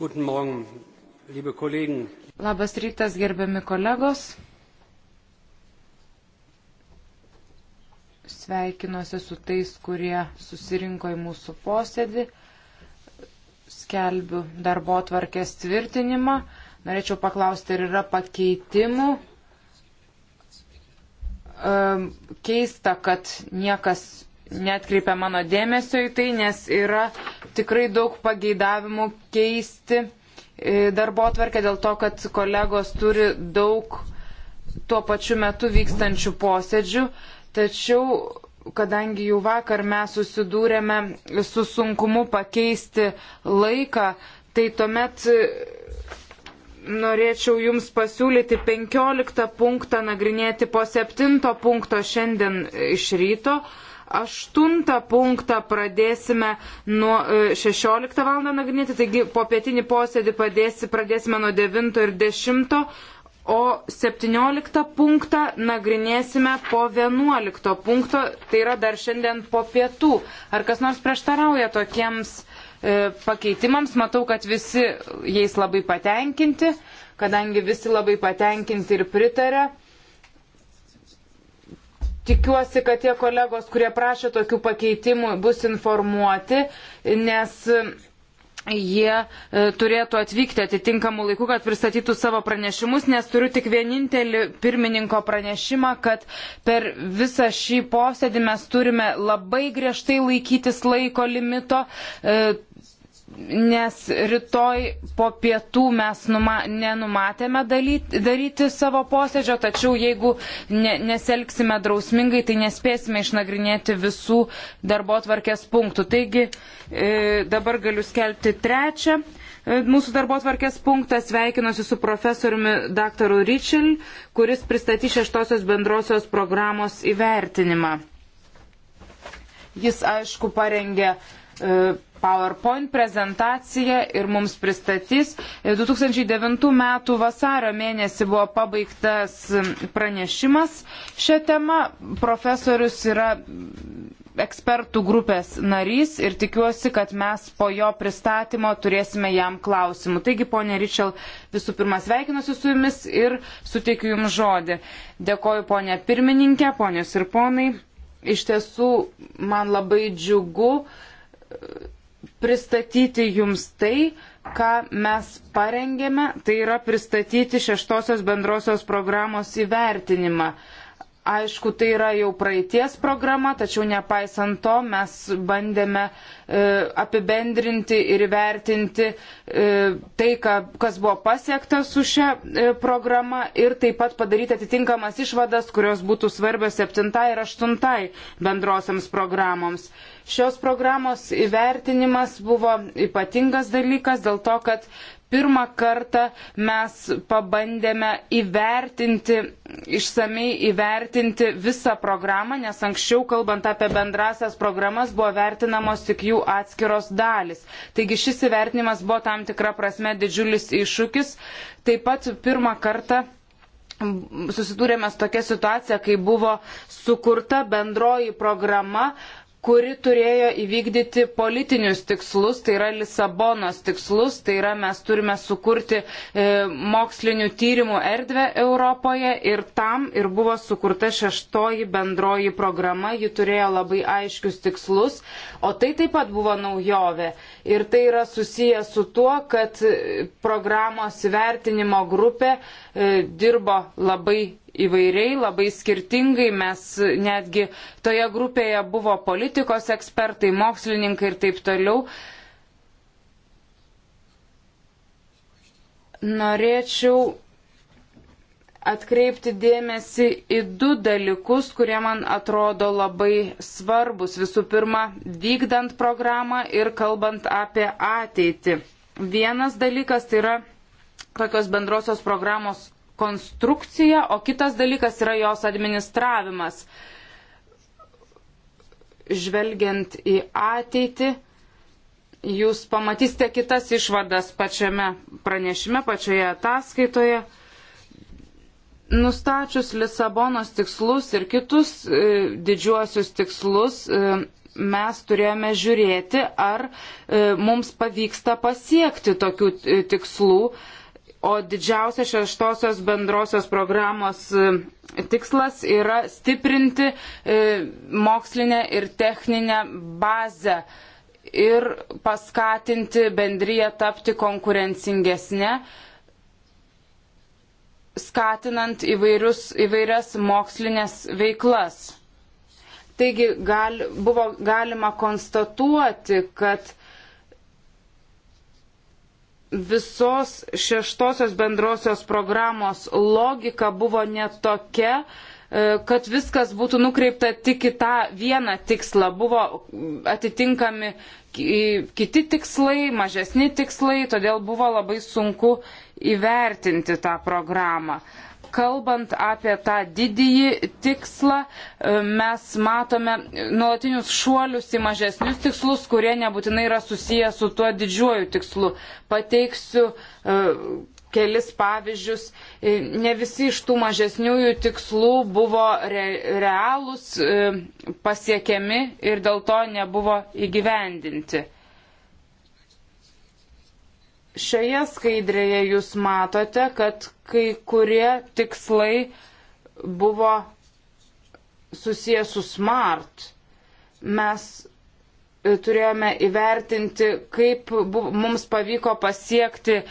Guten Morgen, liebe Kollegen. Labas rytas, gerbiami kolegos. Sveikinuosi su tais, kurie susirinko į mūsų posėdį. Skelbiu darbo tvarkės tvirtinimą. Norėčiau paklausti, ar yra pakeitimų ehm, keista, kad niekas netkreipia mano dėmesio į tai, nes yra tikrai daug pageidavimų keisti e, darbo atvarkę dėl to, kad kolegos turi daug tuo pačiu metu vykstančių posėdžių. Tačiau, kadangi jau vakar mes susidūrėme su sunkumu pakeisti laiką, tai tuomet e, norėčiau Jums pasiūlyti 15 punktą nagrinėti po 7 punkto šiandien iš ryto. Aštuntą punktą pradėsime nuo 16 e, val. nagrinėti, taigi po pietinį posėdį padėsi, pradėsime nuo 9 ir 10. O 17 punktą nagrinėsime po 11 punkto, tai yra dar šiandien po pietų. Ar kas nors prieštarauja tokiems e, pakeitimams? Matau, kad visi jais labai patenkinti, kadangi visi labai patenkinti ir pritarė tikiuosi, kad tie kolegos, kurie prašė tokių pakeitimų, bus informuoti, nes jie e, turėtų atvykti atitinkamų laikų, kad pristatytų savo pranešimus, nes turiu tik vienintelį pirmininko pranešimą, kad per visą šį posėdį mes turime labai griežtai laikytis laiko limito. E, nes rytoj po pietų mes numa, nenumatėme dalyti, daryti savo posėdžio, tačiau jeigu ne, neselgsime drausmingai, tai nespėsime išnagrinėti visų darbo tvarkės punktų. Taigi e, dabar galiu skelbti trečią. E, mūsų darbo tvarkės punktas sveikinuosi su profesoriumi dr. Richel, kuris pristatys šeštosios bendrosios programos įvertinimą. Jis, aišku, parengė e, PowerPoint prezentaciją ir mums pristatys. 2009 e, m. vasario mėnesį buvo pabaigtas pranešimas šią temą. Profesorius yra ekspertų grupės narys ir tikiuosi, kad mes po jo pristatymo turėsime jam klausimų. Taigi, ponė Ryčel, visų pirma sveikinuosi su jumis ir suteikiu jums žodį. Dėkoju, ponė pirmininkė, ponios ir ponai. Iš tiesų, man labai džiugu pristatyti jums tai, ką mes parengėme, tai yra pristatyti šeštosios bendrosios programos įvertinimą. Aišku, tai yra jau praeities programa, tačiau nepaisant to mes bandėme e, apibendrinti ir vertinti e, tai, ka, kas buvo pasiekta su šia e, programa ir taip pat padaryti atitinkamas išvadas, kurios būtų svarbios septintai ir aštuntai bendrosiams programoms. Šios programos įvertinimas buvo ypatingas dalykas dėl to, kad pirmą kartą mes pabandėme įvertinti, išsamei įvertinti visą programą, nes anksčiau, kalbant apie bendrasias programas, buvo vertinamos tik jų atskiros dalis. Taigi šis įvertinimas buvo tam tikra prasme didžiulis iššūkis. Taip pat pirmą kartą susidūrėme su tokia situacija, kai buvo sukurta bendroji programa, kuri turėjo įvykdyti politinius tikslus, tai yra Lisabonos tikslus, tai yra mes turime sukurti e, mokslinių tyrimų erdvę Europoje ir tam ir buvo sukurta šeštoji bendroji programa, ji turėjo labai aiškius tikslus, o tai taip pat buvo naujovė. Ir tai yra susiję su tuo, kad e, programos vertinimo grupė e, dirbo labai įvairiai, labai skirtingai. Mes netgi toje grupėje buvo politikos ekspertai, mokslininkai ir taip toliau. Norėčiau atkreipti dėmesį į du dalykus, kurie man atrodo labai svarbus. Visų pirma, vykdant programą ir kalbant apie ateitį. Vienas dalykas tai yra tokios bendrosios programos konstrukcija, o kitas dalykas yra jos administravimas. Žvelgiant į ateitį, jūs pamatysite kitas išvadas pačiame pranešime, pačioje ataskaitoje. Nustačius Lisabonos tikslus ir kitus e, didžiuosius tikslus, e, mes turėjome žiūrėti, ar e, mums pavyksta pasiekti tokių e, tikslų. E, O didžiausia šeštosios bendrosios programos e, tikslas yra stiprinti e, mokslinę ir techninę bazę ir paskatinti bendryje tapti konkurencingesnė, skatinant įvairius, įvairias mokslinės veiklas. Taigi gal, buvo galima konstatuoti, kad visos šeštosios bendrosios programos logika buvo netokia, e, kad viskas būtų nukreipta tik į tą vieną tikslą. Buvo atitinkami kiti tikslai, mažesni tikslai, todėl buvo labai sunku įvertinti tą programą kalbant apie tą didįjį tikslą, e, mes matome nuolatinius šuolius į mažesnius tikslus, kurie nebūtinai yra susiję su tuo didžiuoju tikslu. Pateiksiu e, kelis pavyzdžius. E, ne visi iš tų mažesniųjų tikslų buvo re, realūs, pasiekiami ir dėl to nebuvo įgyvendinti. Šioje skaidrėje jūs matote, kad kai kurie tikslai buvo susijęs su smart. Mes e, turėjome įvertinti, kaip mums pavyko pasiekti e,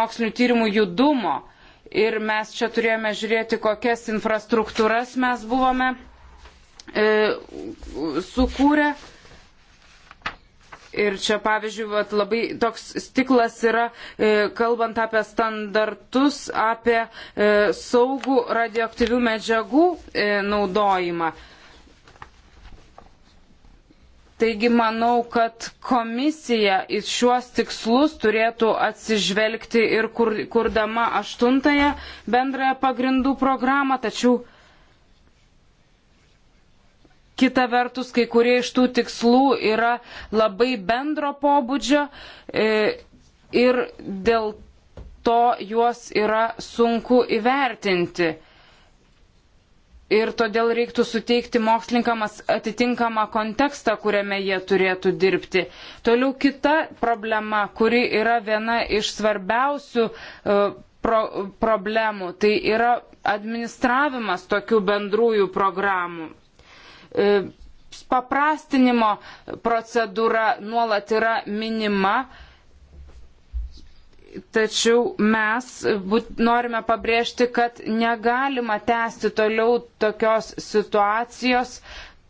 mokslinių tyrimų judumo. Ir mes čia turėjome žiūrėti, kokias infrastruktūras mes buvome e, sukūrę. E, Ir čia, pavyzdžiui, vat, labai toks stiklas yra, e, kalbant apie standartus, apie e, saugų radioaktyvių medžiagų e, naudojimą. Taigi manau, kad komisija į šiuos tikslus turėtų atsižvelgti ir kur, kurdama aštuntąją bendrąją pagrindų programą, tačiau Kita vertus, kai kurie iš tų tikslų yra labai bendro pobūdžio e, ir dėl to juos yra sunku įvertinti. Ir todėl reiktų suteikti mokslininkams atitinkamą kontekstą, kuriame jie turėtų dirbti. Toliau kita problema, kuri yra viena iš svarbiausių e, pro problemų, tai yra administravimas tokių bendrųjų programų. E, paprastinimo procedūra nuolat yra minima. Tačiau mes būt, norime pabrėžti, kad negalima tęsti toliau tokios situacijos,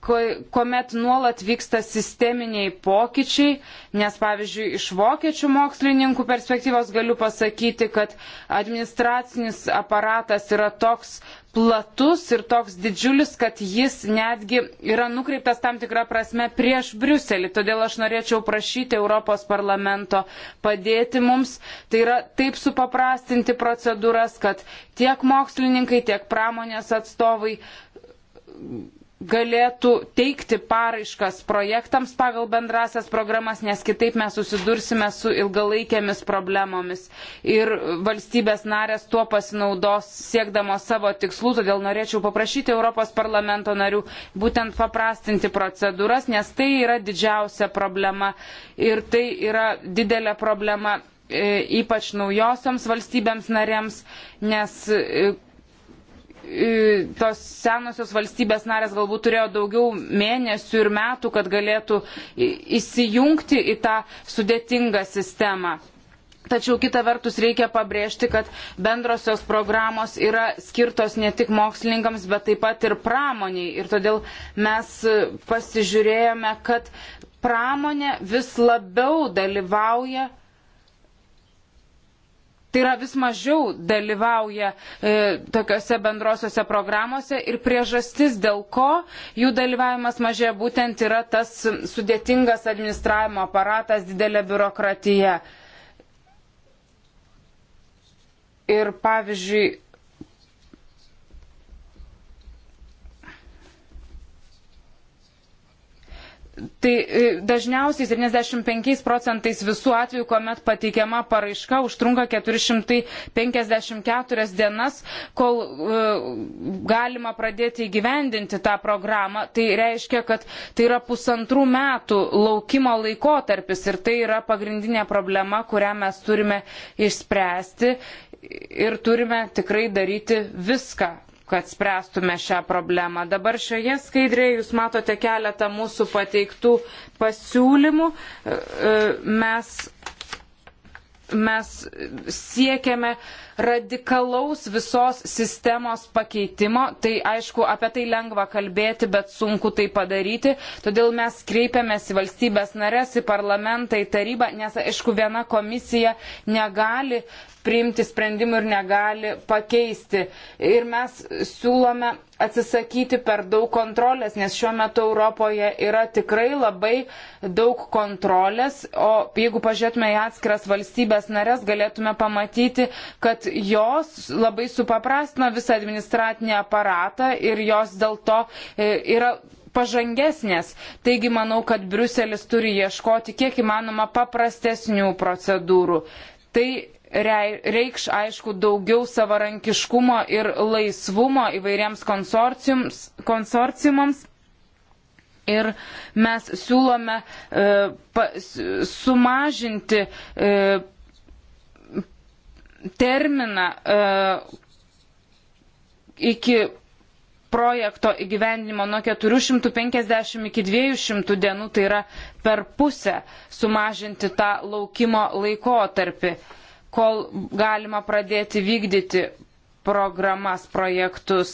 kuomet nuolat vyksta sisteminiai pokyčiai, nes pavyzdžiui, iš vokiečių mokslininkų perspektyvos galiu pasakyti, kad administracinis aparatas yra toks platus ir toks didžiulis, kad jis netgi yra nukreiptas tam tikrą prasme prieš Briuselį. Todėl aš norėčiau prašyti Europos parlamento padėti mums. Tai yra taip supaprastinti procedūras, kad tiek mokslininkai, tiek pramonės atstovai galėtų teikti paraiškas projektams pagal bendrasias programas, nes kitaip mes susidursime su ilgalaikėmis problemomis ir valstybės narės tuo pasinaudos siekdamos savo tikslų, todėl norėčiau paprašyti Europos parlamento narių būtent paprastinti procedūras, nes tai yra didžiausia problema ir tai yra didelė problema e, ypač naujosioms valstybėms narėms, nes e, tos senosios valstybės narės galbūt turėjo daugiau mėnesių ir metų, kad galėtų įsijungti į tą sudėtingą sistemą. Tačiau kita vertus reikia pabrėžti, kad bendrosios programos yra skirtos ne tik mokslininkams, bet taip pat ir pramoniai. Ir todėl mes pasižiūrėjome, kad pramonė vis labiau dalyvauja tai yra vis mažiau dalyvauja e, tokiuose bendrosiuose programuose ir priežastis, dėl ko jų dalyvavimas mažėja, būtent yra tas sudėtingas administravimo aparatas, didelė biurokratija. Ir pavyzdžiui, Tai e, dažniausiai 75 procentais visų atvejų, kuomet pateikiama paraiška, užtrunka 454 dienas, kol uh, galima pradėti įgyvendinti tą programą. Tai reiškia, kad tai yra pusantrų metų laukimo laikotarpis ir tai yra pagrindinė problema, kurią mes turime išspręsti ir turime tikrai daryti viską, kad spręstume šią problemą. Dabar šioje skaidrėje jūs matote keletą mūsų pateiktų pasiūlymų. E, e, mes mes siekiame radikalaus visos sistemos pakeitimo. Tai aišku, apie tai lengva kalbėti, bet sunku tai padaryti. Todėl mes kreipiamės į valstybės narės, į parlamentą, į tarybą, nes aišku, viena komisija negali priimti sprendimų ir negali pakeisti. Ir mes siūlome atsisakyti per daug kontrolės, nes šiuo metu Europoje yra tikrai labai daug kontrolės, o jeigu pažiūrėtume į atskiras valstybės narės, galėtume pamatyti, kad jos labai supaprastino visą administratinį aparatą ir jos dėl to e, yra pažangesnės. Taigi manau, kad Briuselis turi ieškoti kiek įmanoma paprastesnių procedūrų. Tai reikš, aišku, daugiau savarankiškumo ir laisvumo įvairiems konsorciumams. Ir mes siūlome e, pa, sumažinti e, terminą e, iki projekto įgyvendinimo nuo 450 iki 200 dienų, tai yra per pusę sumažinti tą laukimo laikotarpį. E, kol galima pradėti vykdyti programas, projektus.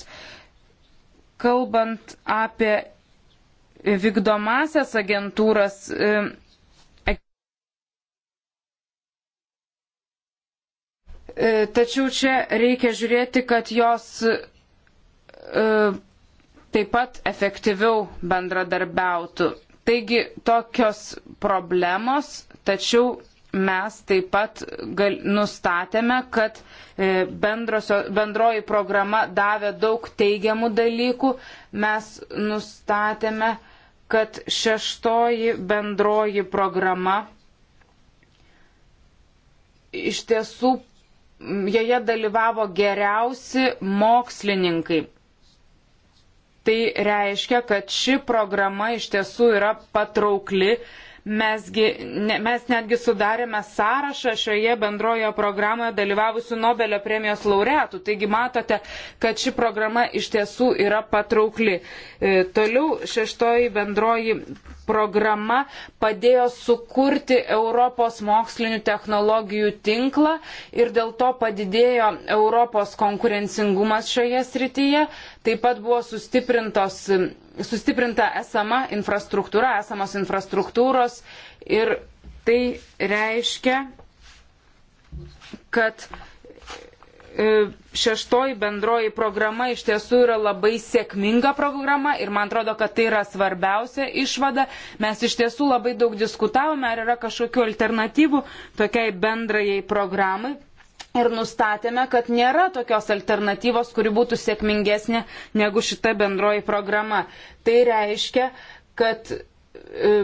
Kalbant apie vykdomasias agentūras, e, e, Tačiau čia reikia žiūrėti, kad jos e, taip pat efektyviau bendradarbiautų. Taigi tokios problemos, tačiau mes taip pat gal, nustatėme, kad e, bendrosio, bendroji programa davė daug teigiamų dalykų. Mes nustatėme, kad šeštoji bendroji programa iš tiesų joje dalyvavo geriausi mokslininkai. Tai reiškia, kad ši programa iš tiesų yra patraukli Mesgi, ne, mes netgi sudarėme sąrašą šioje bendrojo programoje dalyvavusių Nobelio premijos laureatų. Taigi matote, kad ši programa iš tiesų yra patraukli. E, toliau šeštoji bendroji programa padėjo sukurti Europos mokslinių technologijų tinklą ir dėl to padidėjo Europos konkurencingumas šioje srityje. Taip pat buvo sustiprinta esama infrastruktūra, esamos infrastruktūros ir tai reiškia, kad e, šeštoji bendroji programa iš tiesų yra labai sėkminga programa ir man atrodo, kad tai yra svarbiausia išvada. Mes iš tiesų labai daug diskutavome, ar yra kažkokių alternatyvų tokiai bendrajai programai. Ir nustatėme, kad nėra tokios alternatyvos, kuri būtų sėkmingesnė negu šita bendroji programa. Tai reiškia, kad e,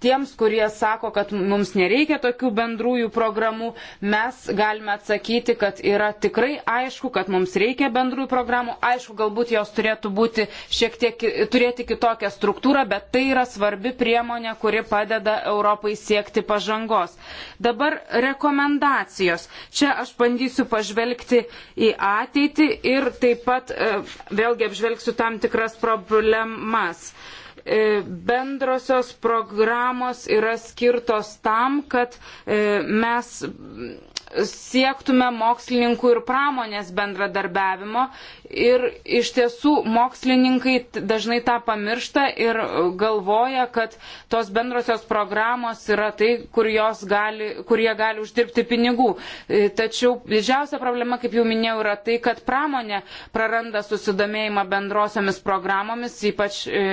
tiems, kurie sako, kad mums nereikia tokių bendrųjų programų, mes galime atsakyti, kad yra tikrai aišku, kad mums reikia bendrųjų programų. Aišku, galbūt jos turėtų būti šiek tiek, turėti kitokią struktūrą, bet tai yra svarbi priemonė, kuri padeda Europai siekti pažangos. Dabar rekomendacijos. Čia aš bandysiu pažvelgti į ateitį ir taip pat e, vėlgi apžvelgsiu tam tikras problemas. Uh, E, bendrosios programos yra skirtos tam, kad e, mes siektume mokslininkų ir pramonės bendradarbiavimo ir iš tiesų mokslininkai dažnai tą pamiršta ir galvoja, kad tos bendrosios programos yra tai, kur, gali, kur jie gali uždirbti pinigų. E, tačiau didžiausia problema, kaip jau minėjau, yra tai, kad pramonė praranda susidomėjimą bendrosiomis programomis, ypač e,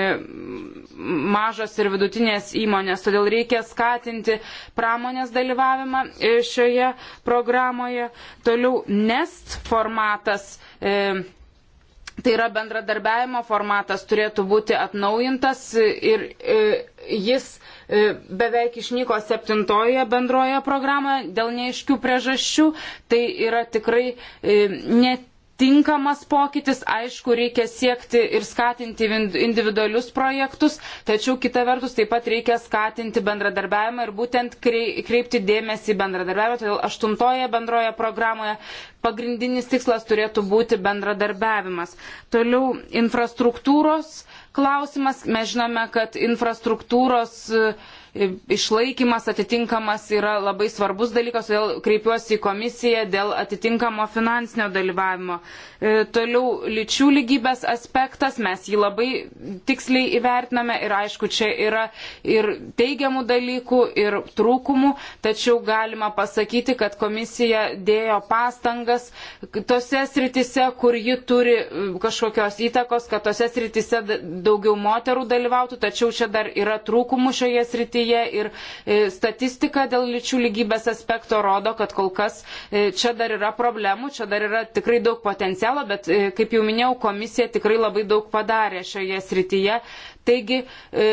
mažos ir vidutinės įmonės, todėl reikia skatinti pramonės dalyvavimą e, šioje programoje. Toliau NEST formatas. E, Tai yra bendradarbiavimo formatas turėtų būti atnaujintas ir e, jis e, beveik išnyko septintoje bendroje programoje dėl neaiškių priežasčių. Tai yra tikrai net tinkamas pokytis. Aišku, reikia siekti ir skatinti individualius projektus, tačiau kita vertus taip pat reikia skatinti bendradarbiavimą ir būtent kreipti dėmesį į bendradarbiavimą. Todėl aštuntoje bendroje programoje pagrindinis tikslas turėtų būti bendradarbiavimas. Toliau infrastruktūros klausimas. Mes žinome, kad infrastruktūros uh, išlaikymas atitinkamas yra labai svarbus dalykas, todėl kreipiuosi į komisiją dėl atitinkamo finansinio dalyvavimo. E, toliau lyčių lygybės aspektas, mes jį labai tiksliai įvertiname ir aišku, čia yra ir teigiamų dalykų, ir trūkumų, tačiau galima pasakyti, kad komisija dėjo pastangas tose sritise, kur ji turi e, kažkokios įtakos, kad tose sritise daugiau moterų dalyvautų, tačiau čia dar yra trūkumų šioje srityje srityje ir e, statistika dėl lyčių lygybės aspekto rodo, kad kol kas e, čia dar yra problemų, čia dar yra tikrai daug potencialo, bet e, kaip jau minėjau, komisija tikrai labai daug padarė šioje srityje. Taigi e,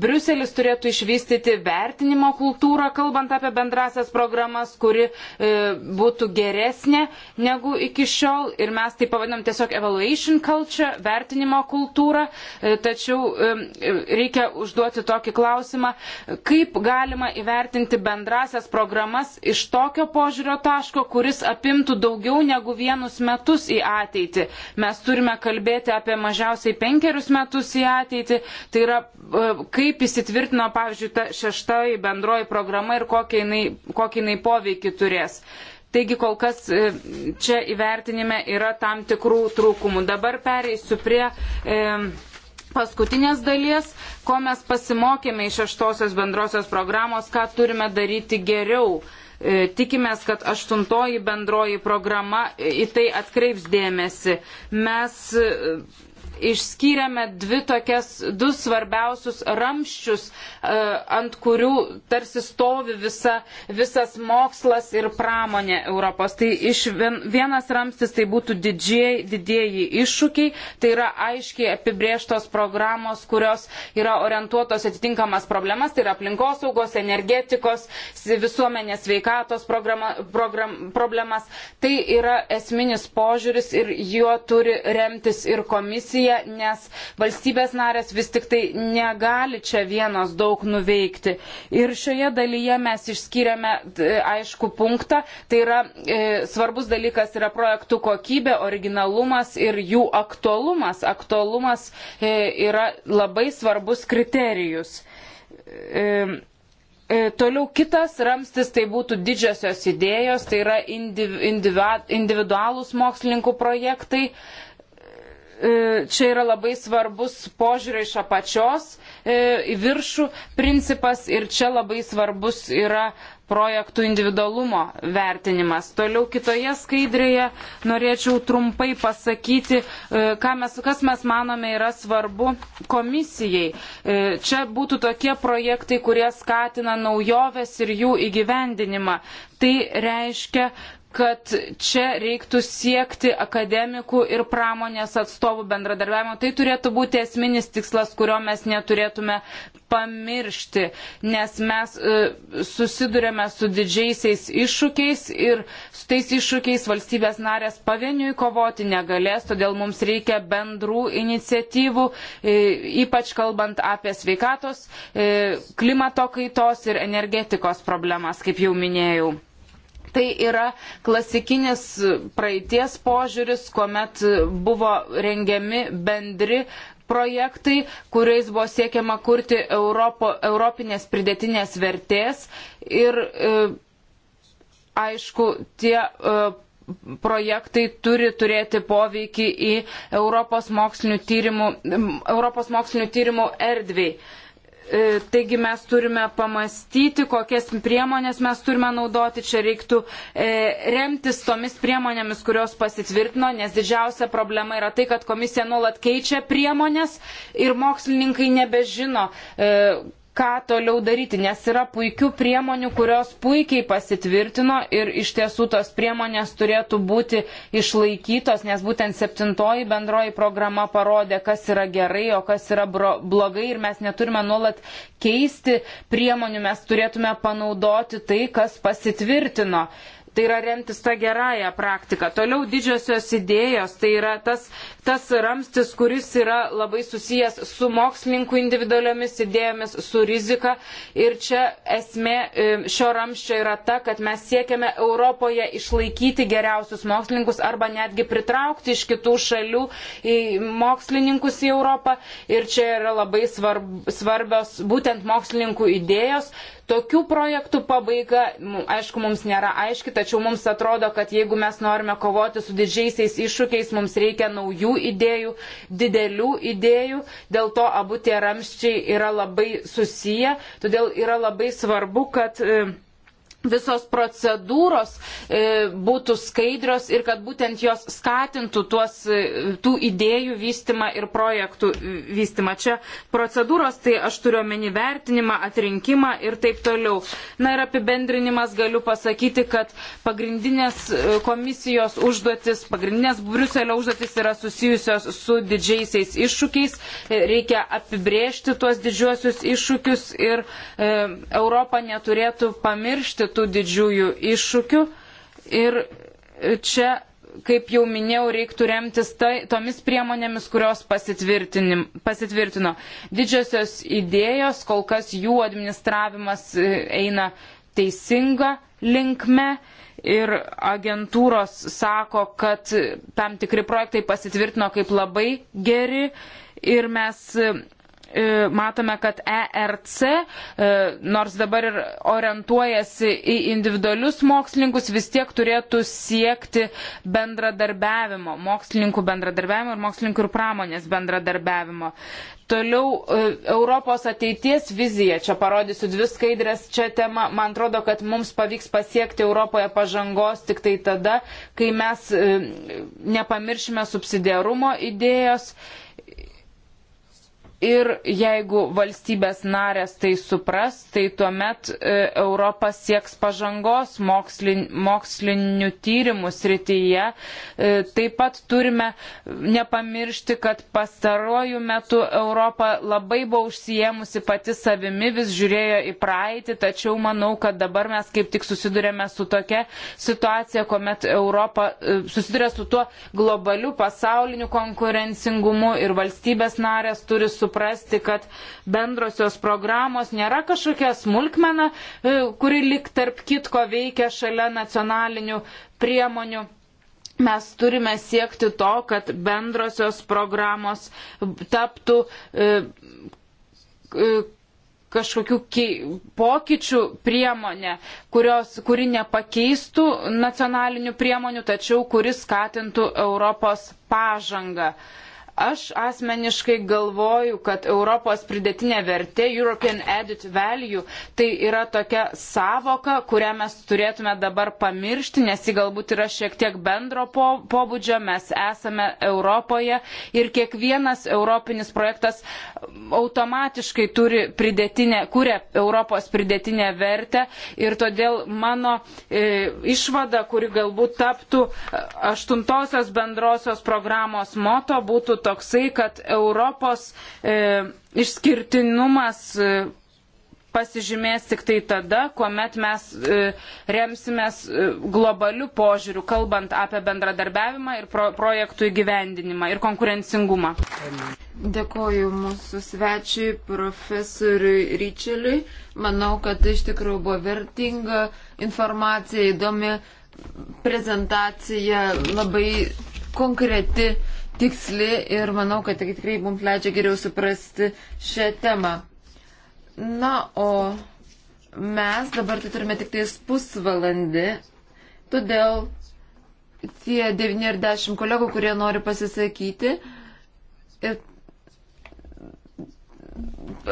Briuselis turėtų išvystyti vertinimo kultūrą, kalbant apie bendrasias programas, kuri e, būtų geresnė negu iki šiol. Ir mes tai pavadinam tiesiog evaluation culture, vertinimo kultūrą. E, tačiau e, reikia užduoti tokį klausimą, kaip galima įvertinti bendrasias programas iš tokio požiūrio taško, kuris apimtų daugiau negu vienus metus į ateitį. Mes turime kalbėti apie mažiausiai penkerius metus į ateitį Tai yra, e, kaip įsitvirtino, pavyzdžiui, ta šeštoji bendroji programa ir kokį jinai, kokį jinai poveikį turės. Taigi kol kas e, čia įvertinime yra tam tikrų trūkumų. Dabar pereisiu prie. E, paskutinės dalies, ko mes pasimokėme iš šeštosios bendrosios programos, ką turime daryti geriau. E, tikimės, kad aštuntoji bendroji programa į tai atkreips dėmesį. Mes išskyrėme dvi tokias, du svarbiausius ramščius, e, ant kurių tarsi stovi visa, visas mokslas ir pramonė Europos. Tai iš vien, vienas ramstis tai būtų didžiai, didieji iššūkiai, tai yra aiškiai apibrieštos programos, kurios yra orientuotos atitinkamas problemas, tai yra aplinkosaugos, energetikos, visuomenės veikatos programa, program, problemas. Tai yra esminis požiūris ir juo turi remtis ir komisija situaciją, nes valstybės narės vis tik tai negali čia vienos daug nuveikti. Ir šioje dalyje mes išskiriame e, aišku punktą, tai yra e, svarbus dalykas yra projektų kokybė, originalumas ir jų aktualumas. Aktualumas e, yra labai svarbus kriterijus. E, e Toliau kitas ramstis tai būtų didžiosios idėjos, tai yra individualūs mokslininkų projektai. E, E, čia yra labai svarbus požiūrio iš apačios e, į viršų principas ir čia labai svarbus yra projektų individualumo vertinimas. Toliau kitoje skaidrėje norėčiau trumpai pasakyti, e, mes, kas mes manome yra svarbu komisijai. Čia būtų tokie projektai, kurie skatina naujoves ir jų įgyvendinimą. Tai reiškia, kad čia reiktų siekti akademikų ir pramonės atstovų bendradarbiavimo. Tai turėtų būti esminis tikslas, kurio mes neturėtume pamiršti, nes mes e, susidurėme su didžiaisiais iššūkiais ir su tais iššūkiais valstybės narės pavieniui kovoti negalės, todėl mums reikia bendrų iniciatyvų, e, ypač kalbant apie sveikatos, e, klimato kaitos ir energetikos problemas, kaip jau minėjau. Tai yra klasikinis praeities požiūris, kuomet buvo rengiami bendri projektai, kuriais buvo siekiama kurti Europo, europinės pridėtinės vertės ir e, aišku, tie e, projektai turi turėti poveikį į Europos mokslinių tyrimų, Europos mokslinių tyrimų erdvį. E, E, taigi mes turime pamastyti, kokias priemonės mes turime naudoti. Čia reiktų e, remtis tomis priemonėmis, kurios pasitvirtino, nes didžiausia problema yra tai, kad komisija nuolat keičia priemonės ir mokslininkai nebežino, e, ką toliau daryti, nes yra puikių priemonių, kurios puikiai pasitvirtino ir iš tiesų tos priemonės turėtų būti išlaikytos, nes būtent septintoji bendroji programa parodė, kas yra gerai, o kas yra blogai ir mes neturime nuolat keisti priemonių, mes turėtume panaudoti tai, kas pasitvirtino tai yra remtis tą gerąją praktiką. Toliau didžiosios idėjos, tai yra tas tas ramstis, kuris yra labai susijęs su mokslininkų individualiomis idėjomis, su rizika. Ir čia esmė e, šio ramščio yra ta, kad mes siekiame Europoje išlaikyti geriausius mokslininkus arba netgi pritraukti iš kitų šalių mokslininkus į Europą. Ir čia yra labai svarb, svarbios būtent mokslininkų idėjos. Tokių projektų pabaiga, aišku, mums nėra aiški, tačiau mums atrodo, kad jeigu mes norime kovoti su didžiaisiais iššūkiais, mums reikia naujų mažų idėjų, didelių idėjų, dėl to abu tie ramščiai yra labai susiję, todėl yra labai svarbu, kad e, visos procedūros e, būtų skaidrios ir kad būtent jos skatintų tuos, e, tų idėjų vystimą ir projektų vystimą. Čia procedūros, tai aš turiu omeny vertinimą, atrinkimą ir taip toliau. Na ir apibendrinimas galiu pasakyti, kad pagrindinės e, komisijos užduotis, pagrindinės Briuselio užduotis yra susijusios su didžiaisiais iššūkiais. E, reikia apibrėžti tuos didžiuosius iššūkius ir e, Europa neturėtų pamiršti tų didžiųjų iššūkių. Ir čia, kaip jau minėjau, reiktų remtis tai, tomis priemonėmis, kurios pasitvirtino. Didžiosios idėjos, kol kas jų administravimas e, eina teisinga linkme ir agentūros sako, kad tam tikri projektai pasitvirtino kaip labai geri ir mes e, E, matome, kad ERC, e, nors dabar ir orientuojasi į individualius mokslininkus, vis tiek turėtų siekti bendradarbiavimo, mokslininkų bendradarbiavimo ir mokslininkų ir pramonės bendradarbiavimo. Toliau e, Europos ateities vizija, čia parodysiu dvi skaidrės, čia tema, man atrodo, kad mums pavyks pasiekti Europoje pažangos tik tai tada, kai mes nepamiršime subsidiarumo idėjos. Ir jeigu valstybės narės tai supras, tai tuomet e, Europa sieks pažangos mokslin, mokslinių tyrimų srityje. E, taip pat turime nepamiršti, kad pastarojų metų Europa labai buvo užsijėmusi pati savimi, vis žiūrėjo į praeitį, tačiau manau, kad dabar mes kaip tik susidurėme su tokia situacija, kuomet Europa e, susiduria su tuo globaliu pasauliniu konkurencingumu ir valstybės narės turi suprasti, suprasti, kad bendrosios programos nėra kažkokia smulkmena, e, kuri lik tarp kitko veikia šalia nacionalinių priemonių mes turime siekti to, kad bendrosios programos taptų e, e, kažkokių pokyčių priemonė, kurios, kuri nepakeistų nacionalinių priemonių, tačiau kuri skatintų Europos pažangą. E, Aš asmeniškai galvoju, kad Europos pridėtinė vertė, European Added Value, tai yra tokia savoka, kurią mes turėtume dabar pamiršti, nes ji galbūt yra šiek tiek bendro po, pobūdžio, mes esame Europoje ir kiekvienas europinis projektas automatiškai turi pridėtinę, kuria Europos pridėtinę vertę ir todėl mano e, išvada, kuri galbūt taptų e, aštuntosios bendrosios programos moto, būtų toksai, kad Europos e, išskirtinumas e, pasižymės tik tai tada, kuomet mes e, remsimės e, globalių požiūrių, kalbant apie bendradarbiavimą ir pro, projektų įgyvendinimą ir konkurencingumą. Dėkoju mūsų svečiui, profesoriui Ryčeliui. Manau, kad tai iš tikrųjų buvo vertinga informacija, įdomi prezentacija, labai konkreti tiksli ir manau, kad tikrai mums leidžia geriau suprasti šią temą. Na, o mes dabar tai turime tik tais pusvalandį, todėl tie 9 ir 10 kolegų, kurie nori pasisakyti,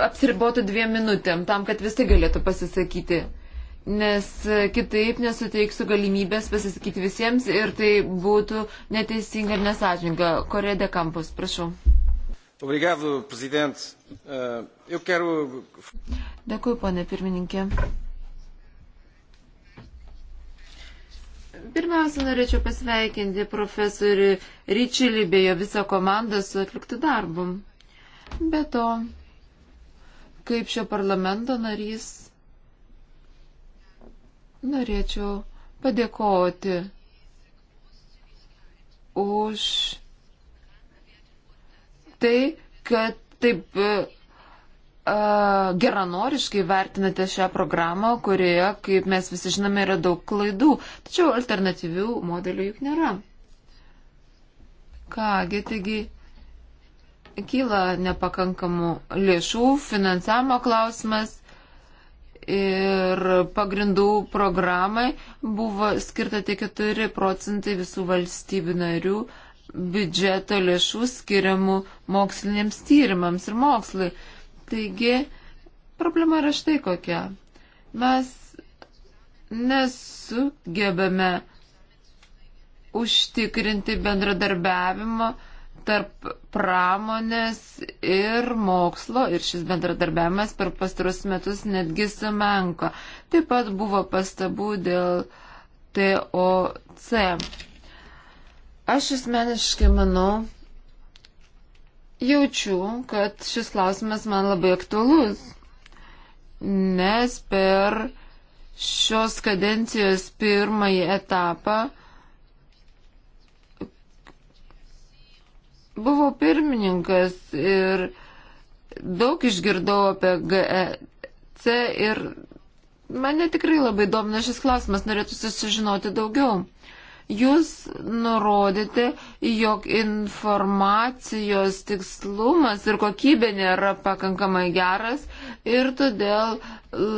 apsiribotų dviem minutėm, tam, kad visi galėtų pasisakyti nes kitaip nesuteiksiu galimybės pasisakyti visiems ir tai būtų neteisinga ir nesažininga. Korė de Campos, prašau. Obrigado, prezident. Eh, eu quero. Dėkui, ponė pirmininkė. Pirmiausia, norėčiau pasveikinti profesorių Ryčilį bei jo visą komandą su atliktų darbu. Be to, kaip šio parlamento narys, Norėčiau padėkoti už tai, kad taip e, geranoriškai vertinate šią programą, kurioje, kaip mes visi žinome, yra daug klaidų. Tačiau alternatyvių modelių juk nėra. Kągi, taigi kyla nepakankamų lėšų, finansavimo klausimas, ir pagrindų programai buvo skirta tik 4 procentai visų valstybių narių biudžeto lėšų skiriamų moksliniams tyrimams ir mokslai. Taigi, problema yra štai kokia. Mes nesugebame užtikrinti bendradarbiavimo tarp pramonės ir mokslo ir šis bendradarbiavimas per pastarus metus netgi sumenko. Taip pat buvo pastabų dėl TOC. Aš asmeniškai manau, jaučiu, kad šis klausimas man labai aktualus, nes per šios kadencijos pirmąjį etapą buvau pirmininkas ir daug išgirdau apie GEC ir mane tikrai labai domina šis klausimas, norėtų susižinoti daugiau. Jūs nurodėte, jog informacijos tikslumas ir kokybė nėra pakankamai geras ir todėl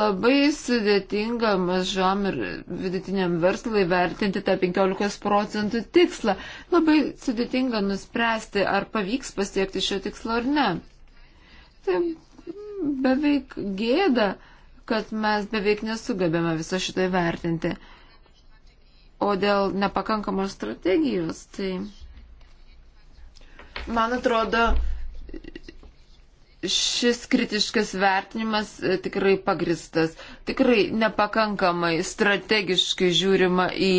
labai sudėtinga mažam ir vidutiniam verslui vertinti tą 15 procentų tikslą. Labai sudėtinga nuspręsti, ar pavyks pasiekti šio tikslo ar ne. Tai beveik gėda, kad mes beveik nesugebėme viso šito įvertinti. O dėl nepakankamos strategijos, tai man atrodo, šis kritiškas vertinimas e, tikrai pagristas. Tikrai nepakankamai strategiškai žiūrima į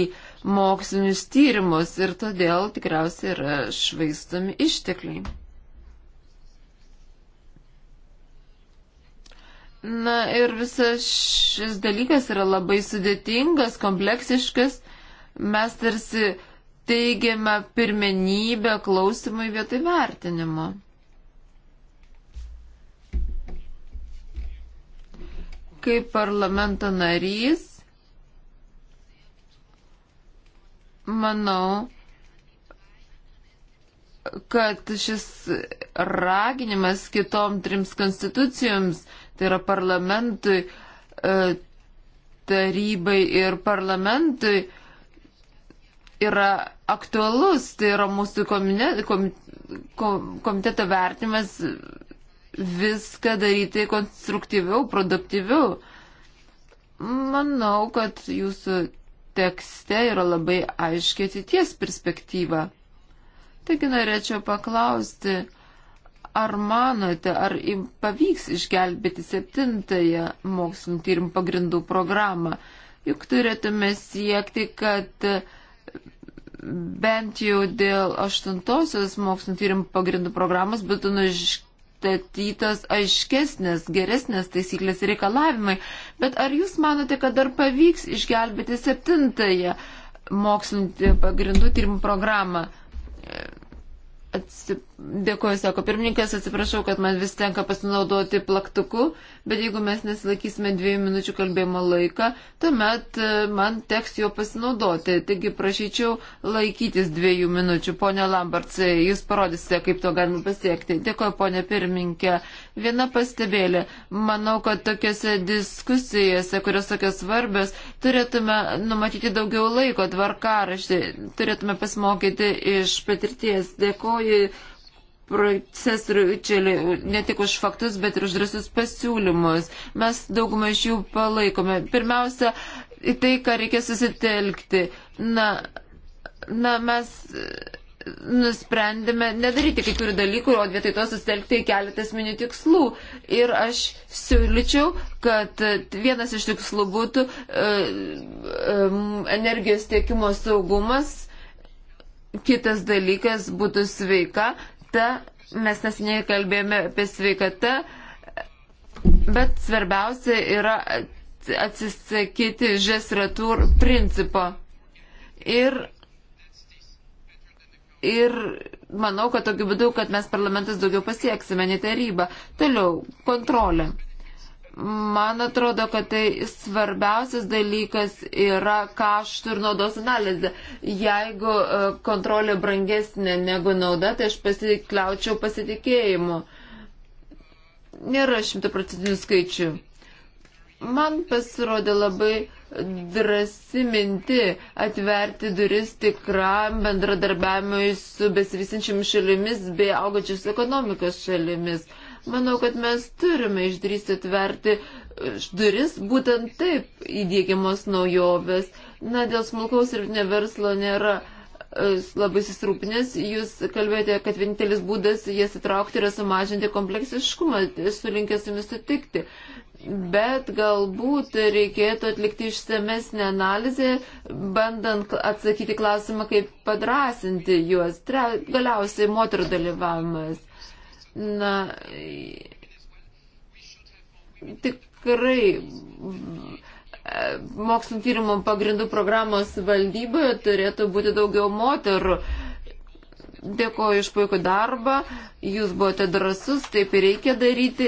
mokslinius tyrimus ir todėl tikriausiai yra švaistami ištekliai. Na ir visas šis dalykas yra labai sudėtingas, kompleksiškas mes tarsi teigiame pirmenybę klausimui vietoj vertinimo. Kaip parlamento narys, manau, kad šis raginimas kitom trims konstitucijoms, tai yra parlamentui, e, tarybai ir parlamentui, yra aktualus, tai yra mūsų komiteto vertimas viską daryti konstruktyviau, produktyviau. Manau, kad jūsų tekste yra labai aiškiai ateities perspektyva. Taigi norėčiau paklausti, ar manote, ar pavyks išgelbėti septintąją mokslinio tyrimų pagrindų programą? Juk turėtume siekti, kad uh, bent jau dėl aštuntosios mokslinio tyrimų pagrindų programos būtų nustatytos aiškesnės, geresnės taisyklės ir reikalavimai. Bet ar jūs manote, kad dar pavyks išgelbėti septintąją mokslinio pagrindų tyrimų programą? Atsiprašau Dėkuoju, sako pirmininkas, atsiprašau, kad man vis tenka pasinaudoti plaktuku, bet jeigu mes nesilaikysime dviejų minučių kalbėjimo laiką, tuomet e, man teks jo pasinaudoti. Taigi prašyčiau laikytis dviejų minučių. Pone Lambertsai, e, jūs parodysite, kaip to galima pasiekti. Dėkuoju, ponė pirmininkė. Viena pastebėlė. Manau, kad tokiuose diskusijose, kurios tokios svarbios, turėtume numatyti daugiau laiko tvarkaraštį, turėtume pasimokyti iš patirties. Dėkuoju procesorių čia ne tik už faktus, bet ir už drąsius pasiūlymus. Mes daugumą iš jų palaikome. Pirmiausia, į tai, ką reikia susitelkti. Na, na mes e, nusprendėme nedaryti kai kurių dalykų, o vietoj to susitelkti į keletą esminių tikslų. Ir aš siūlyčiau, kad vienas iš tikslų būtų uh, um, energijos tiekimo saugumas, kitas dalykas būtų sveika kontekste mes nesiniai kalbėjome apie sveikatą, bet svarbiausia yra atsisakyti žesratur principo. Ir, ir manau, kad tokiu būdu, kad mes parlamentas daugiau pasieksime, nei taryba. Toliau, kontrolė. Man atrodo, kad tai svarbiausias dalykas yra kaštų ir naudos analizė. Jeigu e, kontrolė brangesnė negu nauda, tai aš pasikliaučiau pasitikėjimu. Nėra šimtaprocentinių skaičių. Man pasirodė labai drasi minti atverti duris tikram bendradarbiavimui su besivysinčiamis šalimis bei augančios ekonomikos šalimis. Uh, Manau, kad mes turime išdrysti tverti e, duris, būtent taip įdėgiamos naujovės. Na, dėl smulkaus ir neverslo nėra e, labai susirūpinęs, jūs kalbėjote, kad vienintelis būdas jas įtraukti yra sumažinti kompleksiškumą, esu linkęs su jumis sutikti. Bet galbūt reikėtų atlikti išsamesnį analizę, bandant atsakyti klausimą, kaip padrasinti juos. Tre, galiausiai moterų dalyvavimas. Na, tikrai mokslinio tyrimo pagrindų programos valdyboje turėtų būti daugiau moterų. Dėkoju iš puikų darbą, jūs buvote drasus, taip ir reikia daryti,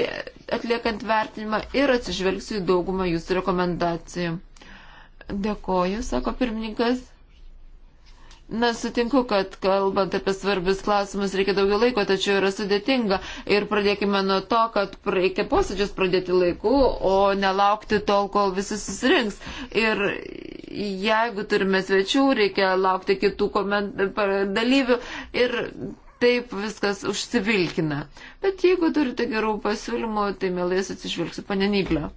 atliekant vertinimą ir atsižvelgsiu į daugumą jūsų rekomendacijų. Dėkoju, sako pirmininkas. Na, sutinku, kad kalbant apie svarbius klausimus reikia daugiau laiko, tačiau yra sudėtinga. Ir pradėkime nuo to, kad reikia posėdžius pradėti laiku, o nelaukti tol, kol visi susirinks. Ir jeigu turime svečių, reikia laukti kitų koment... dalyvių. Ir taip viskas užsivilkina. Bet jeigu turite gerų pasiūlymų, tai mielai atsižvelgsiu, pane Nyglio.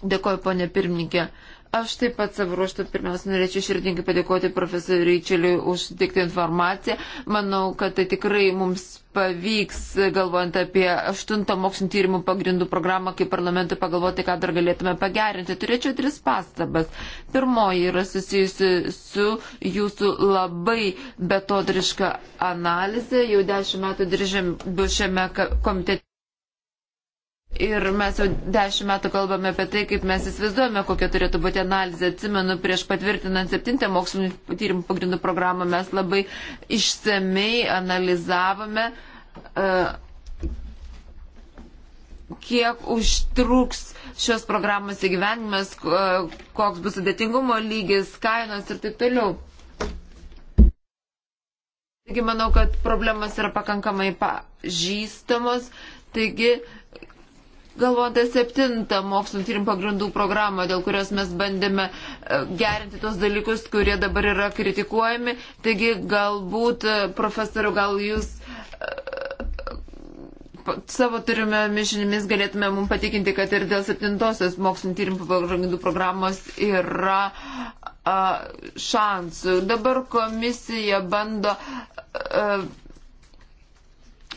Dėkoju, pane pirmininkė. Uh, Aš taip pat savo ruoštų pirmiausia norėčiau širdingai padėkoti profesoriui Ryčeliui už diktą informaciją. Manau, kad tai tikrai mums pavyks, galvojant apie aštuntą mokslinio tyrimų pagrindų programą, kaip parlamentui pagalvoti, ką dar galėtume pagerinti. Turėčiau tris pastabas. Pirmoji yra susijusi su jūsų labai betodriška analizė. Jau dešimt metų diržėm šiame komitete. Ir mes jau dešimt metų kalbame apie tai, kaip mes įsivaizduojame, kokia turėtų būti analizė. Atsimenu, prieš patvirtinant septintą mokslinį tyrimų pagrindų programą mes labai išsamei analizavome, e, kiek užtruks šios programos įgyvenimas, e, koks bus sudėtingumo lygis, kainos ir taip toliau. Taigi manau, kad problemas yra pakankamai pažįstamos. Taigi galvojant apie septintą mokslo tyrimų pagrindų programą, dėl kurios mes bandėme e, gerinti tos dalykus, kurie dabar yra kritikuojami. Taigi galbūt, e, profesoriu, gal jūs e, savo turime mišinimis galėtume mums patikinti, kad ir dėl septintosios mokslo tyrimų pagrindų programos yra a, šansų. Dabar komisija bando. A,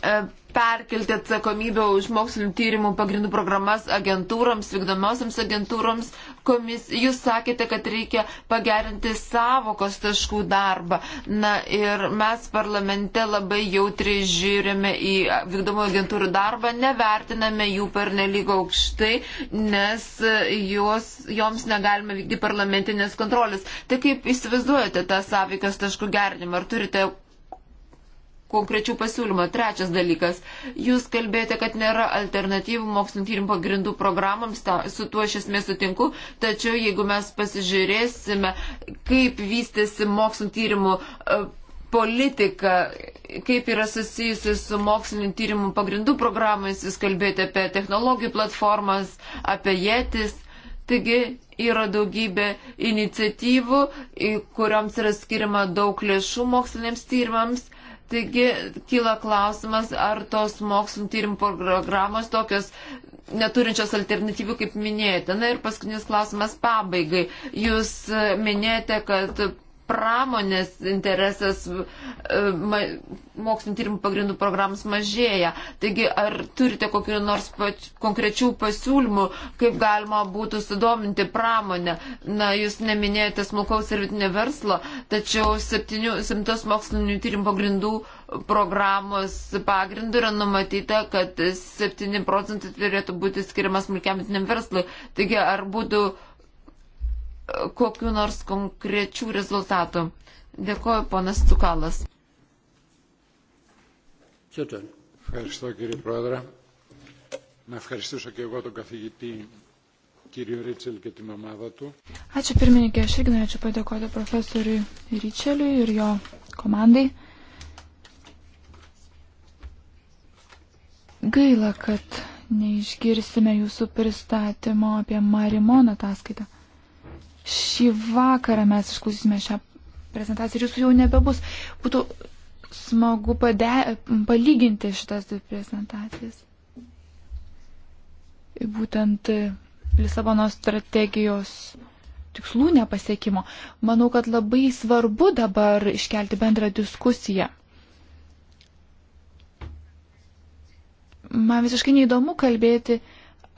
a, perkelti atsakomybę už mokslinio tyrimų pagrindų programas agentūrams, vykdomosiams agentūrams. Komis, jūs sakėte, kad reikia pagerinti savokos taškų darbą. Na ir mes parlamente labai jautriai žiūrime į vykdomų agentūrų darbą, nevertiname jų per nelyg aukštai, nes jos, joms negalime vykdyti parlamentinės kontrolės. Tai kaip įsivaizduojate tą savykos taškų gerinimą? Ar turite konkrečių pasiūlymą. Trečias dalykas, jūs kalbėjote, kad nėra alternatyvų mokslinio tyrimų pagrindų programams, ta, su tuo iš esmės sutinku, tačiau jeigu mes pasižiūrėsime, kaip vystėsi mokslinio tyrimų e, politika, kaip yra susijusi su mokslinio tyrimų pagrindų programais, jūs kalbėjote apie technologijų platformas, apie jėtis. Taigi yra daugybė iniciatyvų, kuriams yra skirima daug lėšų moksliniams tyrimams Taigi kyla klausimas, ar tos mokslinio tyrimų programos tokios neturinčios alternatyvių, kaip minėjote. Na ir paskutinis klausimas pabaigai. Jūs minėjote, kad pramonės interesas e, mokslinio tyrimų pagrindų programs mažėja. Taigi, ar turite kokiu nors pač, konkrečių pasiūlymų, kaip galima būtų sudominti pramonę? Na, jūs neminėjote smulkaus ir vidinio verslo, tačiau 700 mokslinio tyrimų pagrindų programos pagrindų yra numatyta, kad 7 procentai turėtų būti skiriamas smulkiam vidiniam verslui. Taigi, ar būtų uh, kokiu nors konkrečių rezultatų. Dėkoju, ponas Cukalas. Ευχαριστώ κύριε Πρόεδρε. Να ευχαριστήσω και εγώ τον καθηγητή κύριο Ρίτσελ και την ομάδα του. Ačiū pirmininkė, aš irgi norėčiau padėkoti profesoriui Ričeliui ir jo komandai. Gaila, kad neišgirsime jūsų pristatymo apie Marimoną ataskaitą. Šį vakarą mes išklausysime šią prezentaciją ir jūsų jau nebebus. Būtų smagu pade, palyginti šitas dvi prezentacijas. Būtent Lisabono strategijos tikslų nepasiekimo. Manau, kad labai svarbu dabar iškelti bendrą diskusiją. Man visiškai neįdomu kalbėti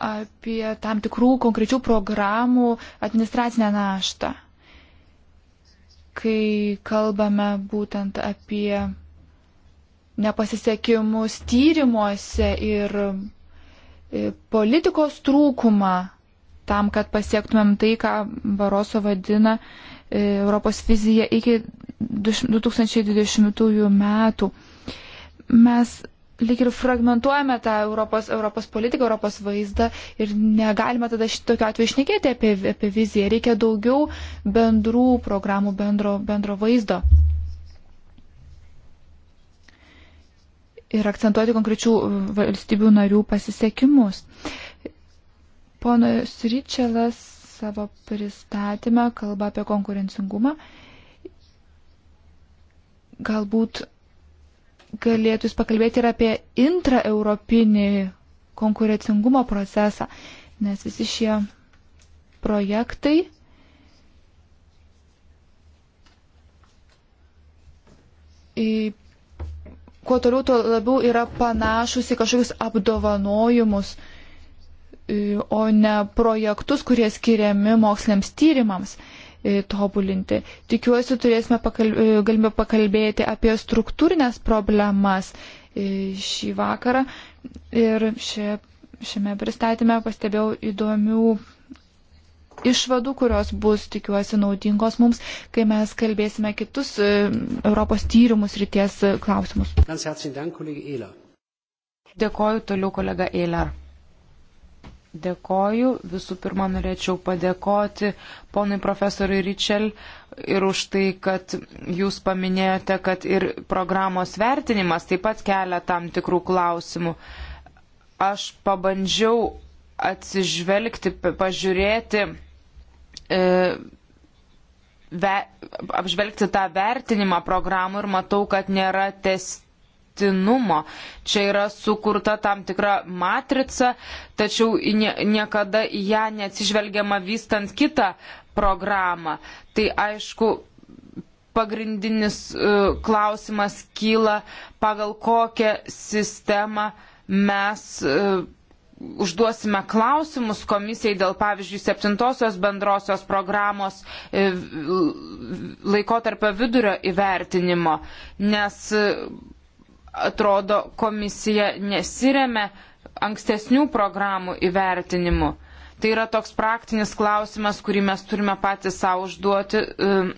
apie tam tikrų konkrečių programų administracinę naštą. Kai kalbame būtent apie nepasisekimus tyrimuose ir e, politikos trūkumą tam, kad pasiektumėm tai, ką Baroso vadina e, Europos vizija iki 2020 metų. Mes lik ir fragmentuojame tą Europos, Europos politiką, Europos vaizdą ir negalime tada šitokio atveju išnekėti apie, apie viziją. Reikia daugiau bendrų programų, bendro, bendro vaizdo. Ir akcentuoti konkrečių uh, valstybių narių pasisekimus. Ponas Ryčelas savo pristatymą kalba apie konkurencingumą. Galbūt galėtų jūs pakalbėti ir apie intraeuropinį konkurencingumo procesą, nes visi šie projektai į, kuo toliau, tuo labiau yra panašus į kažkokius apdovanojimus, o ne projektus, kurie skiriami moksliniams tyrimams. E, tobulinti. Tikiuosi, turėsime pakalbė, e, galimybę pakalbėti apie struktūrinės problemas e, šį vakarą. Ir šia, šiame pristatyme pastebėjau įdomių išvadų, kurios bus, tikiuosi, naudingos mums, kai mes kalbėsime kitus Europos tyrimus ryties klausimus. Dėkoju toliau kolega Eiler. Dėkoju. Visų pirma, norėčiau padėkoti ponui profesoriui Ričel ir už tai, kad jūs paminėjote, kad ir programos vertinimas taip pat kelia tam tikrų klausimų. Aš pabandžiau atsižvelgti, pažiūrėti. E, ve, apžvelgti tą vertinimą programų ir matau, kad nėra tes, atsitiktinumo. Čia yra sukurta tam tikra matrica, tačiau niekada į ją neatsižvelgiama vystant kitą programą. Tai aišku, pagrindinis uh, klausimas kyla, pagal kokią sistemą mes uh, užduosime klausimus komisijai dėl, pavyzdžiui, septintosios bendrosios programos uh, laikotarpio vidurio įvertinimo, nes uh, atrodo, komisija nesiremia ankstesnių programų įvertinimu. Tai yra toks praktinis klausimas, kurį mes turime patys savo užduoti. Ehm,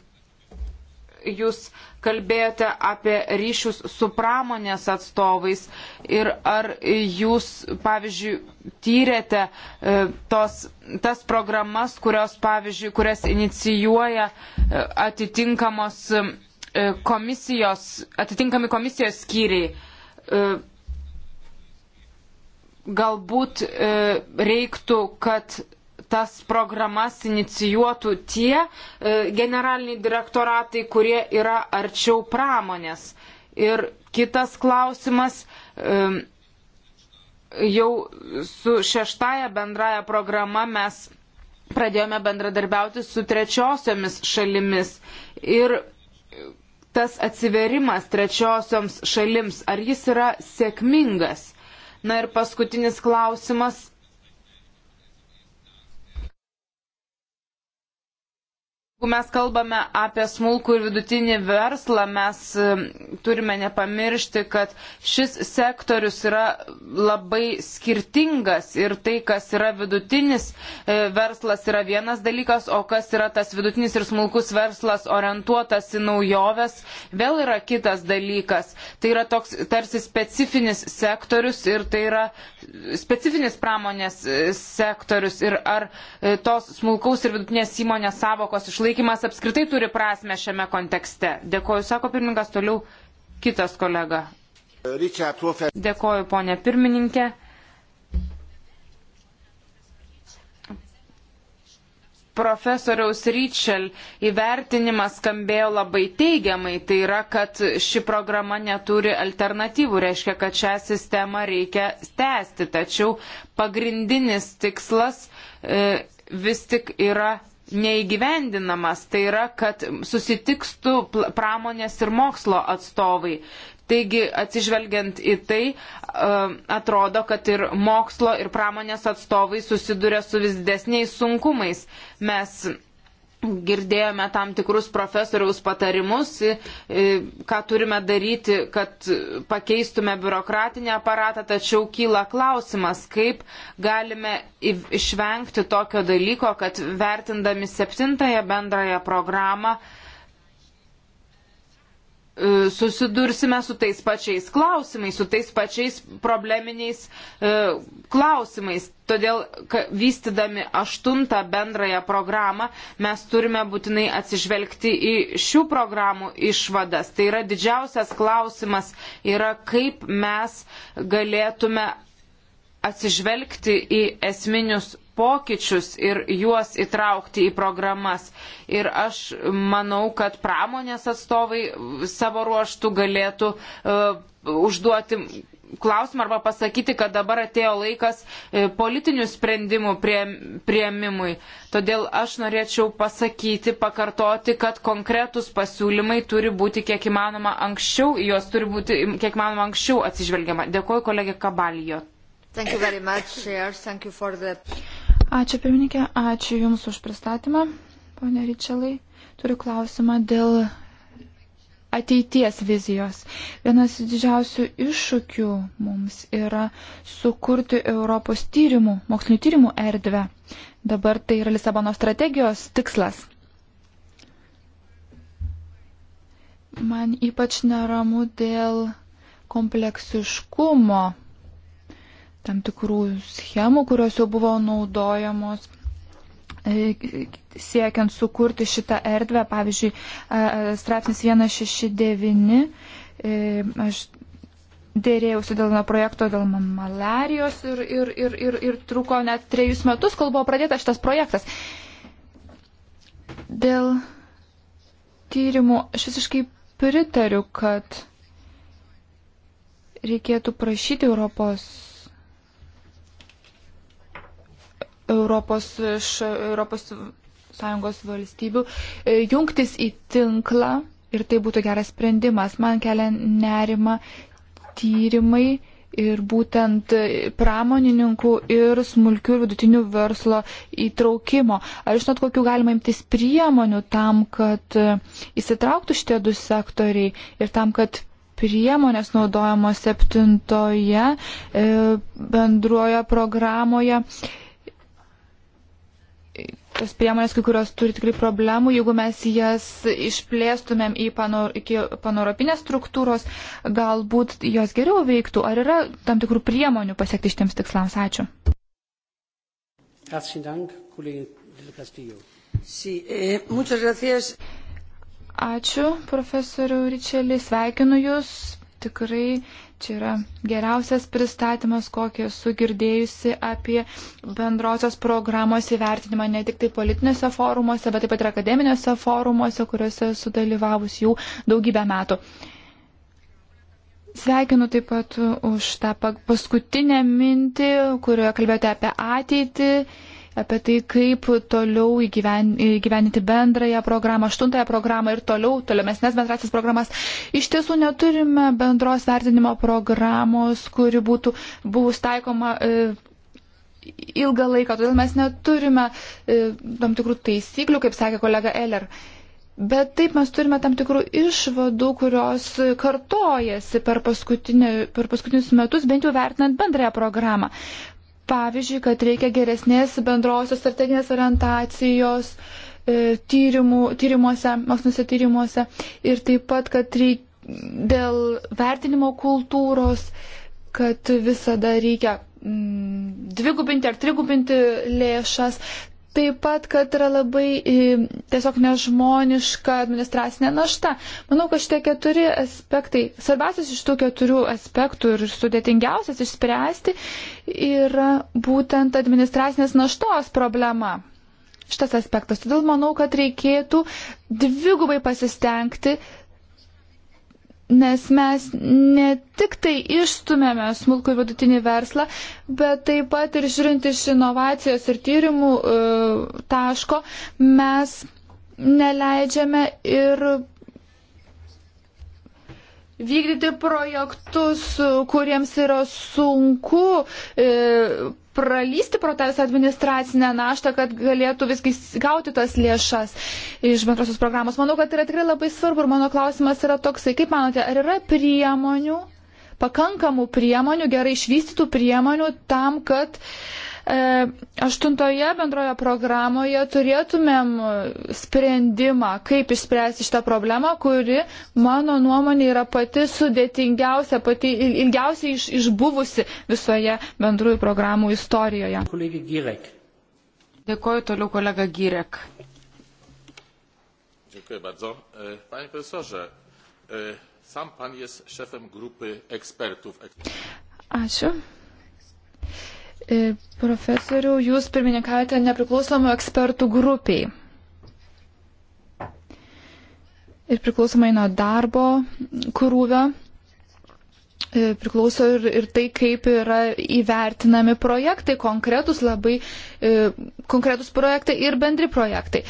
jūs kalbėjote apie ryšius su pramonės atstovais ir ar jūs, pavyzdžiui, tyrėte ehm, tos, tas programas, kurios, pavyzdžiui, kurias inicijuoja ehm, atitinkamos E, komisijos, atitinkami komisijos skyriai. E, galbūt e, reiktų, kad tas programas inicijuotų tie generaliniai direktoratai, kurie yra arčiau pramonės. Ir kitas klausimas, jau su šeštaja bendraja programa mes pradėjome bendradarbiauti su trečiosiomis šalimis. Ir tas atsiverimas trečiosioms šalims, ar jis yra sėkmingas? Na ir paskutinis klausimas Jeigu mes kalbame apie smulkų ir vidutinį verslą, mes e, turime nepamiršti, kad šis sektorius yra labai skirtingas ir tai, kas yra vidutinis e, verslas, yra vienas dalykas, o kas yra tas vidutinis ir smulkus verslas orientuotas į naujoves, vėl yra kitas dalykas. Tai yra toks tarsi specifinis sektorius ir tai yra specifinis pramonės e, sektorius ir ar tos smulkaus ir vidutinės įmonės savokos išlaikymas palaikymas apskritai turi prasme šiame kontekste. Dėkoju, sako pirmininkas, toliau kitas kolega. Dėkoju, ponė pirmininkė. profesoriaus Ryčel įvertinimas skambėjo labai teigiamai. Tai yra, kad ši programa neturi alternatyvų, reiškia, kad šią sistemą reikia tęsti. Tačiau pagrindinis tikslas e, vis tik yra neįgyvendinamas. Tai yra, kad susitikstų pramonės ir mokslo atstovai. Taigi, atsižvelgiant į tai, e, atrodo, kad ir mokslo ir pramonės atstovai susiduria su vis didesniais sunkumais. Mes girdėjome tam tikrus profesoriaus patarimus, ką turime daryti, kad pakeistume biurokratinį aparatą, tačiau kyla klausimas, kaip galime išvengti tokio dalyko, kad vertindami septintąją bendrąją programą E, susidursime su tais pačiais klausimais, su tais pačiais probleminiais e, klausimais. Todėl vystydami aštuntą bendrąją programą mes turime būtinai atsižvelgti į šių programų išvadas. Tai yra didžiausias klausimas yra, kaip mes galėtume atsižvelgti į esminius pokyčius ir juos įtraukti į programas. Ir aš manau, kad pramonės atstovai savo ruoštų galėtų uh, užduoti klausimą arba pasakyti, kad dabar atėjo laikas e, politinių sprendimų prie, prieimimui. Todėl aš norėčiau pasakyti, pakartoti, kad konkretus pasiūlymai turi būti kiek įmanoma anksčiau, juos turi būti kiek įmanoma anksčiau atsižvelgiama. Dėkuoju kolegė Kabalijo. The... Ačiū pirmininkė, ačiū Jums už pristatymą, ponė Ričelai. Turiu klausimą dėl ateities vizijos. Vienas didžiausių iššūkių mums yra sukurti Europos tyrimų, mokslinio tyrimų erdvę. Dabar tai yra Lisabono strategijos tikslas. Man ypač neramu dėl kompleksiškumo tam tikrų schemų, kurios jau buvo naudojamos e, siekiant sukurti šitą erdvę. Pavyzdžiui, straipsnis 169, e, aš dėrėjausi dėl projekto dėl malarijos ir, ir, ir, ir, ir truko net trejus metus, kol buvo pradėtas šitas projektas. Dėl tyrimų aš visiškai pritariu, kad reikėtų prašyti Europos Europos, š, Europos Sąjungos valstybių e, jungtis į tinklą ir tai būtų geras sprendimas. Man kelia nerima tyrimai ir būtent e, pramonininkų ir smulkių ir vidutinių verslo įtraukimo. Ar žinot, kokiu galima imtis priemonių tam, kad e, įsitrauktų šitie du sektoriai ir tam, kad priemonės naudojamos septintoje bendroje programoje tos priemonės, kai kurios turi tikrai problemų, jeigu mes jas išplėstumėm į panor, iki panoropinės struktūros, galbūt jos geriau veiktų. Ar yra tam tikrų priemonių pasiekti šitiems tikslams? Ačiū. Eh, Ačiū, profesoriu Ričelį, sveikinu Jūs. Tikrai Čia yra geriausias pristatymas, kokį esu girdėjusi apie bendrosios programos įvertinimą ne tik tai politinėse forumuose, bet taip pat ir akademinėse forumuose, kuriuose esu dalyvavus jau daugybę metų. Sveikinu taip pat už tą paskutinę mintį, kurioje kalbėjote apie ateitį apie tai, kaip toliau įgyveninti bendrąją programą, aštuntąją programą ir toliau tolimesnės bendrasis programas. Iš tiesų neturime bendros vertinimo programos, kuri būtų buvus taikoma. E, ilgą laiką, todėl mes neturime e, tam tikrų taisyklių, kaip sakė kolega Eller. Bet taip mes turime tam tikrų išvadų, kurios kartojasi per, per paskutinius metus, bent jau vertinant bendrąją programą. Pavyzdžiui, kad reikia geresnės bendrosios strateginės orientacijos e, tyrimų, tyrimuose, moksliniuose tyrimuose ir taip pat, kad reik, dėl vertinimo kultūros, kad visada reikia mm, dvigubinti ar trigubinti lėšas, Taip pat, kad yra labai e, tiesiog nežmoniška administracinė našta. Manau, kad šitie keturi aspektai, svarbiausias iš tų keturių aspektų ir sudėtingiausias išspręsti yra būtent administracinės naštos problema. Šitas aspektas. Todėl manau, kad reikėtų dvigubai pasistengti nes mes ne tik tai išstumėme smulkų ir vidutinį verslą, bet taip pat ir žiūrint iš inovacijos ir tyrimų e, taško, mes neleidžiame ir vykdyti projektus, kuriems yra sunku e, pralysti pro tą visą administracinę naštą, kad galėtų visgi gauti tas lėšas iš bendrosios programos. Manau, kad tai yra tikrai labai svarbu ir mano klausimas yra toksai, kaip manote, ar yra priemonių, pakankamų priemonių, gerai išvystytų priemonių tam, kad E, aštuntoje bendrojo programoje turėtumėm sprendimą, kaip išspręsti šitą problemą, kuri, mano nuomonė, yra pati sudėtingiausia, pati ilgiausiai iš, išbuvusi visoje bendrųjų programų istorijoje. Dėkuoju toliau kolega Girek. Dziękuję bardzo. E, panie profesorze, e, sam pan jest szefem grupy ekspertów. Ačiū. E, profesoriau, jūs pirmininkavote nepriklausomų ekspertų grupiai. Ir priklausomai nuo darbo krūvio e, priklauso ir, ir tai, kaip yra įvertinami projektai, konkretus labai, e, konkretus projektai ir bendri projektai.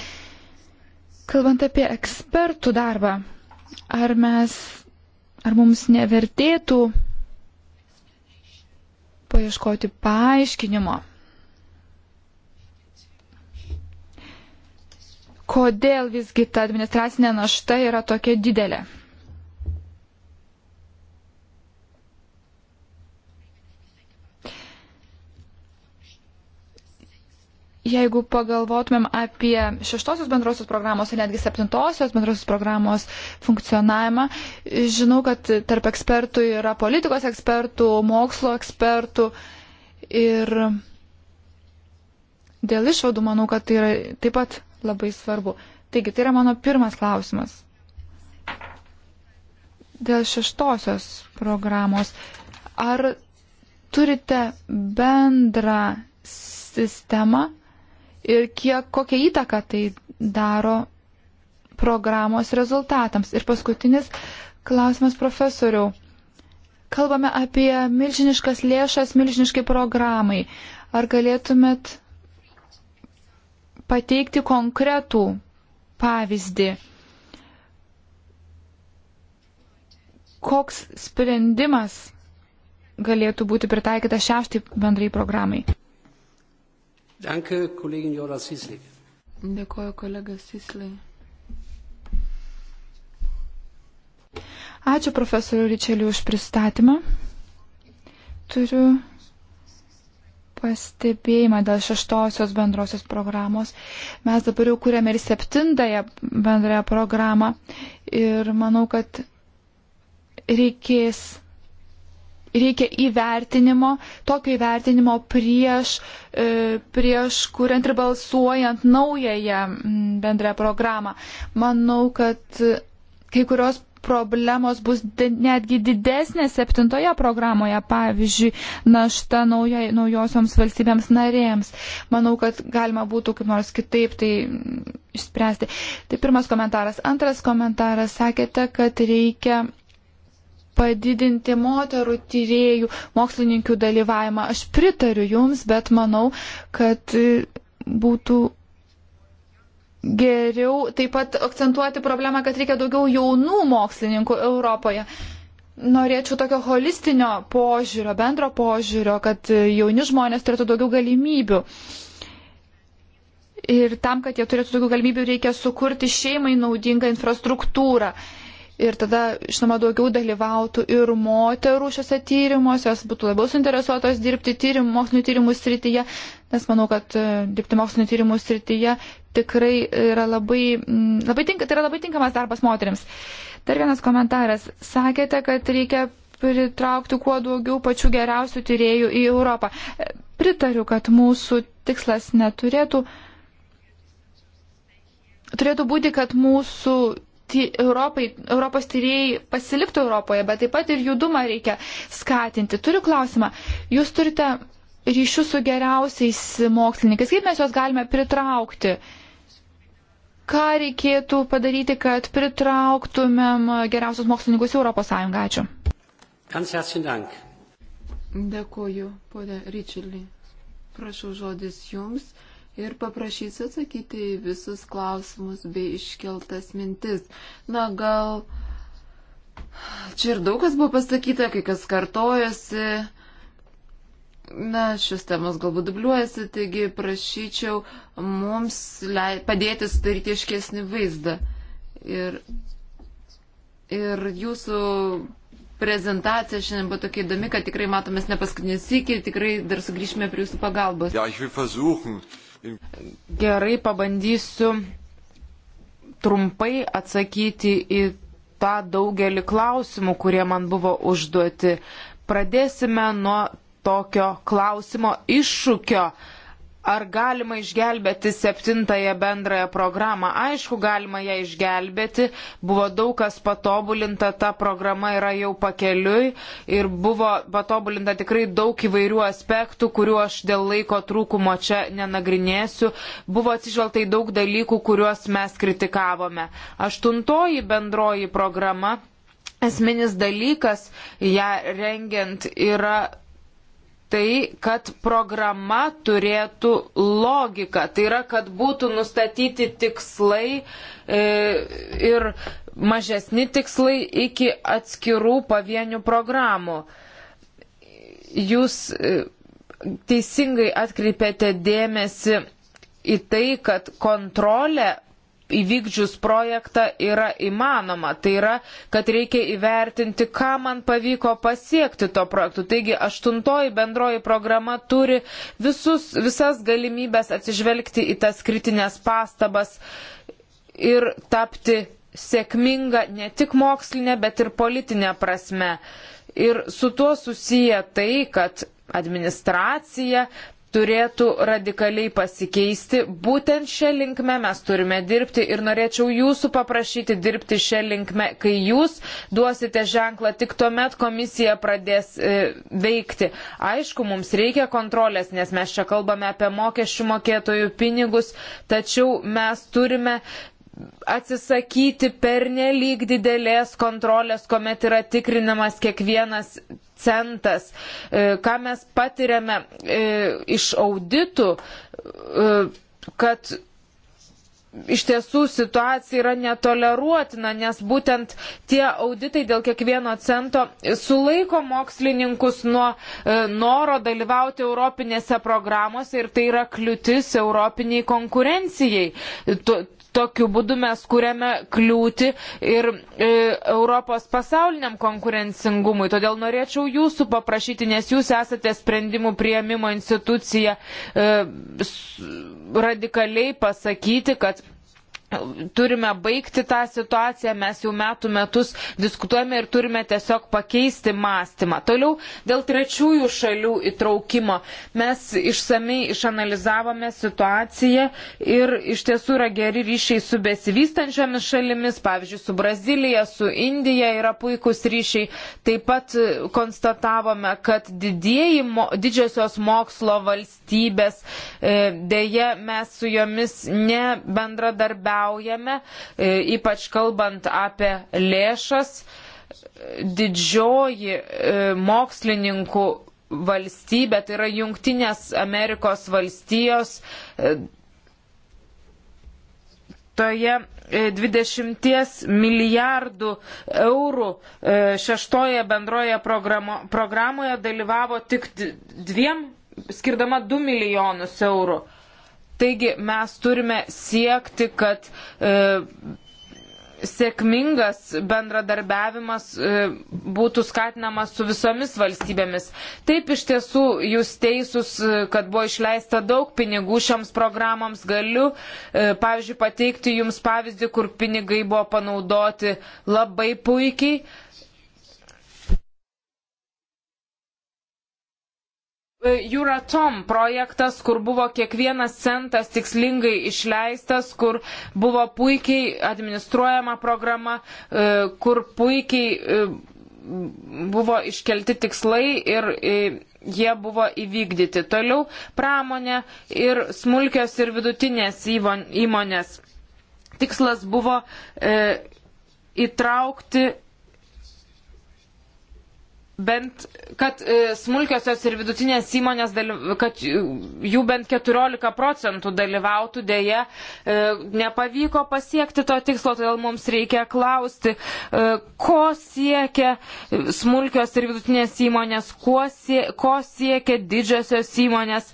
Kalbant apie ekspertų darbą, ar mes, ar mums nevertėtų paieškoti paaiškinimo. Kodėl visgi ta administracinė našta yra tokia didelė? jeigu pagalvotumėm apie šeštosios bendrosios programos ir netgi septintosios bendrosios programos funkcionavimą, žinau, kad tarp ekspertų yra politikos ekspertų, mokslo ekspertų ir dėl išvadų manau, kad tai yra taip pat labai svarbu. Taigi, tai yra mano pirmas klausimas. Dėl šeštosios programos. Ar turite bendrą sistemą ir kiek, kokią įtaką tai daro programos rezultatams. Ir paskutinis klausimas profesoriau. Kalbame apie milžiniškas lėšas, milžiniškai programai. Ar galėtumėt pateikti konkretų pavyzdį, koks sprendimas galėtų būti pritaikytas šeštai bendrai programai? Danke, kolegin Joras Sislik. Dėkuoju, kolega Sislik. Ačiū profesoriu Ričeliu už pristatymą. Turiu pastebėjimą dėl šeštosios bendrosios programos. Mes dabar jau kūrėme ir septintąją bendrąją programą ir manau, kad reikės reikia įvertinimo, tokio įvertinimo prieš, e, prieš kuriant ir balsuojant naująją bendrąją programą. Manau, kad kai kurios problemos bus netgi didesnės septintoje programoje, pavyzdžiui, našta naujoj, naujosioms valstybėms narėms. Manau, kad galima būtų kaip nors kitaip tai išspręsti. Tai pirmas komentaras. Antras komentaras, sakėte, kad reikia padidinti moterų tyriejų, mokslininkių dalyvavimą. Aš pritariu jums, bet manau, kad e, būtų geriau taip pat akcentuoti problemą, kad reikia daugiau jaunų mokslininkų Europoje. Norėčiau tokio holistinio požiūrio, bendro požiūrio, kad e, jauni žmonės turėtų daugiau galimybių. Ir tam, kad jie turėtų daugiau galimybių, reikia sukurti šeimai naudingą infrastruktūrą. Ir tada, žinoma, daugiau dalyvautų ir moterų šiuose tyrimuose, jos būtų labiau suinteresuotos dirbti tyrim, mokslinio tyrimų srityje, nes manau, kad e, dirbti mokslinio tyrimų srityje tikrai yra labai, mm, labai, tinka, tai yra labai tinkamas darbas moteriams. Dar vienas komentaras. Sakėte, kad reikia pritraukti kuo daugiau pačių geriausių tyriejų į Europą. E, pritariu, kad mūsų tikslas neturėtų turėtų būti, kad mūsų Europai, Europos tyrėjai pasiliktų Europoje, bet taip pat ir judumą reikia skatinti. Turiu klausimą. Jūs turite ryšių su geriausiais mokslininkais. Kaip mes juos galime pritraukti? Ką reikėtų padaryti, kad pritrauktumėm geriausius mokslininkus į Europos Sąjungą? Ačiū. Dėkuoju, ponė Ryčelį. Prašau žodis jums ir paprašysiu atsakyti į visus klausimus bei iškeltas mintis. Na, gal čia ir daug kas buvo pasakyta, kai kas kartojasi. Na, šios temos galbūt dubliuojasi, taigi prašyčiau mums lei, padėti sudaryti iškesnį vaizdą. Ir, ir jūsų prezentacija šiandien buvo tokia įdomi, kad tikrai matomės ne paskutinis iki, tikrai dar sugrįšime prie jūsų pagalbos. Ja, Gerai, pabandysiu trumpai atsakyti į tą daugelį klausimų, kurie man buvo užduoti. Pradėsime nuo tokio klausimo iššūkio ar galima išgelbėti septintąją bendrąją programą. Aišku, galima ją išgelbėti, buvo daug kas patobulinta, ta programa yra jau pakeliui ir buvo patobulinta tikrai daug įvairių aspektų, kuriuo aš dėl laiko trūkumo čia nenagrinėsiu. Buvo atsižvelgta į daug dalykų, kuriuos mes kritikavome. Aštuntoji bendroji programa. Esminis dalykas ją rengiant yra tai, kad programa turėtų logiką. Tai yra, kad būtų nustatyti tikslai e, ir mažesni tikslai iki atskirų pavienių programų. Jūs e, teisingai atkreipėte dėmesį į tai, kad kontrolė įvykdžius projektą yra įmanoma. Tai yra, kad reikia įvertinti, ką man pavyko pasiekti to projektu. Taigi aštuntoji bendroji programa turi visus, visas galimybės atsižvelgti į tas kritinės pastabas ir tapti sėkminga ne tik mokslinė, bet ir politinė prasme. Ir su tuo susiję tai, kad administracija turėtų radikaliai pasikeisti. Būtent šią linkmę mes turime dirbti ir norėčiau jūsų paprašyti dirbti šią linkmę, kai jūs duosite ženklą, tik tuomet komisija pradės e, veikti. Aišku, mums reikia kontrolės, nes mes čia kalbame apie mokesčių mokėtojų pinigus, tačiau mes turime atsisakyti pernelyg didelės kontrolės, kuomet yra tikrinamas kiekvienas centas, e, ką mes patiriame e, iš auditų, e, kad iš tiesų situacija yra netoleruotina, nes būtent tie auditai dėl kiekvieno cento sulaiko mokslininkus nuo e, noro dalyvauti europinėse programuose ir tai yra kliūtis europiniai konkurencijai. To, Tokiu būdu mes kūrėme kliūtį ir e, Europos pasauliniam konkurencingumui. Todėl norėčiau jūsų paprašyti, nes jūs esate sprendimų prieimimo institucija, e, radikaliai pasakyti, kad turime baigti tą situaciją, mes jau metų metus diskutuojame ir turime tiesiog pakeisti mąstymą. Toliau dėl trečiųjų šalių įtraukimo mes išsamei išanalizavome situaciją ir iš tiesų yra geri ryšiai su besivystančiomis šalimis, pavyzdžiui, su Brazilija, su Indija yra puikūs ryšiai. Taip pat konstatavome, kad didieji, didžiosios mokslo valstybės, e, dėje mes su jomis nebendradarbiavome reikalaujame, e, ypač kalbant apie lėšas, didžioji e, mokslininkų valstybė, tai yra Junktinės Amerikos valstijos, e, toje 20 milijardų eurų šeštoje bendroje programo, programoje dalyvavo tik dviem, skirdama 2 milijonus eurų. Taigi mes turime siekti, kad e, sėkmingas bendradarbiavimas e, būtų skatinamas su visomis valstybėmis. Taip iš tiesų jūs teisus, e, kad buvo išleista daug pinigų šioms programoms. Galiu, e, pavyzdžiui, pateikti jums pavyzdį, kur pinigai buvo panaudoti labai puikiai. E, Euratom projektas, kur buvo kiekvienas centas tikslingai išleistas, kur buvo puikiai administruojama programa, e, kur puikiai e, buvo iškelti tikslai ir jie buvo įvykdyti. Toliau pramonė ir smulkios ir vidutinės įmonės. Tikslas buvo įtraukti bent, kad e, smulkiosios ir vidutinės įmonės, kad e, jų bent 14 procentų dalyvautų, dėje e, nepavyko pasiekti to tikslo, todėl mums reikia klausti, ko siekia smulkios ir vidutinės įmonės, sie, ko siekia didžiosios įmonės,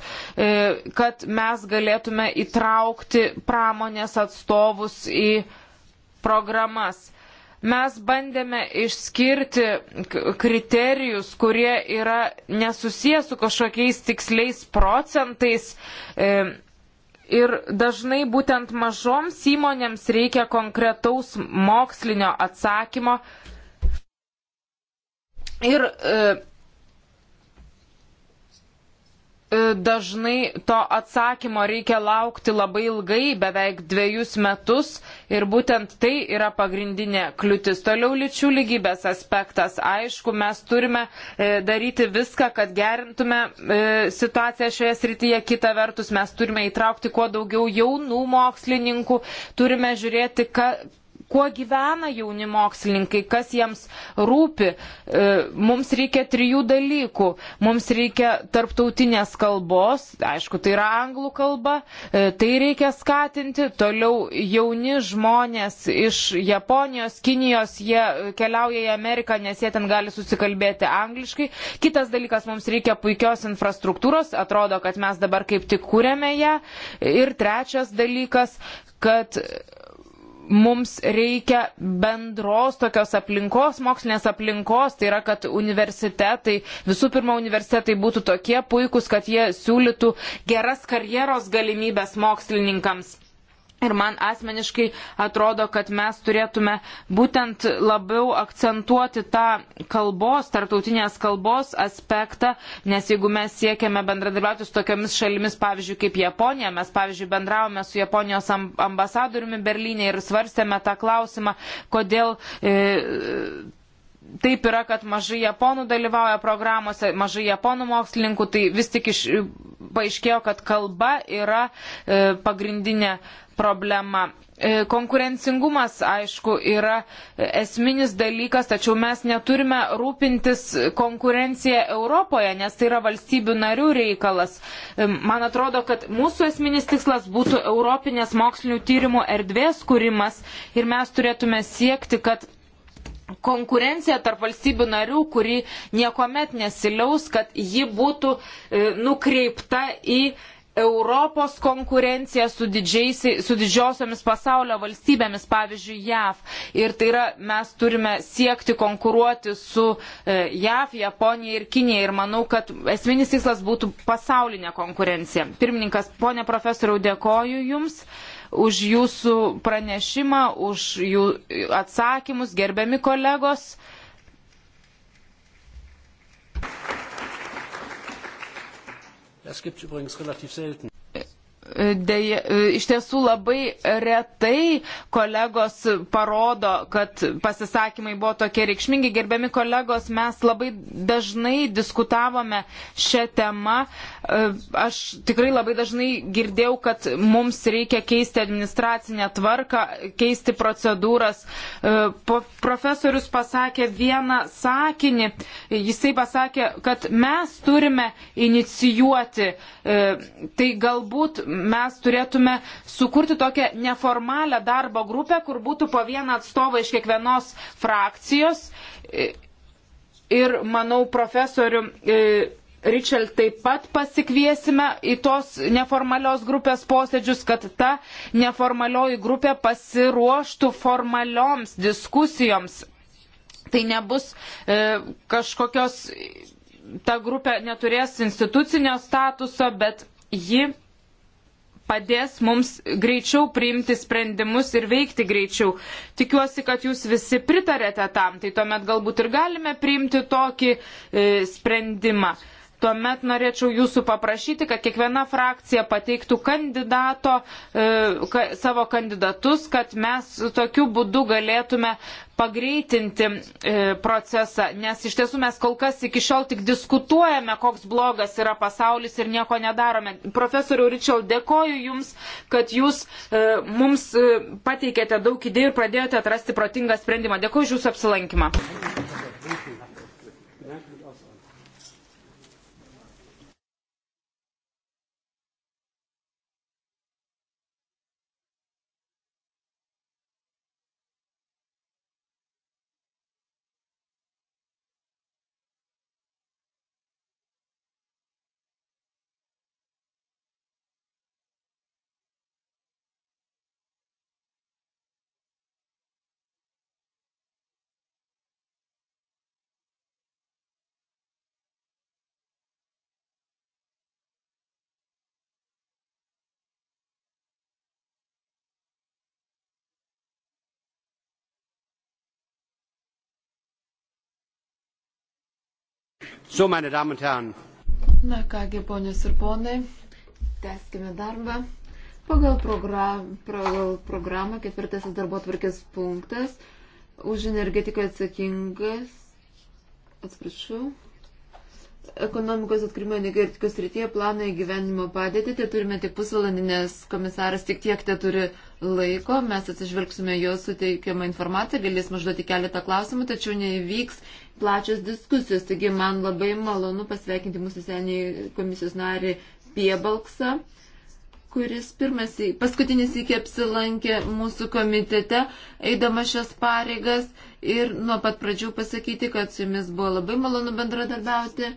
kad mes galėtume įtraukti pramonės atstovus į programas mes bandėme išskirti kriterijus, kurie yra nesusijęs su kažkokiais tiksliais procentais. E, ir dažnai būtent mažoms įmonėms reikia konkretaus mokslinio atsakymo. Ir e, E, dažnai to atsakymo reikia laukti labai ilgai, beveik dviejus metus ir būtent tai yra pagrindinė kliūtis. Toliau lyčių lygybės aspektas. Aišku, mes turime e, daryti viską, kad gerintume e, situaciją šioje srityje. Kita vertus, mes turime įtraukti kuo daugiau jaunų mokslininkų, turime žiūrėti, ka, kuo gyvena jauni mokslininkai, kas jiems rūpi. E, mums reikia trijų dalykų. Mums reikia tarptautinės kalbos, aišku, tai yra anglų kalba, e, tai reikia skatinti. Toliau jauni žmonės iš Japonijos, Kinijos, jie keliauja į Ameriką, nes jie ten gali susikalbėti angliškai. Kitas dalykas, mums reikia puikios infrastruktūros, atrodo, kad mes dabar kaip tik kūrėme ją. Ir trečias dalykas, kad mums reikia bendros tokios aplinkos, mokslinės aplinkos, tai yra, kad universitetai, visų pirma, universitetai būtų tokie puikūs, kad jie siūlytų geras karjeros galimybės mokslininkams. Ir man asmeniškai atrodo, kad mes turėtume būtent labiau akcentuoti tą kalbos, tartautinės kalbos aspektą, nes jeigu mes siekiame bendradarbiauti su tokiamis šalimis, pavyzdžiui, kaip Japonija, mes, pavyzdžiui, bendravome su Japonijos ambasadoriumi Berlyne ir svarstėme tą klausimą, kodėl. E, Taip yra, kad mažai japonų dalyvauja programuose, mažai japonų mokslininkų, tai vis tik iš, paaiškėjo, kad kalba yra e, pagrindinė problema. E, konkurencingumas, aišku, yra esminis dalykas, tačiau mes neturime rūpintis konkurencija Europoje, nes tai yra valstybių narių reikalas. E, man atrodo, kad mūsų esminis tikslas būtų Europinės mokslinių tyrimų erdvės kūrimas ir mes turėtume siekti, kad konkurencija tarp valstybių narių, kuri niekuomet nesiliaus, kad ji būtų e, nukreipta į Europos konkurencija su, didžiais, su didžiosiomis pasaulio valstybėmis, pavyzdžiui, JAV. Ir tai yra, mes turime siekti konkuruoti su e, JAV, Japonija ir Kinija. Ir manau, kad esminis tikslas būtų pasaulinė konkurencija. Pirmininkas, ponė profesoriau, dėkoju Jums už jūsų pranešimą, už jų atsakymus, gerbiami kolegos. Das gibt es übrigens relativ selten. Deja, e, iš tiesų labai retai kolegos parodo, kad pasisakymai buvo tokie reikšmingi. Gerbiami kolegos, mes labai dažnai diskutavome šią temą. E, aš tikrai labai dažnai girdėjau, kad mums reikia keisti administracinę tvarką, keisti procedūras. E, profesorius pasakė vieną sakinį. Jisai pasakė, kad mes turime inicijuoti. Tai galbūt mes turėtume sukurti tokią neformalią darbo grupę, kur būtų po vieną atstovą iš kiekvienos frakcijos. Ir manau, profesorių e, Richard taip pat pasikviesime į tos neformalios grupės posėdžius, kad ta neformalioji grupė pasiruoštų formalioms diskusijoms. Tai nebus e, kažkokios, ta grupė neturės institucinio statuso, bet ji padės mums greičiau priimti sprendimus ir veikti greičiau. Tikiuosi, kad jūs visi pritarėte tam, tai tuomet galbūt ir galime priimti tokį e, sprendimą. Tuomet norėčiau jūsų paprašyti, kad kiekviena frakcija pateiktų kandidato, e, ka, savo kandidatus, kad mes tokiu būdu galėtume pagreitinti e, procesą, nes iš tiesų mes kol kas iki šiol tik diskutuojame, koks blogas yra pasaulis ir nieko nedarome. Profesoriu Ričiau, dėkoju Jums, kad Jūs e, mums e, pateikėte daug idėjų ir pradėjote atrasti protingą sprendimą. Dėkoju už Jūsų apsilankymą. Thank you. So, meine Damen und Herren. Na kągi, ponios ir ponai, tęskime darbą. Pagal, program, pagal programą ketvirtasis darbo tvarkės punktas už energetiką atsakingas. Atsiprašau ekonomikos atkrimo energetikos rytyje plano įgyvenimo padėtį, tai turime tik pusvalandį, nes komisaras tik tiek te turi laiko, mes atsižvelgsime jo suteikiamą informaciją, galėsime užduoti keletą klausimų, tačiau nevyks plačios diskusijos. Taigi man labai malonu pasveikinti mūsų seniai komisijos narį Piebalksą kuris pirmas, paskutinis iki apsilankė mūsų komitete, eidama šias pareigas ir nuo pat pradžių pasakyti, kad su jumis buvo labai malonu bendradarbiauti.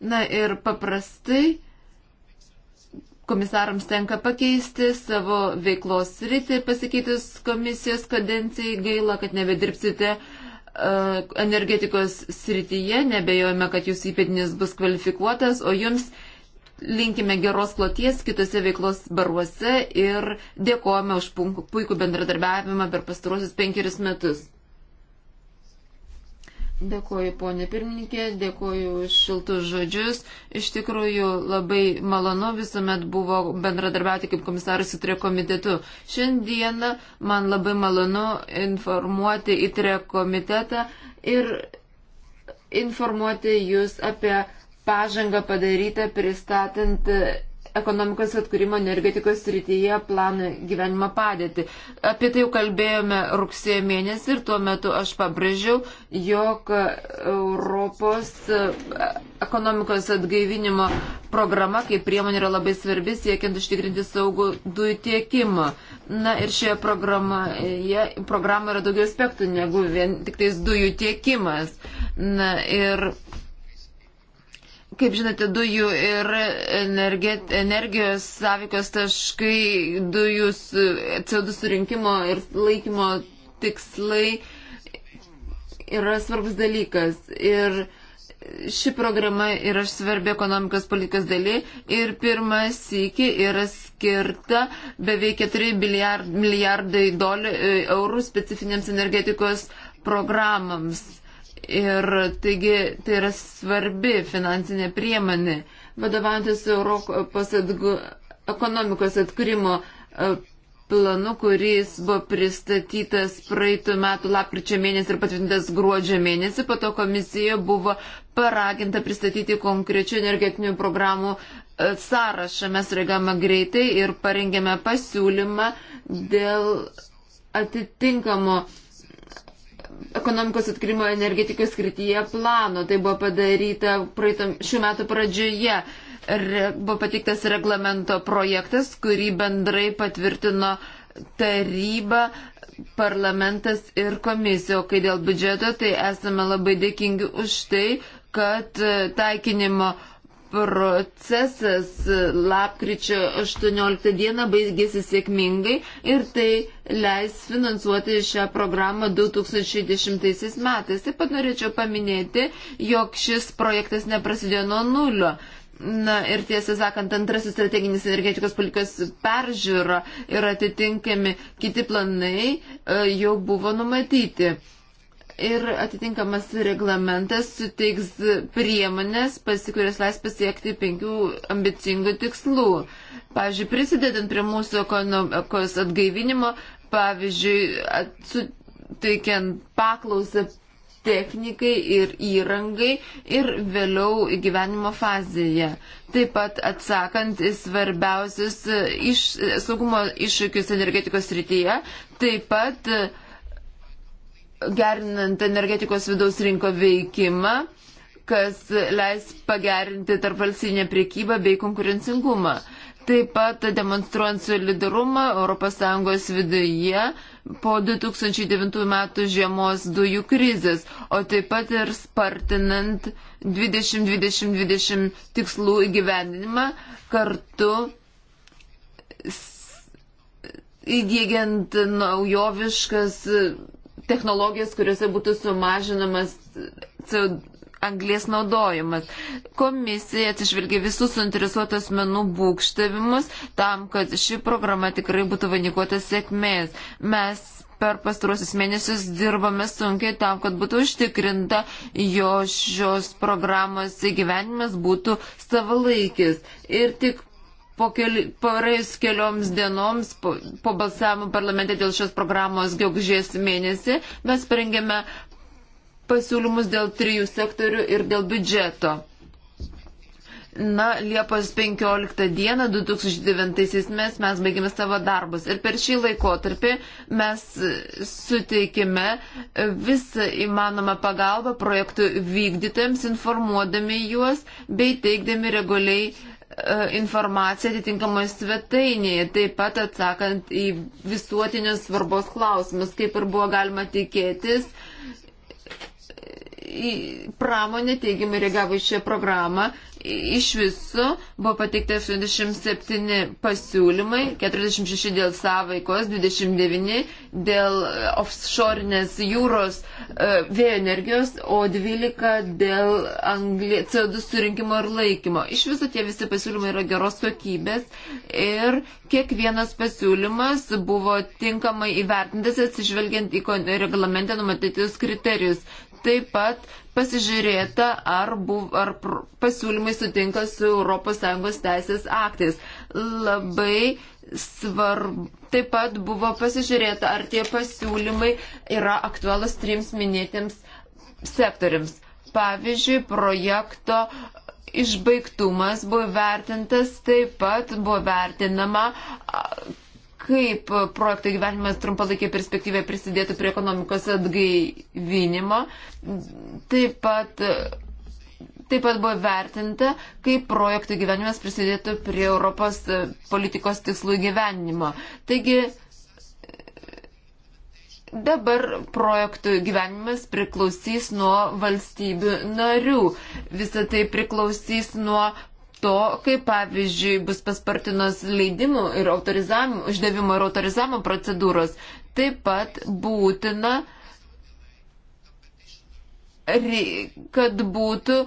Na ir paprastai komisarams tenka pakeisti savo veiklos rytį, pasikeitus komisijos kadencijai gaila, kad nebedirbsite uh, energetikos srityje, nebejojame, kad jūsų įpėdinis bus kvalifikuotas, o jums linkime geros kloties kitose veiklos baruose ir dėkojame už puikų bendradarbiavimą per pastaruosius penkerius metus. Dėkuoju, ponė pirmininkė, dėkuoju už šiltus žodžius. Iš tikrųjų, labai malonu visuomet buvo bendradarbiauti kaip komisaras įtrė komitetu. Šiandieną man labai malonu informuoti įtrė komitetą ir informuoti jūs apie pažangą padarytą pristatant ekonomikos atkūrimo energetikos srityje planą gyvenimą padėti. Apie tai jau kalbėjome rugsėjo mėnesį ir tuo metu aš pabrėžiau, jog Europos ekonomikos atgaivinimo programa kaip priemonė yra labai svarbi siekiant užtikrinti saugų dujų tiekimą. Na ir šioje programoje programoje yra daugiau aspektų negu vien tik tais dujų tiekimas. Na, ir Kaip žinote, dujų ir energijos sąveikos taškai, dujų CO2 surinkimo ir laikymo tikslai yra svarbus dalykas. Ir ši programa yra svarbi ekonomikos politikos daly ir pirmas iki yra skirta beveik 4 milijardai e, eurų specifinėms energetikos programams. Ir taigi tai yra svarbi finansinė priemonė, vadovantis Europos atgu, ekonomikos atkūrimo e, planu, kuris buvo pristatytas praeitų metų lapkričio mėnesį ir patvirtintas gruodžio mėnesį. Po to komisija buvo paraginta pristatyti konkrečių energetinių programų e, sąrašą. Mes reagavome greitai ir parengėme pasiūlymą dėl atitinkamo uh, ekonomikos atkrimo energetikos skrityje plano. Tai buvo padaryta praeitam, šių metų pradžioje. Re, buvo patiktas reglamento projektas, kurį bendrai patvirtino taryba, parlamentas ir komisija. O kai dėl biudžeto, tai esame labai dėkingi už tai, kad taikinimo uh, procesas lapkričio 18 dieną baigėsi sėkmingai ir tai leis finansuoti šią programą 2010 metais. Taip pat norėčiau paminėti, jog šis projektas neprasidėjo nuo nulio. Na ir tiesą sakant, antrasis strateginis energetikos politikos peržiūra ir atitinkami kiti planai e, jau buvo numatyti ir atitinkamas reglamentas suteiks priemonės, pasikurias leis pasiekti penkių ambicingų tikslų. Pavyzdžiui, prisidedant prie mūsų ekonomikos atgaivinimo, pavyzdžiui, suteikiant paklausą technikai ir įrangai ir vėliau gyvenimo fazėje. Taip pat atsakant į svarbiausius iš, saugumo iššūkius energetikos srityje, taip pat uh, gerinant energetikos vidaus rinko veikimą, kas leis pagerinti tarpvalstybinę priekybą bei konkurencingumą. Taip pat demonstruojant solidarumą ES viduje po 2009 metų žiemos dujų krizės, o taip pat ir spartinant 2020-2020 tikslų įgyvendinimą kartu įdėgiant naujoviškas technologijas, kuriuose būtų sumažinamas anglės naudojimas. Komisija atsižvelgia visus suinteresuotas menų būkštavimus tam, kad ši programa tikrai būtų vainikuota sėkmės. Mes per pastaruosius mėnesius dirbame sunkiai tam, kad būtų užtikrinta, jo šios programos įgyvenimas būtų savalaikis. Ir tik po keli, parais kelioms dienoms po, po balsavimo parlamente dėl šios programos gegužės mėnesį mes parengėme pasiūlymus dėl trijų sektorių ir dėl biudžeto. Na, Liepos 15 dieną 2009 mes, mes baigėme savo darbus ir per šį laikotarpį mes suteikime visą įmanomą pagalbą projektų vykdytojams, informuodami juos bei teikdami reguliai E, informaciją atitinkamoje svetainėje, taip pat atsakant į visuotinius svarbos klausimus, kaip ir buvo galima tikėtis, uh, pramonė teigiamai reagavo į šią programą. Iš viso buvo pateikti 87 pasiūlymai, 46 dėl savaikos, 29 dėl offshore'nės jūros e, vėjo energijos, o 12 dėl anglė, CO2 surinkimo ir laikymo. Iš viso tie visi pasiūlymai yra geros kokybės ir kiekvienas pasiūlymas buvo tinkamai įvertintas atsižvelgiant į reglamente numatytus kriterijus taip pat pasižiūrėta, ar, buv, ar pasiūlymai sutinka su ES teisės aktais. Labai svarbu. Taip pat buvo pasižiūrėta, ar tie pasiūlymai yra aktualus trims minėtiems sektoriams. Pavyzdžiui, projekto išbaigtumas buvo vertintas, taip pat buvo vertinama, kaip projekto gyvenimas trumpalaikė perspektyvė prisidėtų prie ekonomikos atgaivinimo. Taip pat, taip pat buvo vertinta, kaip projekto gyvenimas prisidėtų prie Europos politikos tikslų gyvenimo. Taigi, dabar projektų gyvenimas priklausys nuo valstybių narių. Visą tai priklausys nuo to, kaip pavyzdžiui bus paspartinos leidimų ir autorizavimo, išdavimo ir autorizavimo procedūros. Taip pat būtina, kad būtų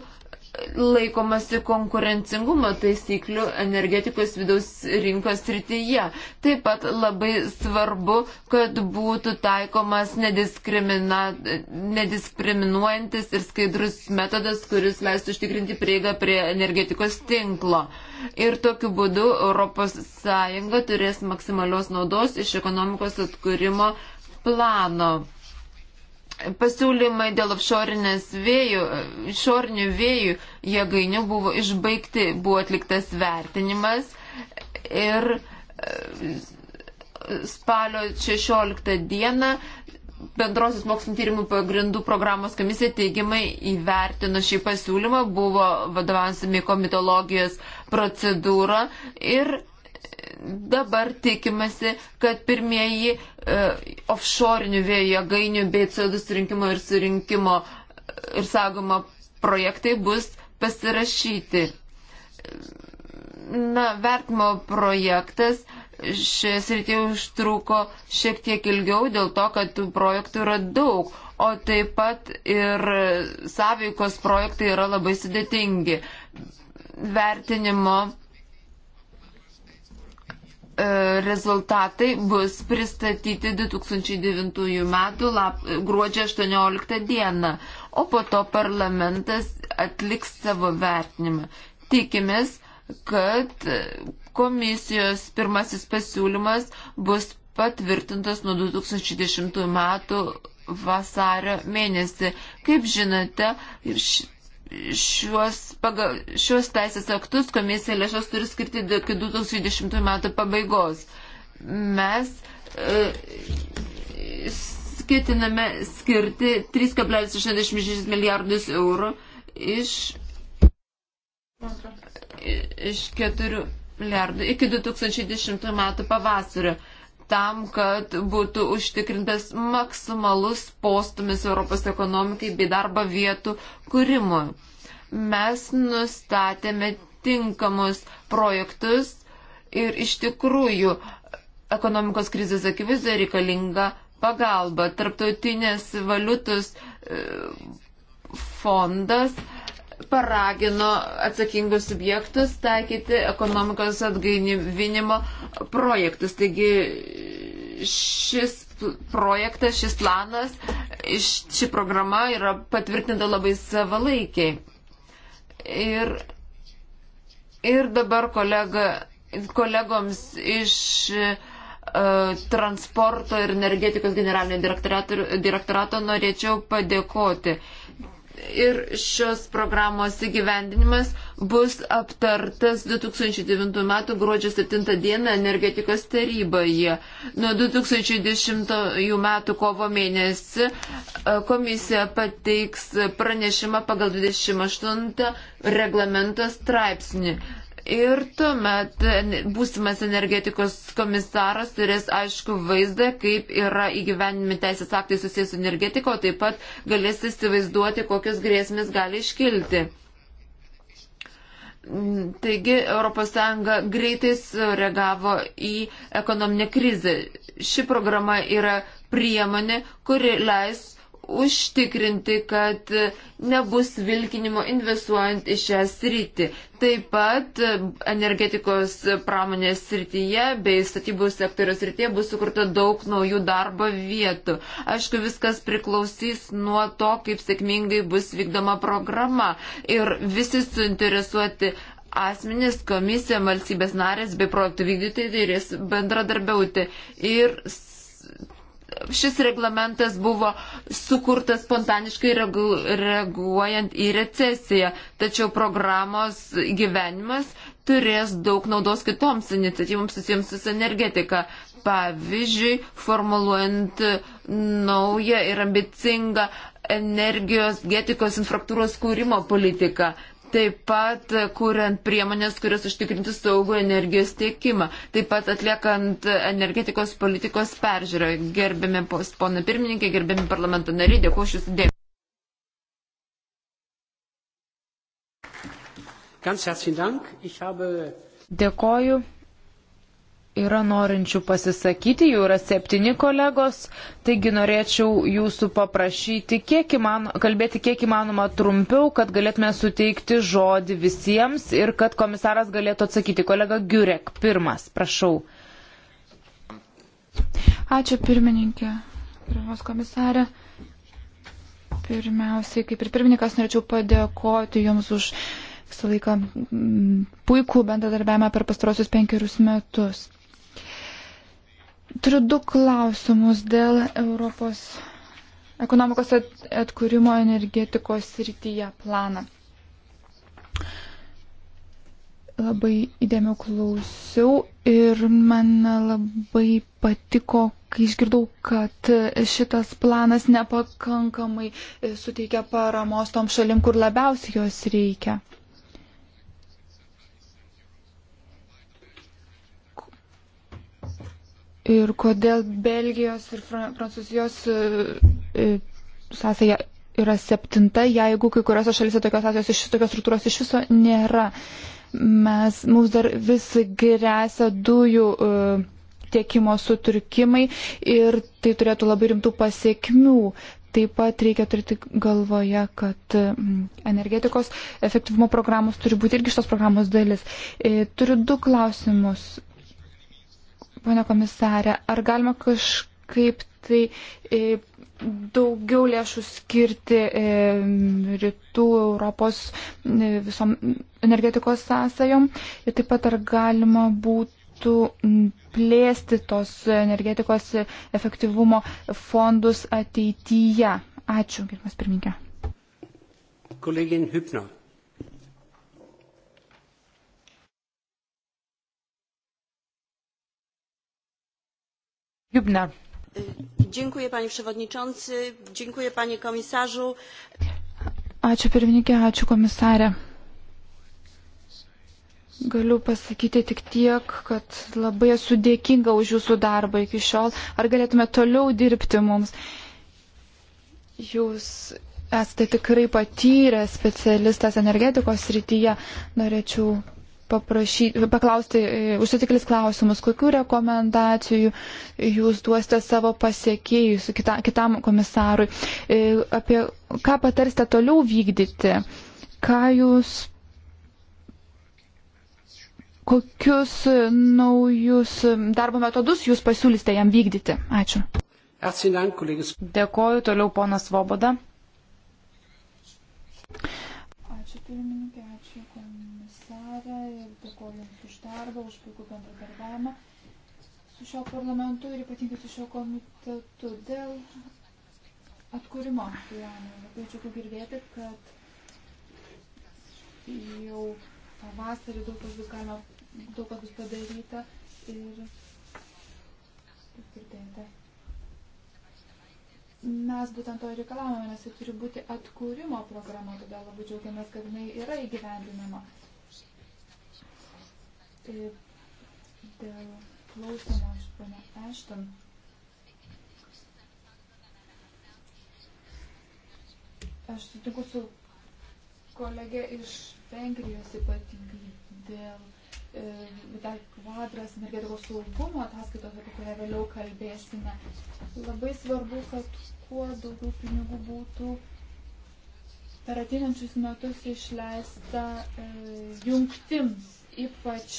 laikomasi konkurencingumo taisyklių energetikos vidaus rinkos rytyje. Taip pat labai svarbu, kad būtų taikomas nediskriminuojantis ir skaidrus metodas, kuris leistų užtikrinti prieigą prie energetikos tinklo. Ir tokiu būdu ES turės maksimalios naudos iš ekonomikos atkūrimo plano. Pasiūlymai dėl offshore'inių vėjų, vėjų jėgainių buvo išbaigti, buvo atliktas vertinimas ir e, spalio 16 dieną bendrosios mokslinio tyrimų pagrindų programos komisija teigiamai įvertino šį pasiūlymą, buvo vadovansami komitologijos procedūra ir dabar tikimasi, kad pirmieji uh, offshore'inių vėjo jėgainių bei CO2 surinkimo ir surinkimo e, ir saugomo projektai bus pasirašyti. Na, vertimo projektas šioje srityje užtruko šiek tiek ilgiau dėl to, kad tų projektų yra daug, o taip pat ir sąveikos projektai yra labai sudėtingi. Vertinimo E, rezultatai bus pristatyti 2009 metų lap, gruodžio 18 dieną, o po to parlamentas atliks savo vertinimą. Tikimės, kad komisijos pirmasis pasiūlymas bus patvirtintas nuo 2010 metų vasario mėnesį. Kaip žinote, šiuos, pagal, šiuos teisės aktus komisija lėšas turi skirti iki 2020 metų pabaigos. Mes e, ketiname skirti 3,66 milijardus eurų iš, iš 4 milijardų iki 2010 metų pavasario tam, kad būtų užtikrintas maksimalus postumis Europos ekonomikai bei darbo vietų kūrimui. Mes nustatėme tinkamus projektus ir iš tikrųjų ekonomikos krizės akivaizdoje reikalinga pagalba. Tarptautinės valiutos e, fondas e, paragino atsakingus subjektus taikyti ekonomikos atgaivinimo projektus. Taigi šis projektas, šis planas, ši programa yra patvirtinta labai savalaikiai. Ir, ir dabar kolega, kolegoms iš e, transporto ir energetikos generalinio direktorato norėčiau padėkoti ir šios programos įgyvendinimas bus aptartas 2009 m. gruodžio 7 d. energetikos taryboje. Nuo 2010 m. kovo mėnesį e, komisija pateiks pranešimą pagal 28 reglamento straipsnį ir tuomet būsimas energetikos komisaras turės aišku vaizdą, kaip yra įgyvenimi teisės aktai susijęs su energetiko, taip pat galės įsivaizduoti, kokios grėsmės gali iškilti. Taigi ES greitai sureagavo į ekonominę krizę. Ši programa yra priemonė, kuri leis užtikrinti, kad nebus vilkinimo investuojant į šią sritį. Taip pat energetikos pramonės srityje bei statybų sektoriaus srityje bus sukurta daug naujų darbo vietų. Aišku, viskas priklausys nuo to, kaip sėkmingai bus vykdoma programa ir visi suinteresuoti asmenys, komisija, valstybės narės bei projektų vykdytojai turės bendradarbiauti. Ir šis reglamentas buvo sukurtas spontaniškai reagu, reaguojant į recesiją, tačiau programos gyvenimas turės daug naudos kitoms iniciatyvoms susijęms su energetika. Pavyzdžiui, formuluojant naują ir ambicingą energijos getikos infrastruktūros kūrimo politiką taip pat e, kuriant priemonės, kurios užtikrinti saugų energijos tiekimą, taip pat atliekant energetikos politikos peržiūrą. Gerbiami pona pirmininkė, gerbiami parlamento nariai, dėkuoju jūsų dėmesį. Dėkoju. Yra norinčių pasisakyti, jau yra septyni kolegos, taigi norėčiau jūsų paprašyti kiek įmano, kalbėti kiek įmanoma trumpiau, kad galėtume suteikti žodį visiems ir kad komisaras galėtų atsakyti. Kolega Giurek, pirmas, prašau. Ačiū pirmininkė, pirmos komisarė. Pirmiausiai, kaip ir pirmininkas, norėčiau padėkoti Jums už visą laiką mm, puikų bendradarbiavimą per pastarosius penkerius metus. Turiu du klausimus dėl Europos ekonomikos atkūrimo energetikos srityje planą. Labai įdėmiau klausiau ir man labai patiko, kai išgirdau, kad šitas planas nepakankamai suteikia paramos tom šalim, kur labiausiai jos reikia. Ir kodėl Belgijos ir Prancūzijos e, e, sąsaja yra septinta, jeigu kai kuriuose šalise tokios sąsajos iš tokios struktūros iš viso nėra. Mes, mums dar vis grėsia dujų e, tiekimo sutrikimai ir tai turėtų labai rimtų pasiekmių. Taip pat reikia turėti galvoje, kad energetikos efektyvumo programos turi būti irgi šitos programos dalis. Turiu du klausimus Pone komisarė, ar galima kažkaip tai e, daugiau lėšų skirti e, rytų Europos e, visom energetikos sąsajom ir taip pat ar galima būtų plėsti tos energetikos efektyvumo fondus ateityje. Ačiū, gerbimas pirmininkė. Kolegin Hübner. Jubna. Dziękuję panie przewodniczący, dziękuję panie komisarzu. Ačiū pirmininkė, ačiū komisarė. Galiu pasakyti tik tiek, kad labai esu dėkinga už jūsų darbą iki šiol. Ar galėtume toliau dirbti mums? Jūs esate tikrai patyręs specialistas energetikos srityje. Norėčiau paprašyti, paklausti e, užsitiklis klausimus, kokiu rekomendacijų jūs duosite savo pasiekėjus kita, kitam komisarui, e, apie ką patarsite toliau vykdyti, ką jūs kokius naujus darbo metodus jūs pasiūlysite jam vykdyti. Ačiū. Dėkoju toliau ponas Voboda. Ačiū pirmininkė komisarė ir dėkoju Jums už darbą, už puikų bendradarbiavimą su šio parlamentu ir ypatingai su šio komitetu dėl atkūrimo planų. Labai džiugu girdėti, kad jau pavasarį daug kas bus galima, daug kas bus padaryta ir girdėjote. Mes būtent to ir reikalavome, nes tai turi būti atkūrimo programa, todėl labai džiaugiamės, kad jinai yra įgyvendinama. Tai dėl klausimo, pana Ešton. Aš sutinku su kolegė iš Vengrijos ypatingai dėl Vital e, Kvadras energetikos saugumo ataskaitos, apie kurią vėliau kalbėsime. Labai svarbu, kad kuo daugiau pinigų būtų per ateinančius metus išleista e, jungtims ypač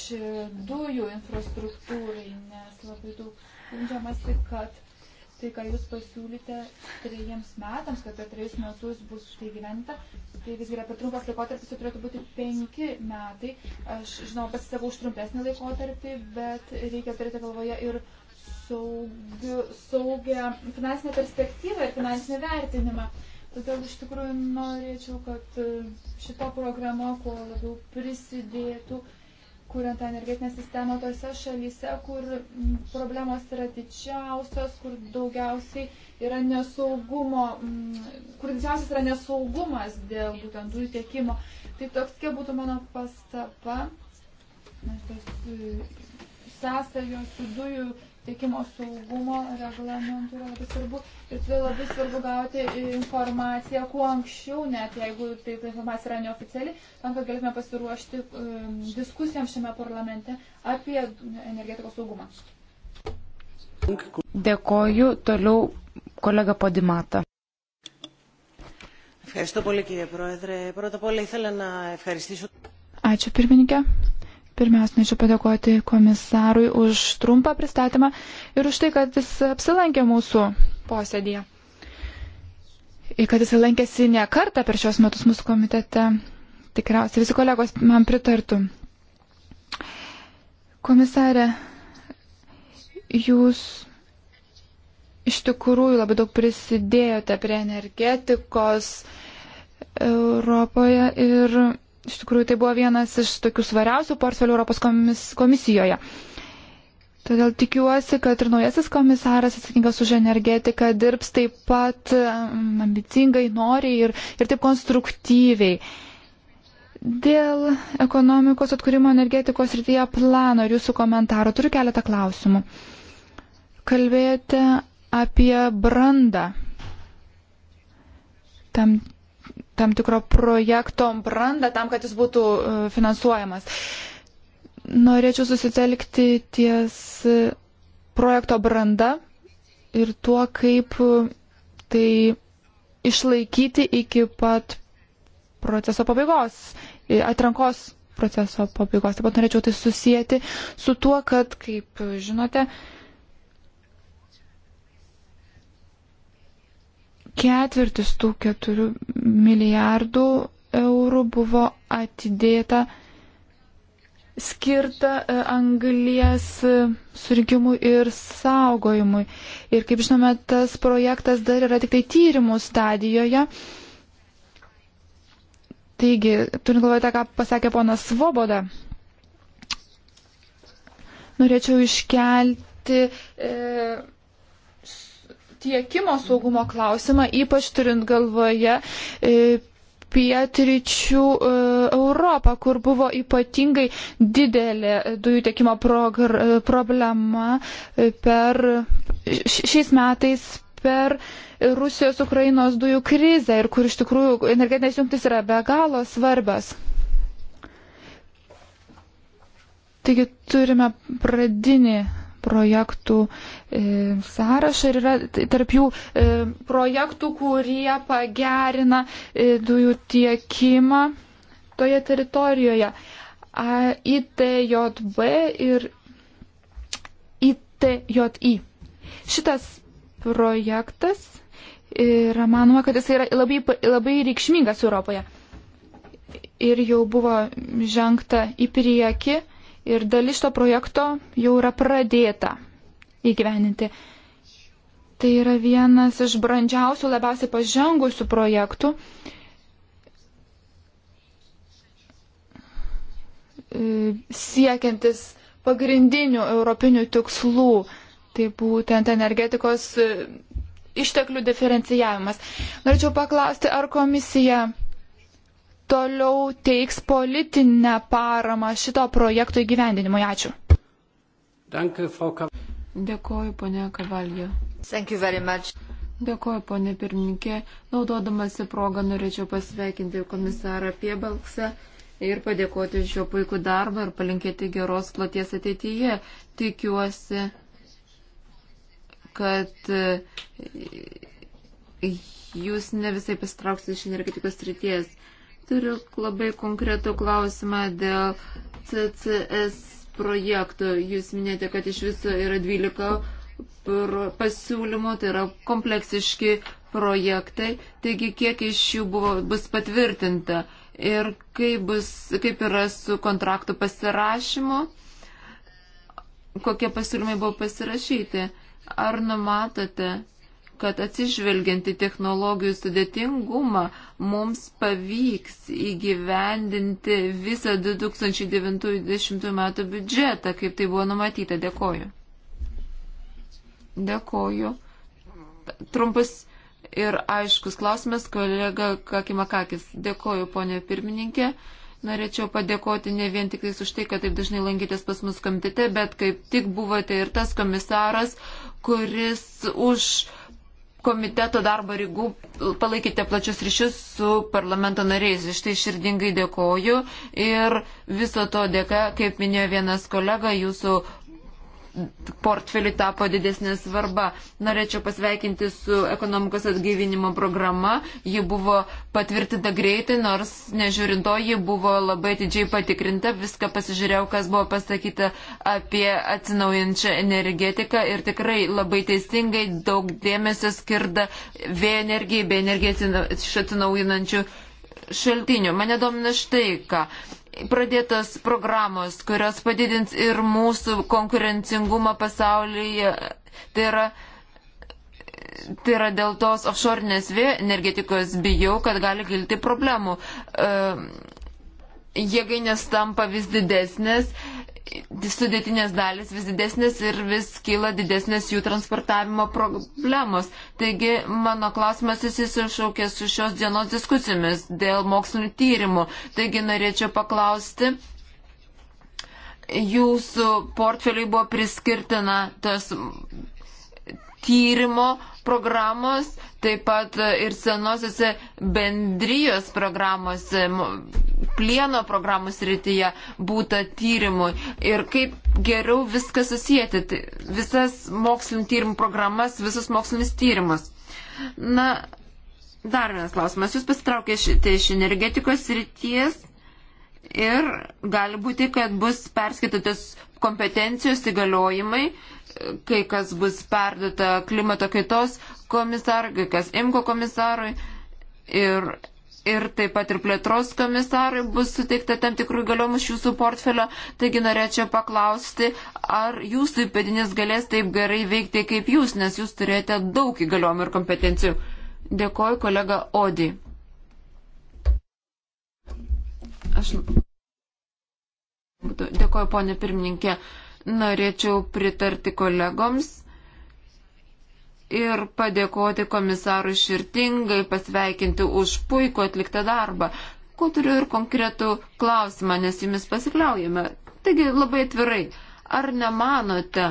dujų infrastruktūrai, nes labai daug skundžiamasi, kad tai, ką jūs pasiūlyte trejiems metams, kad per trejus metus bus tai gyventa, tai visgi yra per trumpas laikotarpis, tai turėtų būti penki metai. Aš, žinau, pasisakau už trumpesnį laikotarpį, bet reikia turėti galvoje ir saugiu, saugią finansinę perspektyvą ir finansinį vertinimą. Todėl iš tikrųjų norėčiau, kad šita programa kuo labiau prisidėtų kuriant tą energetinę sistemą tose šalyse, kur problemos yra didžiausios, kur daugiausiai yra nesaugumo, mm, kur didžiausias yra nesaugumas dėl būtent dujų tiekimo. Tai tokia būtų mano pastaba. Nes tos e, sąsajos su dujų tiekimo saugumo reglamentų yra labai svarbu. Ir todėl labai svarbu gauti informaciją kuo anksčiau, net jeigu tai informacija yra neoficiali, tam, kad galėtume pasiruošti um, diskusijams šiame parlamente apie energetikos saugumą. Dėkoju. Toliau kolega Podimata. Ačiū pirmininkė. Pirmiausia, norėčiau padėkoti komisarui už trumpą pristatymą ir už tai, kad jis apsilankė mūsų posėdėje. Ir kad jis lankėsi ne kartą per šios metus mūsų komitete. Tikriausiai visi kolegos man pritartų. Komisarė, jūs iš tikrųjų labai daug prisidėjote prie energetikos Europoje ir iš tikrųjų tai buvo vienas iš tokių svariausių portfelių Europos komis, komisijoje. Todėl tikiuosi, kad ir naujasis komisaras atsakingas už energetiką dirbs taip pat mm, ambicingai, noriai ir, ir taip konstruktyviai. Dėl ekonomikos atkūrimo energetikos rytyje plano ir jūsų komentarų turiu keletą klausimų. Kalbėjote apie brandą tam tam tikro projekto brandą tam, kad jis būtų e, finansuojamas. Norėčiau susitelkti ties e, projekto brandą ir tuo, kaip e, tai išlaikyti iki pat proceso pabaigos, atrankos proceso pabaigos. Taip pat norėčiau tai susijęti su tuo, kad, kaip žinote, ketvirtis tų keturių milijardų eurų buvo atidėta skirta e, anglies e, surinkimui ir saugojimui. Ir kaip žinome, tas projektas dar yra tik tai tyrimų stadijoje. Taigi, turint galvoje tą, ką pasakė ponas Svoboda, norėčiau iškelti e, tiekimo saugumo klausimą, ypač turint galvoje e, pietryčių e, Europą, kur buvo ypatingai didelė e, dujų tiekimo problema per šiais metais per Rusijos Ukrainos dujų krizę ir kur iš tikrųjų energetinės jungtis yra be galo svarbios. Taigi turime pradinį projektų e, sąrašą ir yra tarp jų e, projektų, kurie pagerina e, dujų tiekimą toje teritorijoje. ITJB ir ITJI. Šitas projektas yra manoma, kad jis yra labai, labai reikšmingas Europoje. Ir jau buvo žengta į priekį ir dalis to projekto jau yra pradėta įgyveninti. Tai yra vienas iš brandžiausių, labiausiai pažengusių projektų. E, siekiantis pagrindinių europinių tikslų, tai būtent energetikos e, išteklių diferencijavimas. Norėčiau paklausti, ar komisija toliau teiks politinę paramą šito projekto įgyvendinimui. Ačiū. Dėkuoju, ponė Kavaljo. Dėkuoju, ponė pirmininkė. Naudodamasi progą norėčiau pasveikinti komisarą Piebalksą ir padėkoti už jo puikų darbą ir palinkėti geros platies ateityje. Tikiuosi, kad e, jūs ne visai pastrauksite iš energetikos ryties. Turiu labai konkretų klausimą dėl CCS projektų. Jūs minėjote, kad iš viso yra 12 pasiūlymų, tai yra kompleksiški projektai. Taigi, kiek iš jų buvo, bus patvirtinta ir kaip, bus, kaip yra su kontraktų pasirašymu, kokie pasiūlymai buvo pasirašyti. Ar numatote kad atsižvelgianti technologijų sudėtingumą mums pavyks įgyvendinti visą 2090 metų biudžetą, kaip tai buvo numatyta. Dėkoju. Dėkoju. Trumpas ir aiškus klausimas, kolega Kakimakakis. Dėkoju, ponė pirmininkė. Norėčiau padėkoti ne vien tik už tai, kad taip dažnai lankytės pas mus komitete, bet kaip tik buvote ir tas komisaras, kuris už uh, komiteto darbo rygų palaikėte plačius ryšius su parlamento nariais. Iš tai širdingai dėkoju ir viso to dėka, kaip minėjo vienas kolega, jūsų portfeliu tapo didesnė svarba. Norėčiau pasveikinti su ekonomikos atgaivinimo programa. Ji buvo patvirtinta greitai, nors nežiūrinto, ji buvo labai didžiai patikrinta. Viską pasižiūrėjau, kas buvo pasakyta apie atsinaujančią energetiką ir tikrai labai teisingai daug dėmesio skirda vėjo energijai bei energijai iš atsinaujinančių šaltinių. Mane domina štai ką pradėtos programos, kurios padidins ir mūsų konkurencingumą pasaulyje. Tai yra, tai yra dėl tos offshore'nės vėjo energetikos bijau, kad gali kilti problemų. E, jėgainės tampa vis didesnės sudėtinės dalis vis didesnės ir vis kyla didesnės jų transportavimo problemos. Taigi mano klausimas susisišaukė su šios dienos diskusijomis dėl mokslinių tyrimų. Taigi norėčiau paklausti, jūsų portfeliai buvo priskirtina tas tyrimo programos, taip pat ir senosiose bendrijos programuose, plieno programų srityje būta tyrimui. Ir kaip geriau viską susijęti, tai visas mokslinio tyrimų programas, visus mokslinis tyrimus. Na, dar vienas klausimas. Jūs pasitraukėte tai iš energetikos srities ir gali būti, kad bus perskaitytas kompetencijos įgaliojimai kai kas bus perdata klimato kaitos komisarui, kai kas imko komisarui ir, ir taip pat ir plėtros komisarui bus suteikta tam tikrų įgaliojimų iš jūsų portfelio. Taigi norėčiau paklausti, ar jūsų įpėdinis galės taip gerai veikti kaip jūs, nes jūs turėjote daug įgaliojimų ir kompetencijų. Dėkoju kolega Odi. Aš... Dėkoju, ponė pirmininkė. Uh, norėčiau pritarti kolegoms ir padėkoti komisarui širtingai, pasveikinti už puikų atliktą darbą. Ko turiu ir konkretų klausimą, nes jumis pasikliaujame. Taigi labai atvirai, ar nemanote,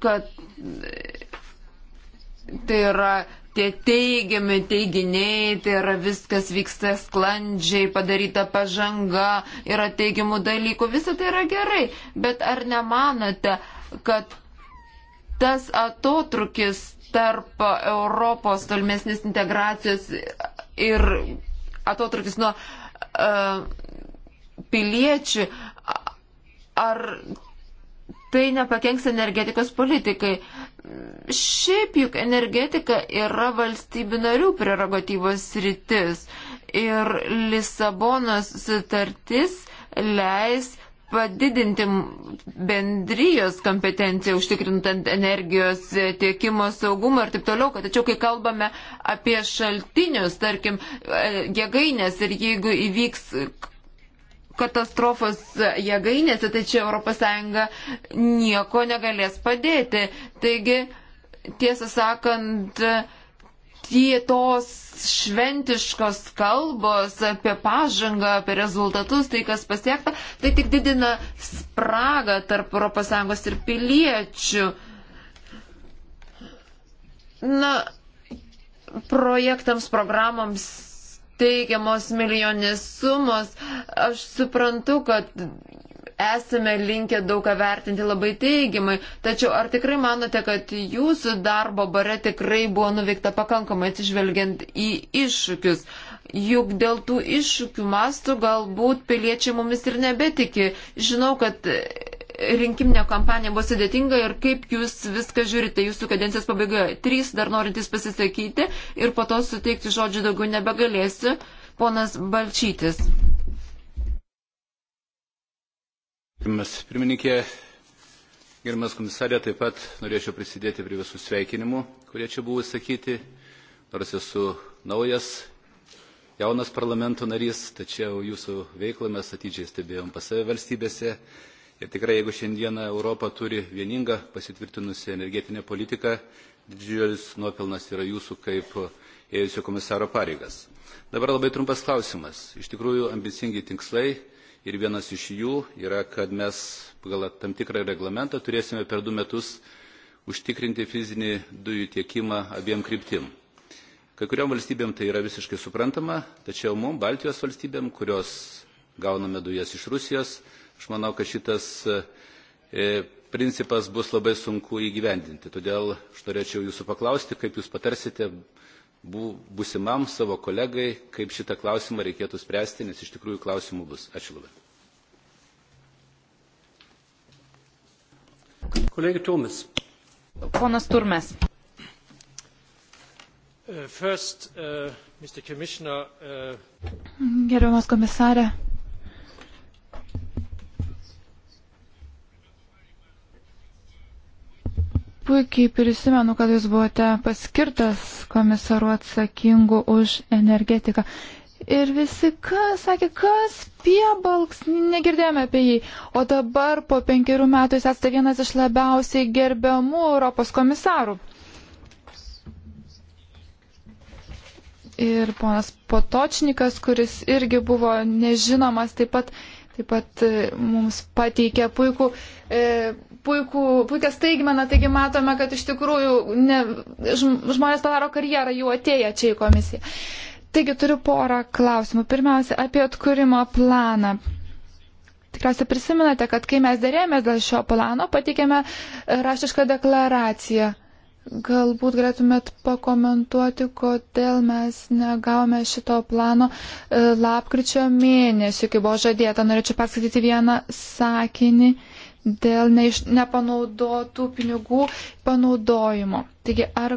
kad tai yra tie teigiami teiginiai, tai yra viskas vyksta sklandžiai, padaryta pažanga, yra teigiamų dalykų, visą tai yra gerai. Bet ar nemanote, kad tas atotrukis tarp Europos tolmesnės integracijos ir atotrukis nuo uh, piliečių, ar tai nepakenks energetikos politikai. Šiaip juk energetika yra valstybių narių prerogatyvos rytis ir Lisabonos sutartis leis padidinti bendrijos kompetenciją, užtikrintant energijos tiekimo saugumą ir taip toliau. Tačiau, kai kalbame apie šaltinius, tarkim, e, jėgainės ir jeigu įvyks katastrofos jėgainėse, tačiau ES nieko negalės padėti. Taigi, tiesą sakant, tie tos šventiškos kalbos apie pažangą, apie rezultatus, tai kas pasiekta, tai tik didina spragą tarp ES ir piliečių. Na, projektams, programams teigiamos milijonės sumos, aš suprantu, kad esame linkę daug ką vertinti labai teigiamai, tačiau ar tikrai manote, kad jūsų darbo bare tikrai buvo nuveikta pakankamai atsižvelgiant į iššūkius? Juk dėl tų iššūkių mastų galbūt piliečiai mumis ir nebetiki. Žinau, kad rinkiminė kampanija buvo sudėtinga ir kaip jūs viską žiūrite jūsų kadencijos pabaigoje. Trys dar norintys pasisakyti ir po to suteikti žodžių daugiau nebegalėsiu. Ponas Balčytis. Pirmas pirmininkė, gerbiamas komisarė, taip pat norėčiau prisidėti prie visų sveikinimų, kurie čia buvo sakyti. Nors esu naujas jaunas parlamento narys, tačiau jūsų veiklą mes atidžiai stebėjom pas save valstybėse Ir tikrai, jeigu šiandieną Europa turi vieningą pasitvirtinusią energetinę politiką, didžiulis nuopilnas yra jūsų kaip ėjusio komisaro pareigas. Dabar labai trumpas klausimas. Iš tikrųjų, ambicingi tikslai ir vienas iš jų yra, kad mes pagal tam tikrą reglamentą turėsime per du metus užtikrinti fizinį dujų tiekimą abiem kryptim. Kai kuriam valstybėm tai yra visiškai suprantama, tačiau mums, Baltijos valstybėm, kurios gauname dujas iš Rusijos, Aš manau, kad šitas e, e, principas bus labai sunku įgyvendinti. Todėl aš norėčiau jūsų paklausti, kaip jūs patarsite būsimam savo kolegai, kaip šitą klausimą reikėtų spręsti, nes iš tikrųjų klausimų bus. Ačiū labai. Kolega Tomas. Ponas Turmes. Uh, first, uh, Mr. Commissioner, uh... Gerbiamas komisarė, puikiai prisimenu, kad jūs buvote paskirtas komisaru atsakingu už energetiką. Ir visi, kas sakė, kas piebalks, negirdėjome apie jį. O dabar po penkerių metų jūs esate vienas iš labiausiai gerbiamų Europos komisarų. Ir ponas Potočnikas, kuris irgi buvo nežinomas, taip pat, taip pat e, mums pateikė puikų. E, puikų, puikią staigmeną, taigi matome, kad iš tikrųjų ne, žmonės padaro karjerą jau atėję čia į komisiją. Taigi turiu porą klausimų. Pirmiausia, apie atkūrimo planą. Tikriausiai prisimenate, kad kai mes dėrėmės dėl šio plano, patikėme e, raštišką deklaraciją. Galbūt galėtumėt pakomentuoti, kodėl mes negavome šito plano e, lapkričio mėnesį, kai buvo žadėta. Norėčiau paskaityti vieną sakinį dėl neiš, nepanaudotų pinigų panaudojimo. Taigi, ar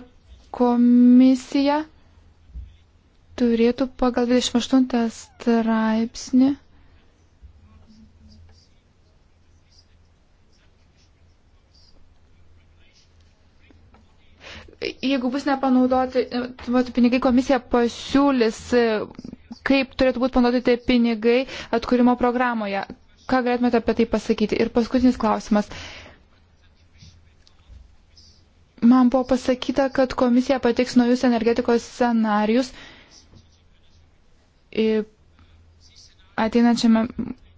komisija turėtų pagal 28 straipsnį jeigu bus nepanaudoti, pinigai komisija pasiūlys, kaip turėtų būti panaudoti pinigai atkūrimo programoje ką galėtumėte apie tai pasakyti? Ir paskutinis klausimas. Man buvo pasakyta, kad komisija patiks naujus energetikos scenarius ateinančiame,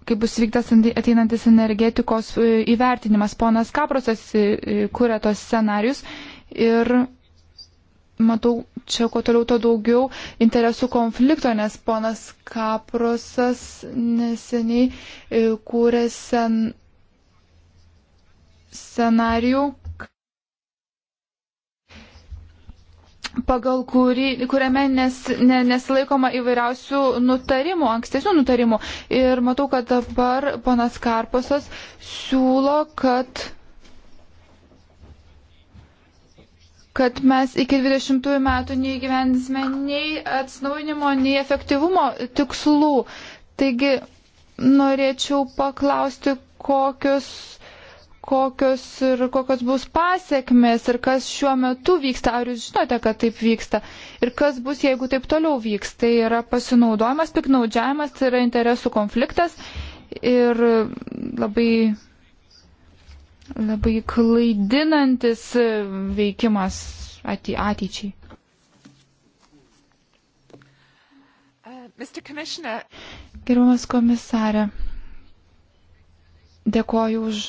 kaip bus vyktas ateinantis energetikos įvertinimas. Ponas Kaprosas kūrė tos scenarius ir matau čia kuo toliau, to daugiau interesų konflikto, nes ponas Kaprosas neseniai e, kūrė sen, scenarijų, pagal kurį, kuriame nes, ne, nesilaikoma įvairiausių nutarimų, ankstesnių nutarimų. Ir matau, kad dabar ponas Karposas siūlo, kad kad mes iki 20 metų neįgyvendinsime nei atsinaujinimo, nei efektyvumo tikslų. Taigi norėčiau paklausti, kokios, kokios ir kokios bus pasiekmes ir kas šiuo metu vyksta. Ar jūs žinote, kad taip vyksta? Ir kas bus, jeigu taip toliau vyks? Tai yra pasinaudojimas, piknaudžiavimas, tai yra interesų konfliktas ir labai labai klaidinantis veikimas ateičiai. Uh, Gerbiamas komisarė, dėkoju už,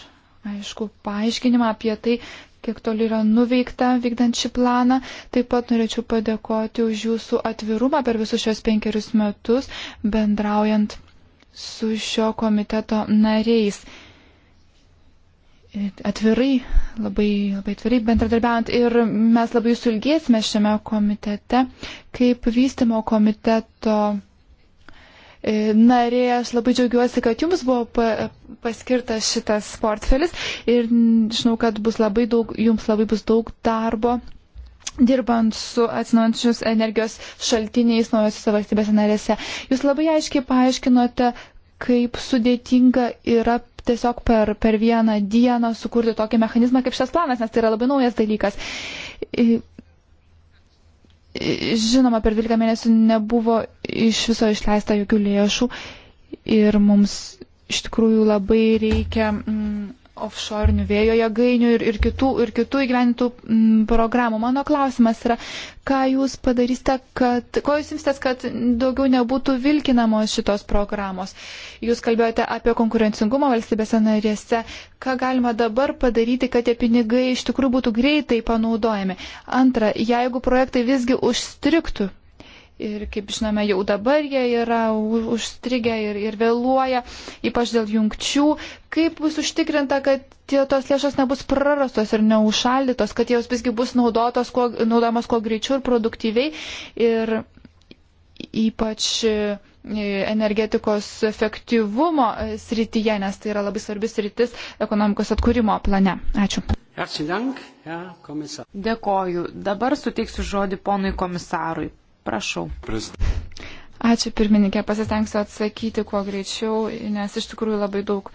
aišku, paaiškinimą apie tai, kiek toli yra nuveikta vykdant šį planą. Taip pat norėčiau padėkoti už jūsų atvirumą per visus šios penkerius metus bendraujant su šio komiteto nariais atvirai, labai, labai atvirai bendradarbiaujant ir mes labai sulgėsime šiame komitete, kaip vystimo komiteto e, narė, aš labai džiaugiuosi, kad jums buvo paskirtas šitas portfelis ir žinau, kad bus labai daug, jums labai bus daug darbo. Dirbant su atsinaujančius energijos šaltiniais naujosiuose valstybėse narėse, jūs labai aiškiai paaiškinote, kaip sudėtinga yra tiesiog per, per vieną dieną sukurti tokį mechanizmą kaip šias planas, nes tai yra labai naujas dalykas. Žinoma, per 12 mėnesių nebuvo iš viso išleista jokių lėšų ir mums iš tikrųjų labai reikia. Mm, offshore vėjo jėgainių ir, ir kitų, ir kitų įgyventų m, mm, programų. Mano klausimas yra, ką jūs padarysite, kad, ko jūs imstės, kad daugiau nebūtų vilkinamos šitos programos. Jūs kalbėjote apie konkurencingumą valstybėse narėse. Ką galima dabar padaryti, kad tie pinigai iš tikrųjų būtų greitai panaudojami? Antra, jeigu projektai visgi užstriktų ir, kaip žinome, jau dabar jie yra užstrigę ir, ir vėluoja, ypač dėl jungčių. Kaip bus užtikrinta, kad tie, tos lėšos nebus prarastos ir neužšaldytos, kad jos visgi bus naudotos, kuo, naudojamos kuo greičiau ir produktyviai ir ypač e, energetikos efektyvumo e, srityje, nes tai yra labai svarbis rytis ekonomikos atkūrimo plane. Ačiū. Dėkoju. Dabar suteiksiu žodį ponui komisarui. Prašau. Ačiū pirmininkė, pasistengsiu atsakyti kuo greičiau, nes iš tikrųjų labai daug,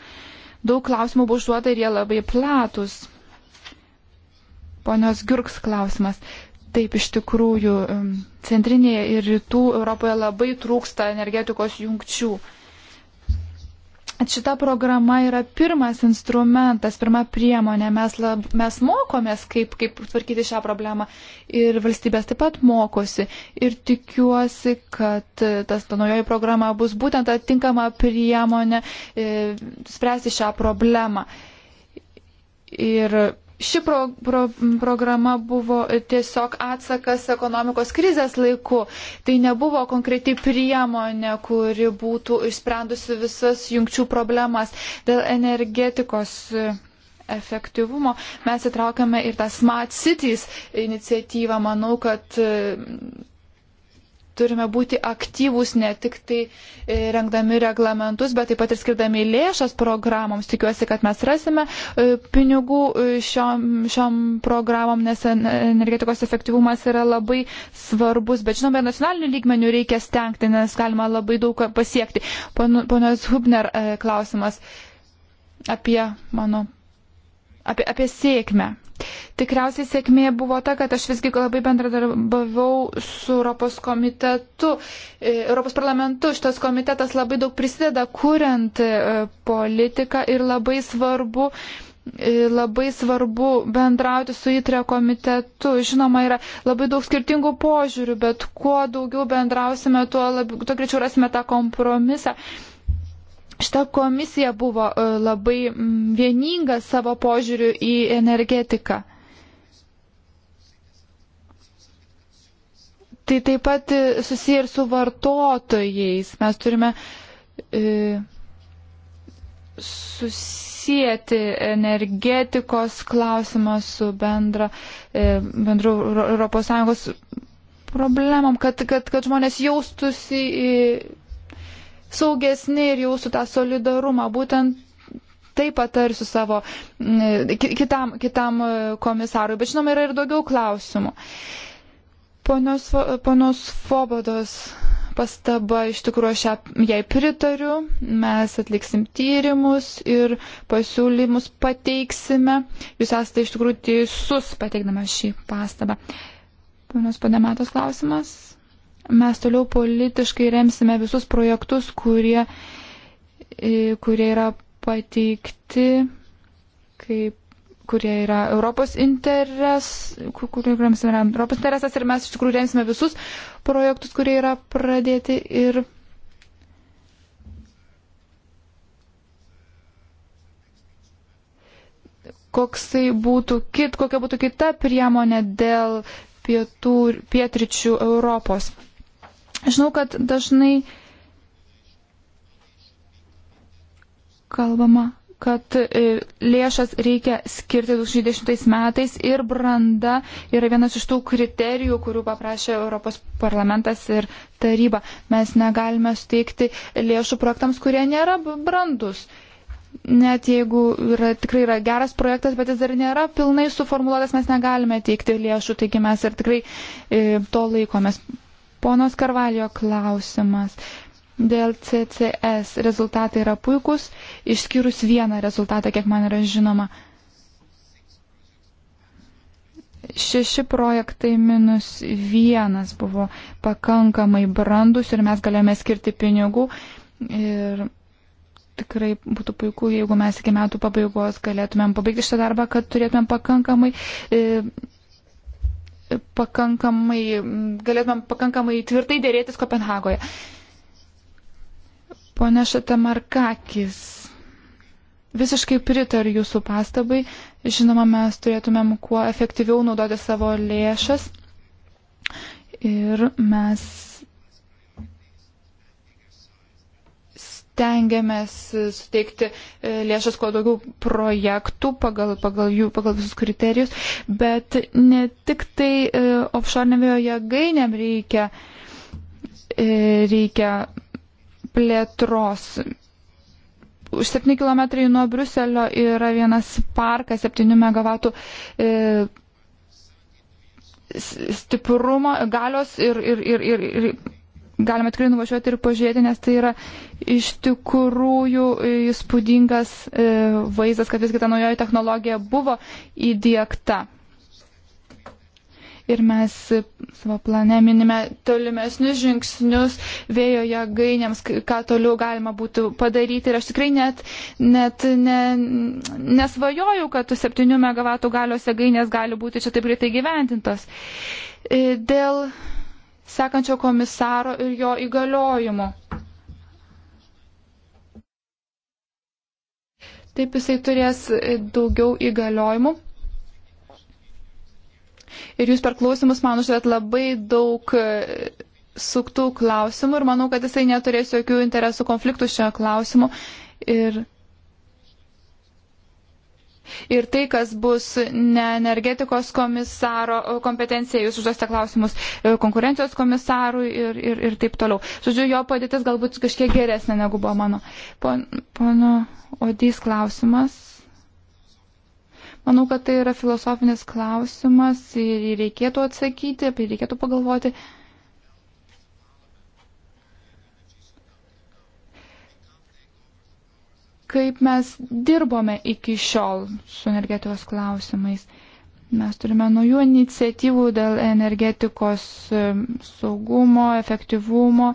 daug klausimų buvo užduota ir jie labai platus. Ponios Girks klausimas. Taip, iš tikrųjų, um, centrinėje ir rytų Europoje labai trūksta energetikos jungčių šita programa yra pirmas instrumentas, pirma priemonė. Mes, lab, mes mokomės, kaip, kaip tvarkyti šią problemą. Ir valstybės taip pat mokosi. Ir tikiuosi, kad tas ta naujoji programa bus būtent atitinkama priemonė e, spręsti šią problemą. Ir Ši pro, pro, programa buvo tiesiog atsakas ekonomikos krizės laiku. Tai nebuvo konkreti priemonė, kuri būtų išsprendusi visas jungčių problemas dėl energetikos efektyvumo. Mes įtraukiame ir tą Smart Cities iniciatyvą. Manau, kad turime būti aktyvūs ne tik tai e, rengdami reglamentus, bet taip pat ir skirdami lėšas programoms. Tikiuosi, kad mes rasime e, pinigų e, šiom, šiom programom, nes energetikos efektyvumas yra labai svarbus. Bet žinoma, nacionaliniu lygmeniu reikia stengti, nes galima labai daug pasiekti. Ponios Hubner klausimas apie mano apie, apie sėkmę. Tikriausiai sėkmė buvo ta, kad aš visgi labai bendradarbiavau su Europos komitetu, e, Europos parlamentu. Šitas komitetas labai daug prisideda kuriant e, politiką ir labai svarbu e, labai svarbu bendrauti su įtrio komitetu. Žinoma, yra labai daug skirtingų požiūrių, bet kuo daugiau bendrausime, tuo, labi, tuo greičiau rasime tą kompromisą. Uh, Šita komisija buvo e, labai vieninga savo požiūriu į energetiką. Tai taip pat e, susiję ir su vartotojais. Mes turime e, susijęti energetikos klausimą su bendra, e, bendru ES problemom, kad, kad, kad žmonės jaustųsi. E, saugesni ir jūsų tą solidarumą. Būtent tai patarsiu savo kitam, kitam e, komisarui. Bet žinoma, yra ir daugiau klausimų. Ponios, ponios Fobodos pastaba, iš tikrųjų aš jai pritariu, mes atliksim tyrimus ir pasiūlymus pateiksime. Jūs esate iš tikrųjų teisus pateikdama šį pastabą. Ponios Padematos klausimas. Mes toliau politiškai remsime visus projektus, kurie, e, kurie yra pateikti, kaip, kurie yra Europos, interes, kurie yra Europos interesas ir mes iš tikrųjų remsime visus projektus, kurie yra pradėti ir koksai būtų kit, kokia būtų kita priemonė dėl pietų, pietričių Europos. Žinau, kad dažnai kalbama, kad e, lėšas reikia skirti 2010 metais ir branda yra vienas iš tų kriterijų, kurių paprašė Europos parlamentas ir taryba. Mes negalime suteikti lėšų projektams, kurie nėra brandus. Net jeigu yra, tikrai yra geras projektas, bet jis dar nėra pilnai suformuoluotas, mes negalime teikti lėšų, taigi mes ir tikrai e, to laikomės. Ponos Karvalio klausimas. Dėl CCS rezultatai yra puikus, išskyrus vieną rezultatą, kiek man yra žinoma. Šeši projektai minus vienas buvo pakankamai brandus ir mes galėjome skirti pinigų. Ir tikrai būtų puiku, jeigu mes iki metų pabaigos galėtumėm pabaigti šitą darbą, kad turėtumėm pakankamai. E, pakankamai, galėtumėm pakankamai tvirtai dėrėtis Kopenhagoje. Pone Šatamarkakis, visiškai pritariu jūsų pastabai. Žinoma, mes turėtumėm kuo efektyviau naudoti savo lėšas. Ir mes stengiamės suteikti e, lėšas kuo daugiau projektų pagal, pagal, jų, pagal visus kriterijus, bet ne tik tai e, offshore vėjo jėgainėm reikia, e, reikia plėtros. Už 7 km nuo Bruselio yra vienas parkas 7 MW stiprumo, galios ir, ir, ir, ir, ir galima tikrai nuvažiuoti ir pažiūrėti, nes tai yra iš tikrųjų įspūdingas e, vaizdas, kad visgi ta naujoji technologija buvo įdėkta. Ir mes savo plane minime tolimesnius žingsnius vėjo jėgainėms, ką toliau galima būtų padaryti. Ir aš tikrai net, net ne, nesvajojau, kad 7 MW galios jėgainės gali būti čia taip greitai gyventintos. E, dėl sekančio komisaro ir jo įgaliojimų. Taip jisai turės daugiau įgaliojimų. Ir jūs per klausimus man uždavėt labai daug e, suktų klausimų ir manau, kad jisai neturės jokių interesų konfliktų šio klausimu. Ir ir tai, kas bus ne energetikos komisaro kompetencija, jūs užduosite klausimus e, konkurencijos komisarui ir, ir, ir taip toliau. Žodžiu, jo padėtis galbūt kažkiek geresnė negu buvo mano. Pon, pono Odys klausimas. Manau, kad tai yra filosofinis klausimas ir reikėtų atsakyti, apie jį reikėtų pagalvoti. Uh, kaip mes dirbome iki šiol su energetikos klausimais. Mes turime naujų iniciatyvų dėl energetikos saugumo, efektyvumo.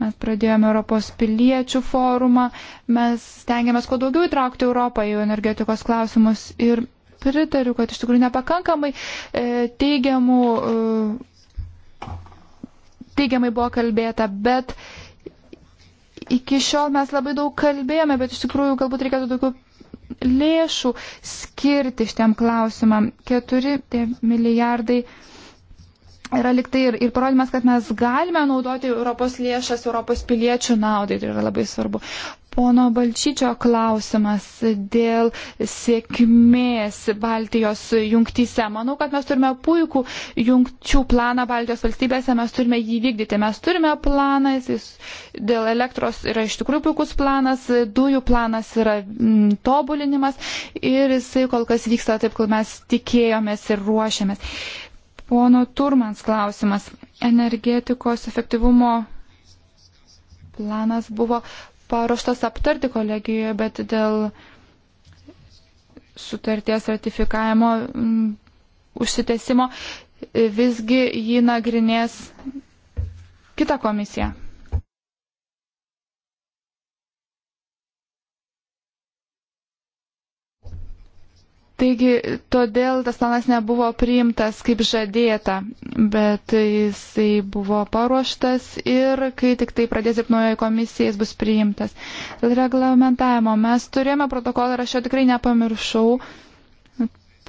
Mes pradėjome Europos piliečių forumą. Mes stengiamės kuo daugiau įtraukti Europą į energetikos klausimus. Ir pritariu, kad iš tikrųjų nepakankamai e, teigiamų. E, Teigiamai buvo kalbėta, bet uh, iki šiol mes labai daug kalbėjome, bet iš tikrųjų galbūt reikėtų daugiau lėšų skirti šitiem klausimam. 4 milijardai yra liktai ir, ir parodymas, kad mes galime naudoti Europos lėšas Europos piliečių naudai, tai yra labai svarbu. Pono Balčyčio klausimas dėl sėkmės Baltijos jungtyse. Manau, kad mes turime puikų jungčių planą Baltijos valstybėse, mes turime jį vykdyti. Mes turime planą, jis dėl elektros yra iš tikrųjų puikus planas, dujų planas yra m, mm, tobulinimas ir jisai kol kas vyksta taip, kaip mes tikėjomės ir ruošiamės. Pono Turmans klausimas. Energetikos efektyvumo planas buvo paruoštas aptarti kolegijoje, bet dėl sutarties ratifikavimo m, mm, užsitesimo visgi jį nagrinės kita komisija. Taigi, todėl tas planas nebuvo priimtas kaip žadėta, bet jisai buvo paruoštas ir kai tik tai pradės ir naujoji komisija, jis bus priimtas. Dėl reglamentavimo mes turėjome protokolą ir aš jo tikrai nepamiršau.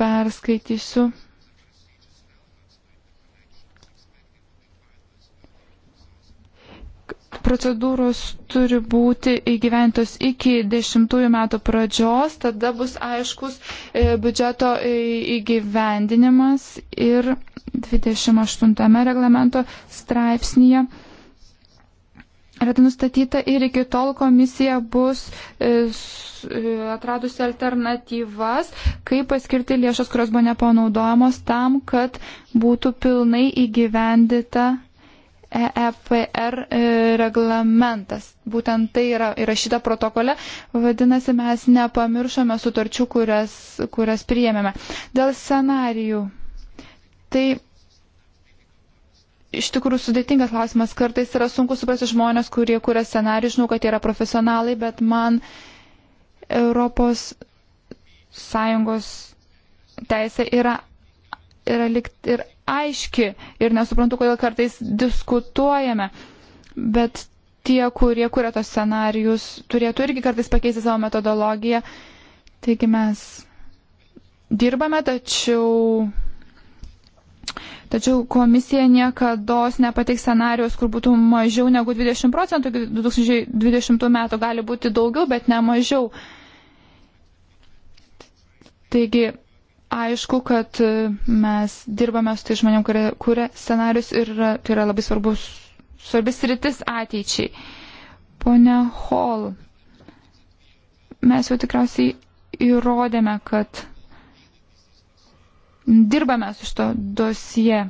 Perskaitysiu procedūros turi būti įgyventos iki dešimtųjų metų pradžios, tada bus aiškus e, biudžeto e, įgyvendinimas ir 28 reglamento straipsnėje. Yra tai nustatyta ir iki tol komisija bus e, atradusi alternatyvas, kaip paskirti lėšas, kurios buvo nepanaudojamos tam, kad būtų pilnai įgyvendita EEPR e, reglamentas. Būtent tai yra įrašyta protokole, vadinasi, mes nepamiršome sutarčių, kurias, kurias priėmėme. Dėl scenarijų. Tai iš tikrųjų sudėtingas klausimas. Kartais yra sunku suprasti žmonės, kurie kuria scenarijų. Žinau, kad jie yra profesionalai, bet man Europos Sąjungos teisė yra, yra likt ir aiški ir nesuprantu, kodėl kartais diskutuojame. Bet tie, kurie kuria tos scenarius, turėtų irgi kartais pakeisti savo metodologiją. Taigi mes dirbame, tačiau. Tačiau komisija niekada nepateiks scenarijos, kur būtų mažiau negu 20 procentų, 2020 metų gali būti daugiau, bet ne mažiau. Taigi aišku, kad e, mes dirbame su tai žmonėm, kurie kūrė scenarius ir tai yra labai svarbus, svarbis rytis ateičiai. Pone Hall, mes jau tikriausiai įrodėme, kad dirbame su šito dosie.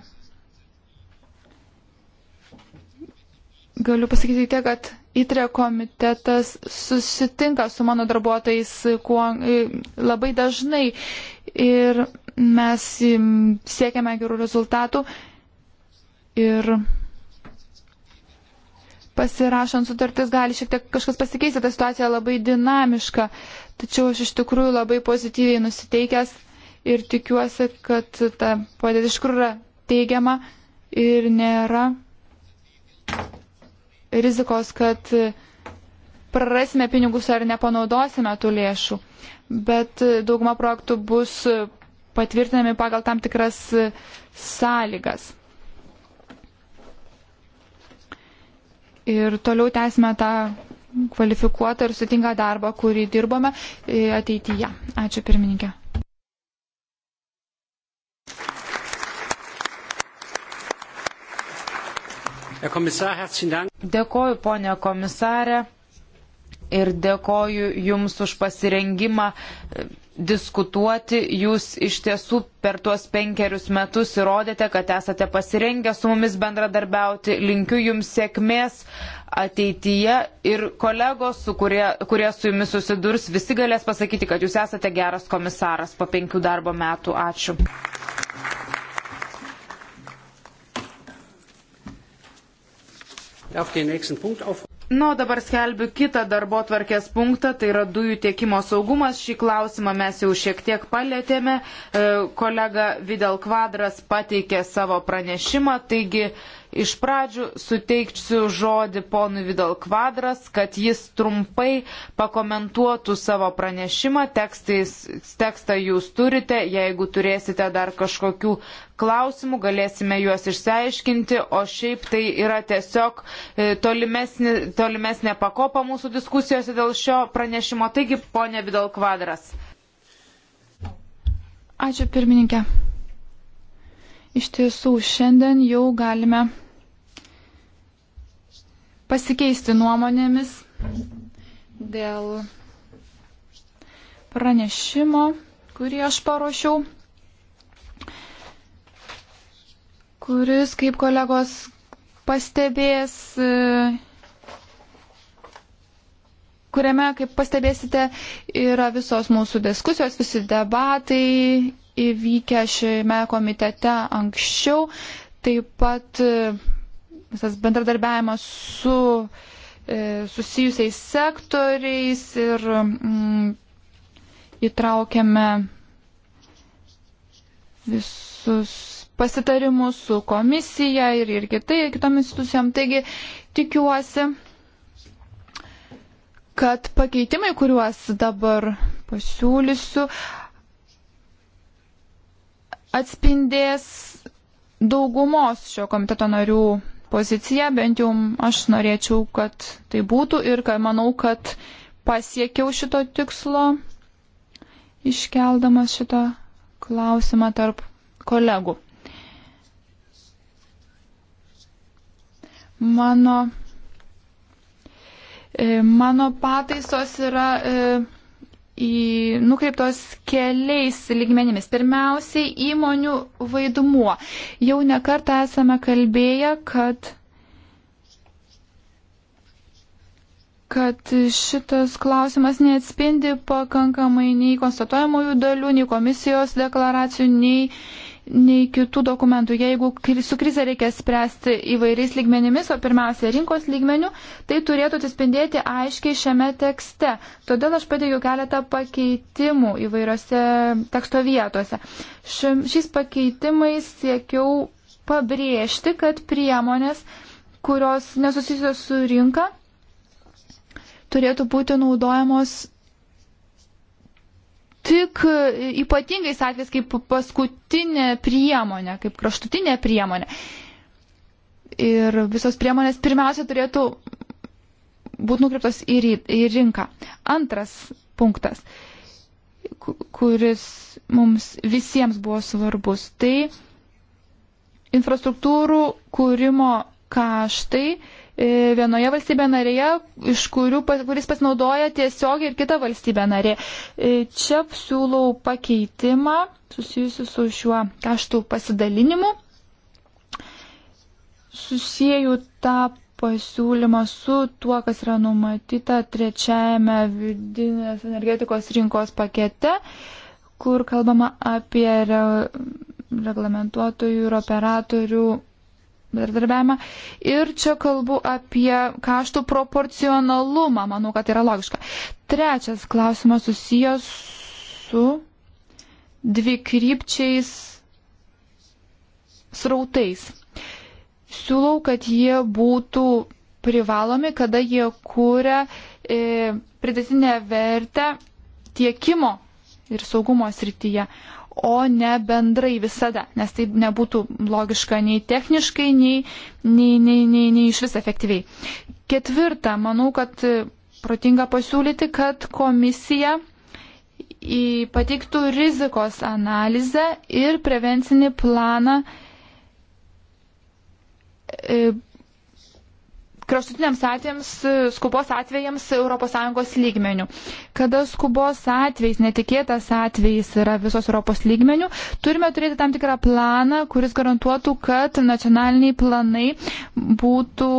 Galiu pasakyti tiek, kad ITRE komitetas susitinka su mano darbuotojais kuo, e, labai dažnai ir mes siekiame gerų rezultatų ir pasirašant sutartis gali šiek tiek kažkas pasikeisti, ta situacija labai dinamiška, tačiau aš iš tikrųjų labai pozityviai nusiteikęs ir tikiuosi, kad ta padėtis iš kur yra teigiama ir nėra rizikos, kad prarasime pinigus ar nepanaudosime tų lėšų bet dauguma projektų bus patvirtinami pagal tam tikras sąlygas. Ir toliau tęsime tą kvalifikuotą ir sutingą darbą, kurį dirbome ateityje. Ačiū pirmininkė. Dėkoju, ponė komisarė ir dėkoju Jums už pasirengimą e, diskutuoti. Jūs iš tiesų per tuos penkerius metus įrodėte, kad esate pasirengę su mumis bendradarbiauti. Linkiu Jums sėkmės ateityje ir kolegos, su kurie, kurie su Jumis susidurs, visi galės pasakyti, kad Jūs esate geras komisaras po penkių darbo metų. Ačiū. Auf den nächsten Punkt auf. Na, o dabar skelbiu kitą darbo tvarkės punktą, tai yra dujų tiekimo saugumas. Šį klausimą mes jau šiek tiek palėtėme. E, kolega Vidal Kvadras pateikė savo pranešimą, taigi Iš pradžių suteiksiu žodį ponui Vidal Kvadras, kad jis trumpai pakomentuotų savo pranešimą. Tekstais, tekstą jūs turite, jeigu turėsite dar kažkokių klausimų, galėsime juos išsiaiškinti, o šiaip tai yra tiesiog e, tolimesnė, tolimesnė pakopa mūsų diskusijose dėl šio pranešimo. Taigi, ponė Vidal Kvadras. Ačiū pirmininkė. Iš tiesų, šiandien jau galime pasikeisti nuomonėmis dėl pranešimo, kurį aš paruošiau, kuris, kaip kolegos pastebės, kuriame, kaip pastebėsite, yra visos mūsų diskusijos, visi debatai įvykę šiame komitete anksčiau. Taip pat visas bendradarbiavimas su e, susijusiais sektoriais ir mm, įtraukiame visus pasitarimus su komisija ir, ir kitai, kitom institucijom. Taigi tikiuosi, kad pakeitimai, kuriuos dabar pasiūlysiu, atspindės daugumos šio komiteto narių poziciją, bent jau aš norėčiau, kad tai būtų ir kad manau, kad pasiekiau šito tikslo, iškeldamas šitą klausimą tarp kolegų. Mano, e, mano pataisos yra. E, į, nukreiptos keliais lygmenimis. Pirmiausiai įmonių vaidmuo. Jau nekartą esame kalbėję, kad kad šitas klausimas neatspindi pakankamai nei konstatuojamųjų dalių, nei komisijos deklaracijų, nei nei kitų dokumentų. Jeigu su krize reikia spręsti įvairiais lygmenimis, o pirmiausia rinkos lygmenių, tai turėtų atsispindėti aiškiai šiame tekste. Todėl aš padėjau keletą pakeitimų įvairiose teksto vietose. Šiais pakeitimais siekiau pabrėžti, kad priemonės, kurios nesusijusios su rinka, turėtų būti naudojamos tik e, ypatingais atvejais kaip paskutinė priemonė, kaip kraštutinė priemonė. Ir visos priemonės pirmiausia turėtų būti nukreiptos į, į rinką. Antras punktas, kuris mums visiems buvo svarbus, tai infrastruktūrų kūrimo kaštai E, vienoje valstybė narėje, iš kurių, kuris pasinaudoja tiesiogiai ir kita valstybė narė. E, čia siūlau pakeitimą susijusiu su šiuo kaštų pasidalinimu. Susijęjų tą pasiūlymą su tuo, kas yra numatyta trečiajame vidinės energetikos rinkos pakete, kur kalbama apie reglamentuotojų ir operatorių bendradarbiavimą. Ir čia kalbu apie kaštų proporcionalumą, manau, kad tai yra logiška. Trečias klausimas susijęs su dvikrypčiais srautais. Siūlau, kad jie būtų privalomi, kada jie kūrė e, pridėtinę vertę tiekimo ir saugumo srityje o ne bendrai visada, nes tai nebūtų logiška nei techniškai, nei, nei, nei, nei, nei iš vis efektyviai. Ketvirta, manau, kad protinga pasiūlyti, kad komisija pateiktų rizikos analizę ir prevencinį planą e, kraštutiniams atvejams, skubos atvejams ES lygmenių. Kada skubos atvejais, netikėtas atvejais yra visos ES lygmenių, turime turėti tam tikrą planą, kuris garantuotų, kad nacionaliniai planai būtų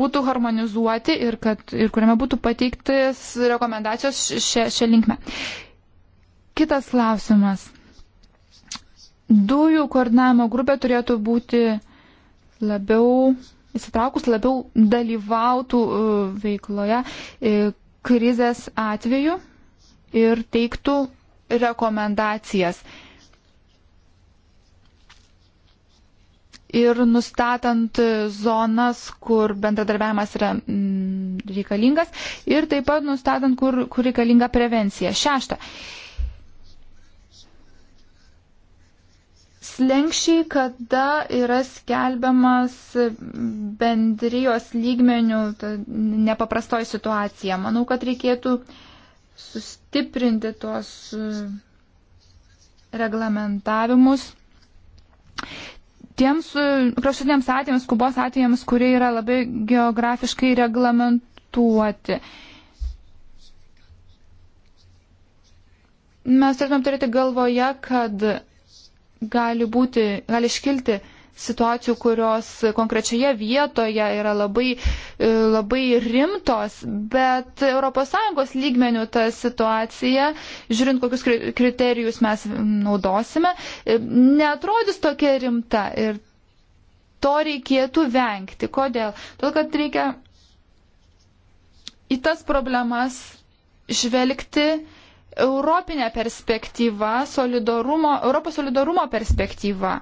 būtų harmonizuoti ir, kad, ir kuriame būtų pateiktas rekomendacijos šią linkmę. Kitas klausimas. Dujų koordinavimo grupė turėtų būti labiau įsitraukus, labiau dalyvautų e, veikloje e, krizės atveju ir teiktų rekomendacijas. Ir nustatant zonas, kur bendradarbiavimas yra mm, reikalingas, ir taip pat nustatant, kur, kur reikalinga prevencija. Šešta. slengščiai, kada yra skelbiamas bendrijos lygmenių nepaprastoji situacija. Manau, kad reikėtų sustiprinti tuos reglamentavimus tiems kraštutiniams atvejams, Kubos atvejams, kurie yra labai geografiškai reglamentuoti. Mes turėtume turėti galvoje, kad gali, būti, gali iškilti situacijų, kurios konkrečioje vietoje yra labai, e, labai rimtos, bet ES lygmenių ta situacija, žiūrint, kokius kriterijus mes naudosime, e, netrodys tokia rimta ir to reikėtų vengti. Kodėl? Todėl, kad reikia į tas problemas žvelgti europinė perspektyva, solidarumo, Europos solidarumo perspektyva.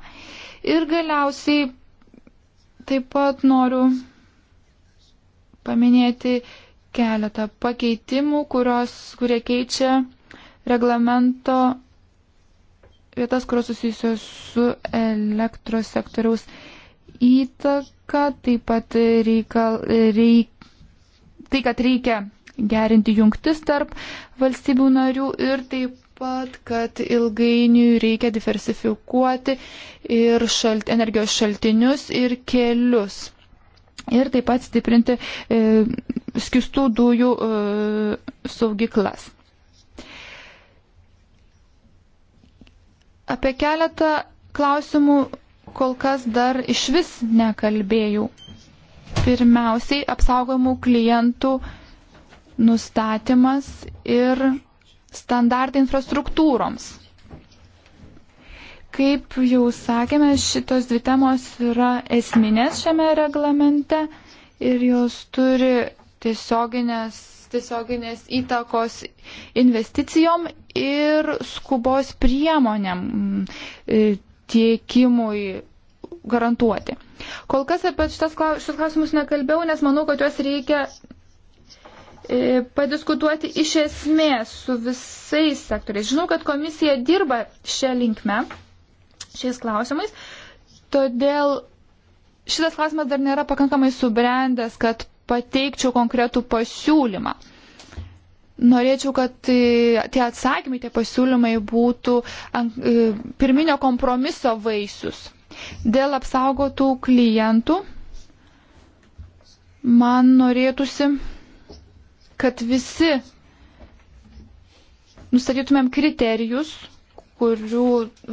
Ir galiausiai taip pat noriu paminėti keletą pakeitimų, kurios, kurie keičia reglamento vietas, kurios susijusios su elektros sektoriaus įtaka, taip pat reikal, reik, tai, kad reikia gerinti jungtis tarp valstybių narių ir taip pat, kad ilgainiui reikia diversifikuoti ir šalt, energijos šaltinius ir kelius. Ir taip pat stiprinti e, skistų dujų e, saugiklas. Apie keletą klausimų kol kas dar iš vis nekalbėjau. Pirmiausiai apsaugomų klientų e, nustatymas ir standartai infrastruktūroms. Kaip jau sakėme, šitos dvi temos yra esminės šiame reglamente ir jos turi tiesioginės, tiesioginės įtakos investicijom ir skubos priemonėm e, tiekimui garantuoti. Kol kas apie šitas, šitas klausimus nekalbėjau, nes manau, kad juos reikia E, padiskutuoti iš esmės su visais sektoriais. Žinau, kad komisija dirba šią linkmę, šiais klausimais, todėl šitas klausimas dar nėra pakankamai subrendęs, kad pateikčiau konkretų pasiūlymą. Norėčiau, kad e, tie atsakymai, tie pasiūlymai būtų e, pirminio kompromiso vaisius. Dėl apsaugotų klientų man norėtųsi kad visi nustatytumėm kriterijus, kurių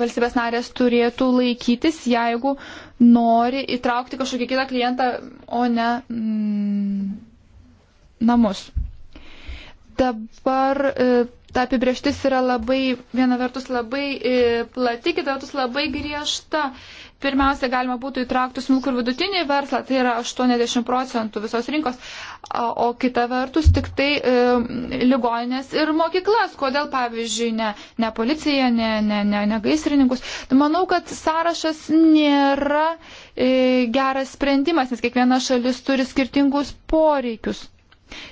valstybės narės turėtų laikytis, jeigu nori įtraukti kažkokį kitą klientą, o ne mm, namus. Dabar e, ta apibrieštis yra labai, viena vertus labai e, plati, kita vertus labai griežta. Pirmiausia, galima būtų įtraukti smulkų ir vidutinį verslą, tai yra 80 procentų visos rinkos, o kita vertus tik tai e, ligoninės ir mokyklas, kodėl pavyzdžiui ne, ne policija, ne, ne, ne, ne gaisrininkus. Manau, kad sąrašas nėra e, geras sprendimas, nes kiekviena šalis turi skirtingus poreikius.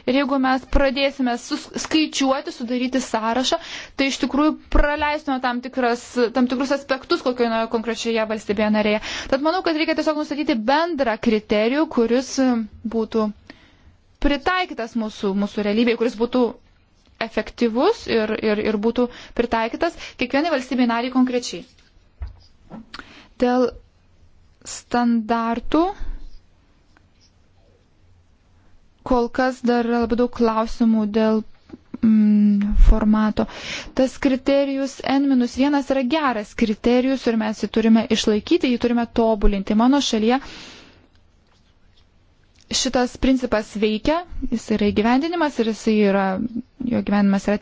Ir jeigu mes pradėsime skaičiuoti, sudaryti sąrašą, tai iš tikrųjų praleistume tam, tikras, tam tikrus aspektus kokioje konkrečioje valstybėje narėje. Tad manau, kad reikia tiesiog nustatyti bendrą kriterijų, kuris būtų pritaikytas mūsų, mūsų realybėje, kuris būtų efektyvus ir, ir, ir būtų pritaikytas kiekvienai valstybei nariai konkrečiai. Dėl standartų kol kas dar yra labai daug klausimų dėl mm, formato. Tas kriterijus N-1 yra geras kriterijus ir mes jį turime išlaikyti, jį turime tobulinti. Mano šalyje šitas principas veikia, jis yra įgyvendinimas ir jis yra, jo gyvenimas yra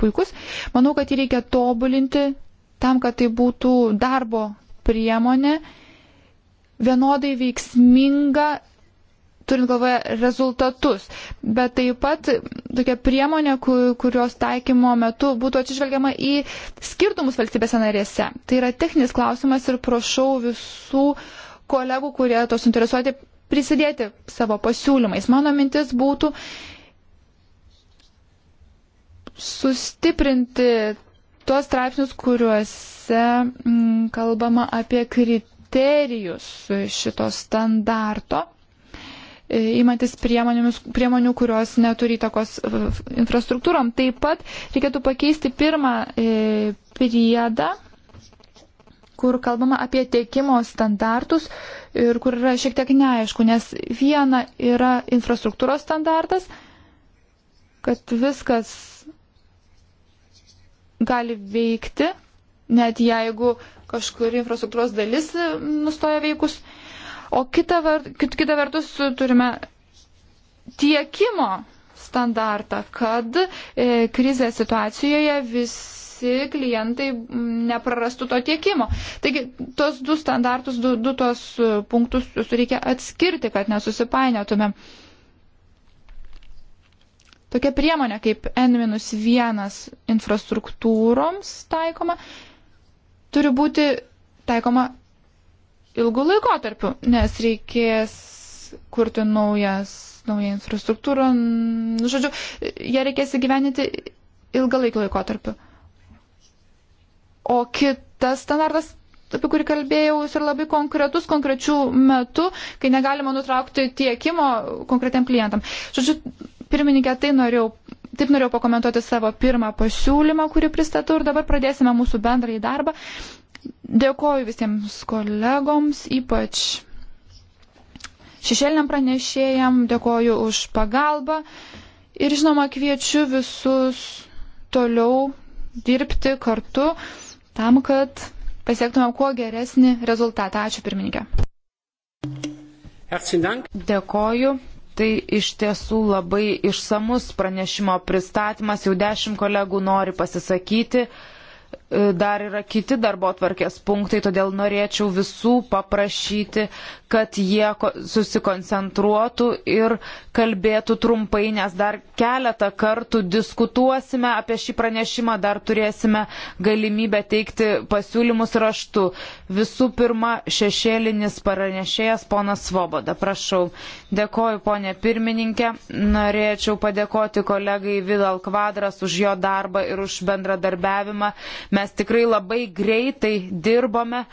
puikus. Manau, kad jį reikia tobulinti tam, kad tai būtų darbo priemonė vienodai veiksminga turint galvoje rezultatus. Bet taip pat tokia priemonė, kurios taikymo metu būtų atsižvelgiama į skirtumus valstybėse narėse. Tai yra techninis klausimas ir prašau visų kolegų, kurie to suinteresuoti, prisidėti savo pasiūlymais. Mano mintis būtų sustiprinti tuos straipsnius, kuriuose mm, kalbama apie kriterijus šito standarto įmantis e, priemonių, kurios neturi įtakos e, infrastruktūrom. Taip pat reikėtų pakeisti pirmą e, priedą kur kalbama apie tiekimo standartus ir kur yra šiek tiek neaišku, nes viena yra infrastruktūros standartas, kad viskas gali veikti, net jeigu kažkuri infrastruktūros dalis nustoja veikus, O kita, vert, kit, kita vertus turime tiekimo standartą, kad e, krizės situacijoje visi klientai neprarastų to tiekimo. Taigi, tos du standartus, du, du tos e, punktus reikia atskirti, kad nesusipainiotumėm. Tokia priemonė kaip N-1 infrastruktūroms taikoma turi būti taikoma ilgų laikotarpių, nes reikės kurti naujas, naują infrastruktūrą, nu, žodžiu, ją reikės įgyveninti ilgalaikį laikotarpių. O kitas standartas apie kurį kalbėjau, jis yra labai konkretus, konkrečių metų, kai negalima nutraukti tiekimo konkretiam klientam. Žodžiu, pirmininkė, tai norėjau, taip norėjau pakomentuoti savo pirmą pasiūlymą, kurį pristatau ir dabar pradėsime mūsų bendrąjį darbą. Dėkoju visiems kolegoms, ypač šešėliniam pranešėjam, dėkoju už pagalbą ir žinoma kviečiu visus toliau dirbti kartu tam, kad pasiektumėm kuo geresnį rezultatą. Ačiū pirmininkė. Dėkoju. Tai iš tiesų labai išsamus pranešimo pristatymas, jau dešimt kolegų nori pasisakyti. E, dar yra kiti darbo tvarkės punktai, todėl norėčiau visų paprašyti, kad jie susikoncentruotų ir kalbėtų trumpai, nes dar keletą kartų diskutuosime apie šį pranešimą, dar turėsime galimybę teikti pasiūlymus raštu. Visų pirma, šešėlinis pranešėjas ponas Svoboda, prašau. Dėkoju, ponė pirmininkė. Norėčiau padėkoti kolegai Vidal Kvadras už jo darbą ir už bendradarbiavimą Mes tikrai labai greitai dirbome. Uh,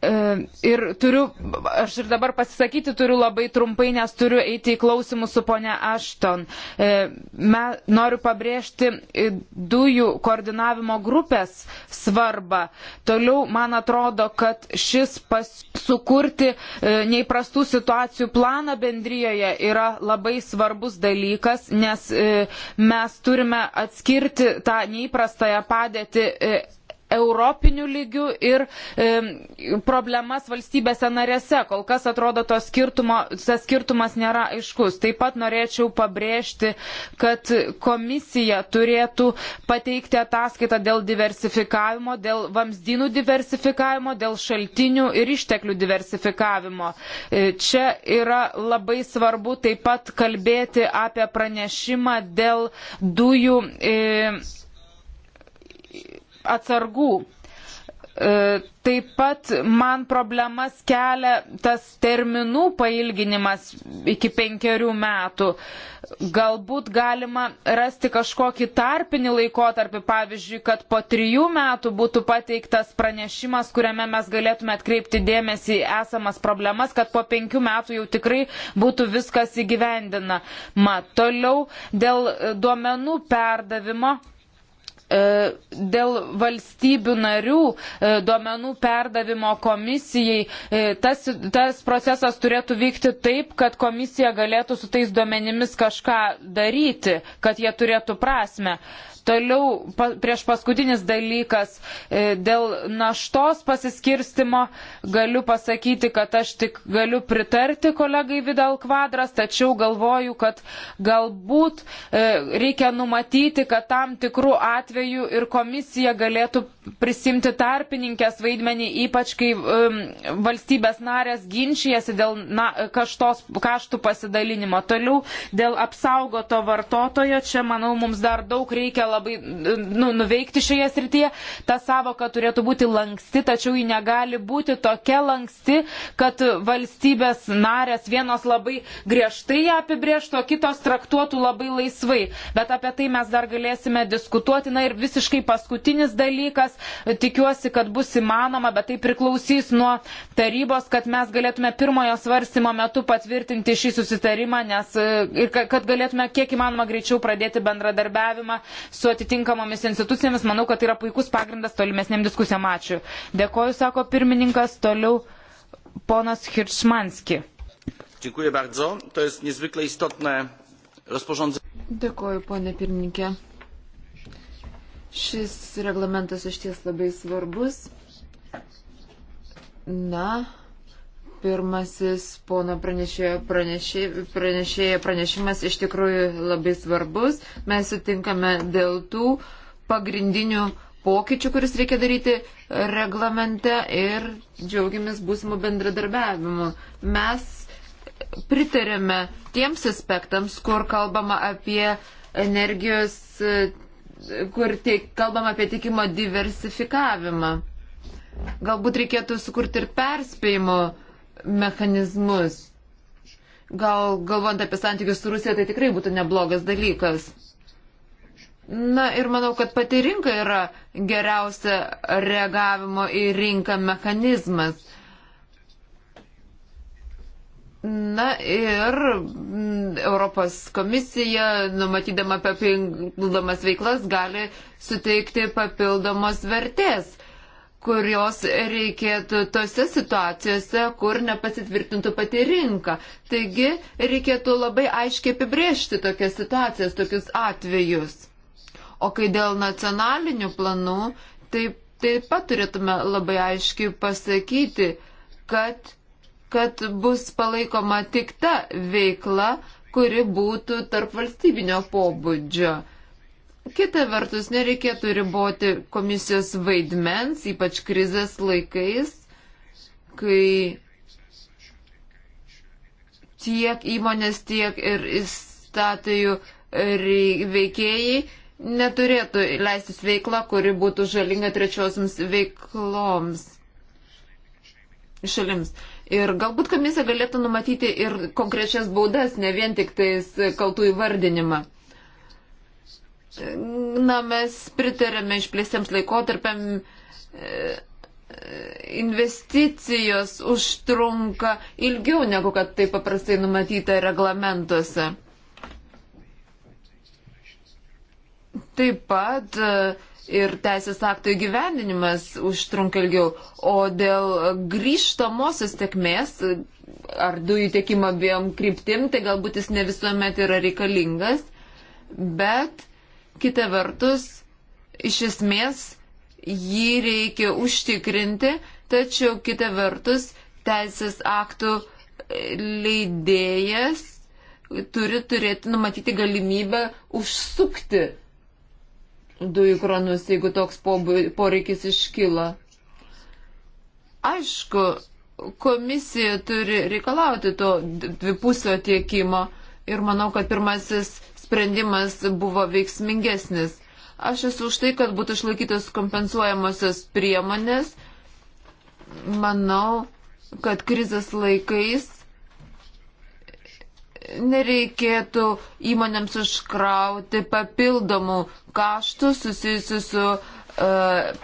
E, ir turiu, aš ir dabar pasisakyti turiu labai trumpai, nes turiu eiti į klausimus su ponia Ašton. E, me, noriu pabrėžti dujų koordinavimo grupės svarbą. Toliau man atrodo, kad šis pas, sukurti e, neįprastų situacijų planą bendryjoje yra labai svarbus dalykas, nes mes turime atskirti tą neįprastąją padėtį europiniu lygiu ir e, problemas valstybėse narėse. Kol kas atrodo, tas skirtumas nėra aiškus. Taip pat norėčiau pabrėžti, kad komisija turėtų pateikti ataskaitą dėl diversifikavimo, dėl vamzdynų diversifikavimo, dėl šaltinių ir išteklių diversifikavimo. E, čia yra labai svarbu taip pat kalbėti apie pranešimą dėl dujų. E, atsargų. E, taip pat man problemas kelia tas terminų pailginimas iki penkerių metų. Galbūt galima rasti kažkokį tarpinį laikotarpį, pavyzdžiui, kad po trijų metų būtų pateiktas pranešimas, kuriame mes galėtume atkreipti dėmesį į esamas problemas, kad po penkių metų jau tikrai būtų viskas įgyvendinama. Toliau dėl duomenų perdavimo E, dėl valstybių narių e, duomenų perdavimo komisijai. E, tas, tas procesas turėtų vykti taip, kad komisija galėtų su tais duomenimis kažką daryti, kad jie turėtų prasme. Toliau pa, prieš paskutinis dalykas e, dėl naštos pasiskirstimo galiu pasakyti, kad aš tik galiu pritarti kolegai Vidal Kvadras, tačiau galvoju, kad galbūt e, reikia numatyti, kad tam tikrų atvejų ir komisija galėtų prisimti tarpininkės vaidmenį, ypač kai um, valstybės narės ginčijasi dėl na, kaštos, kaštų pasidalinimo. Toliau dėl apsaugoto vartotojo, čia manau mums dar daug reikia labai labai nu, nuveikti šioje srityje. Ta savoka turėtų būti lanksti, tačiau ji negali būti tokia lanksti, kad valstybės narės vienos labai griežtai ją apibrėžtų, o kitos traktuotų labai laisvai. Bet apie tai mes dar galėsime diskutuoti. Na ir visiškai paskutinis dalykas, tikiuosi, kad bus įmanoma, bet tai priklausys nuo tarybos, kad mes galėtume pirmojo svarstymo metu patvirtinti šį susitarimą, nes e, ir kad galėtume kiek įmanoma greičiau pradėti bendradarbiavimą su atitinkamomis institucijomis, manau, kad tai yra puikus pagrindas tolimesniam diskusijam. Ačiū. Dėkoju, sako pirmininkas, toliau ponas Hiršmanski. Dziękuję bardzo. To jest niezwykle istotne rozporządzenie. Dėkoju, ponė pirmininkė. Šis reglamentas iš ties labai svarbus. Na, Pirmasis pono pranešėjo pranešė, pranešė, pranešimas iš tikrųjų labai svarbus. Mes sutinkame dėl tų pagrindinių pokyčių, kuris reikia daryti reglamente ir džiaugiamės būsimų bendradarbiavimu. Mes pritarėme tiems aspektams, kur kalbama apie energijos, kur tiek, kalbama apie tikimo diversifikavimą. Galbūt reikėtų sukurti ir perspėjimo mechanizmus. Gal galvant apie santykius su Rusija, tai tikrai būtų neblogas dalykas. Na ir manau, kad pati rinka yra geriausia reagavimo į rinką mechanizmas. Na ir mm, Europos komisija, numatydama papildomas veiklas, gali suteikti papildomos vertės kurios reikėtų tose situacijose, kur nepasitvirtintų pati rinka. Taigi reikėtų labai aiškiai apibriežti tokias situacijas, tokius atvejus. O kai dėl nacionalinių planų, tai taip pat turėtume labai aiškiai pasakyti, kad, kad bus palaikoma tik ta veikla, kuri būtų tarp valstybinio pobūdžio. Kita vertus, nereikėtų riboti komisijos vaidmens, ypač krizės laikais, kai tiek įmonės, tiek ir įstatijų veikėjai neturėtų leistis veikla, kuri būtų žalinga trečiosiams veikloms šalims. Ir galbūt komisija galėtų numatyti ir konkrečias baudas, ne vien tik tais kaltų įvardinimą na, mes pritarėme išplėstiems laikotarpiam e, e, investicijos užtrunka ilgiau negu kad tai paprastai numatyta reglamentuose. Taip pat e, ir teisės aktų įgyvendinimas užtrunka ilgiau, o dėl grįžtamosios tekmės ar dujų tiekimo abiem kryptim, tai galbūt jis ne visuomet yra reikalingas, bet uh, Kita vertus, iš esmės jį reikia užtikrinti, tačiau kita vertus teisės aktų leidėjas turi turėti numatyti galimybę užsukti dujų kranus, jeigu toks poreikis iškyla. Aišku, komisija turi reikalauti to dvipusio tiekimo ir manau, kad pirmasis sprendimas buvo veiksmingesnis. Aš esu už tai, kad būtų išlaikytos kompensuojamosios priemonės. Manau, kad krizės laikais nereikėtų įmonėms užkrauti papildomų kaštų susijusių su uh,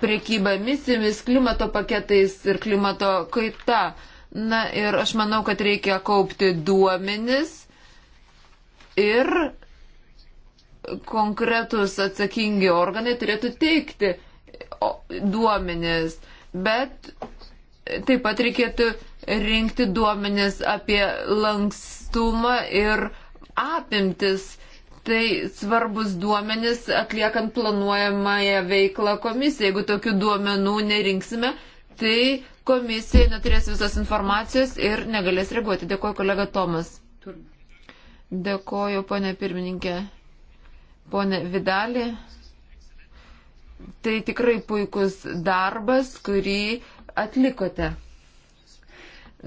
priekyba misijomis, klimato paketais ir klimato kaita. Na ir aš manau, kad reikia kaupti duomenis ir konkretus atsakingi organai turėtų teikti duomenis, bet taip pat reikėtų rinkti duomenis apie lankstumą ir apimtis. Tai svarbus duomenis atliekant planuojamąją veiklą komisiją. Jeigu tokių duomenų nerinksime, tai komisija neturės visos informacijos ir negalės reaguoti. Dėkuoju kolega Tomas. Dėkuoju, ponė pirmininkė. Pone Vidalį, tai tikrai puikus darbas, kurį atlikote.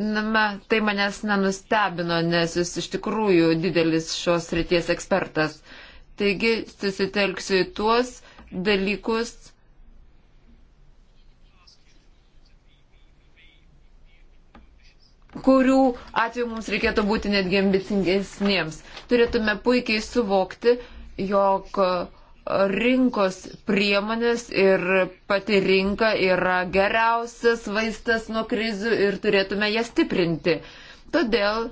Na, tai manęs nenustebino, nes jūs iš tikrųjų didelis šios ryties ekspertas. Taigi susitelksiu į tuos dalykus, kurių atveju mums reikėtų būti netgi ambicingesniems. Turėtume puikiai suvokti, jog rinkos priemonės ir pati rinka yra geriausias vaistas nuo krizių ir turėtume ją stiprinti. Todėl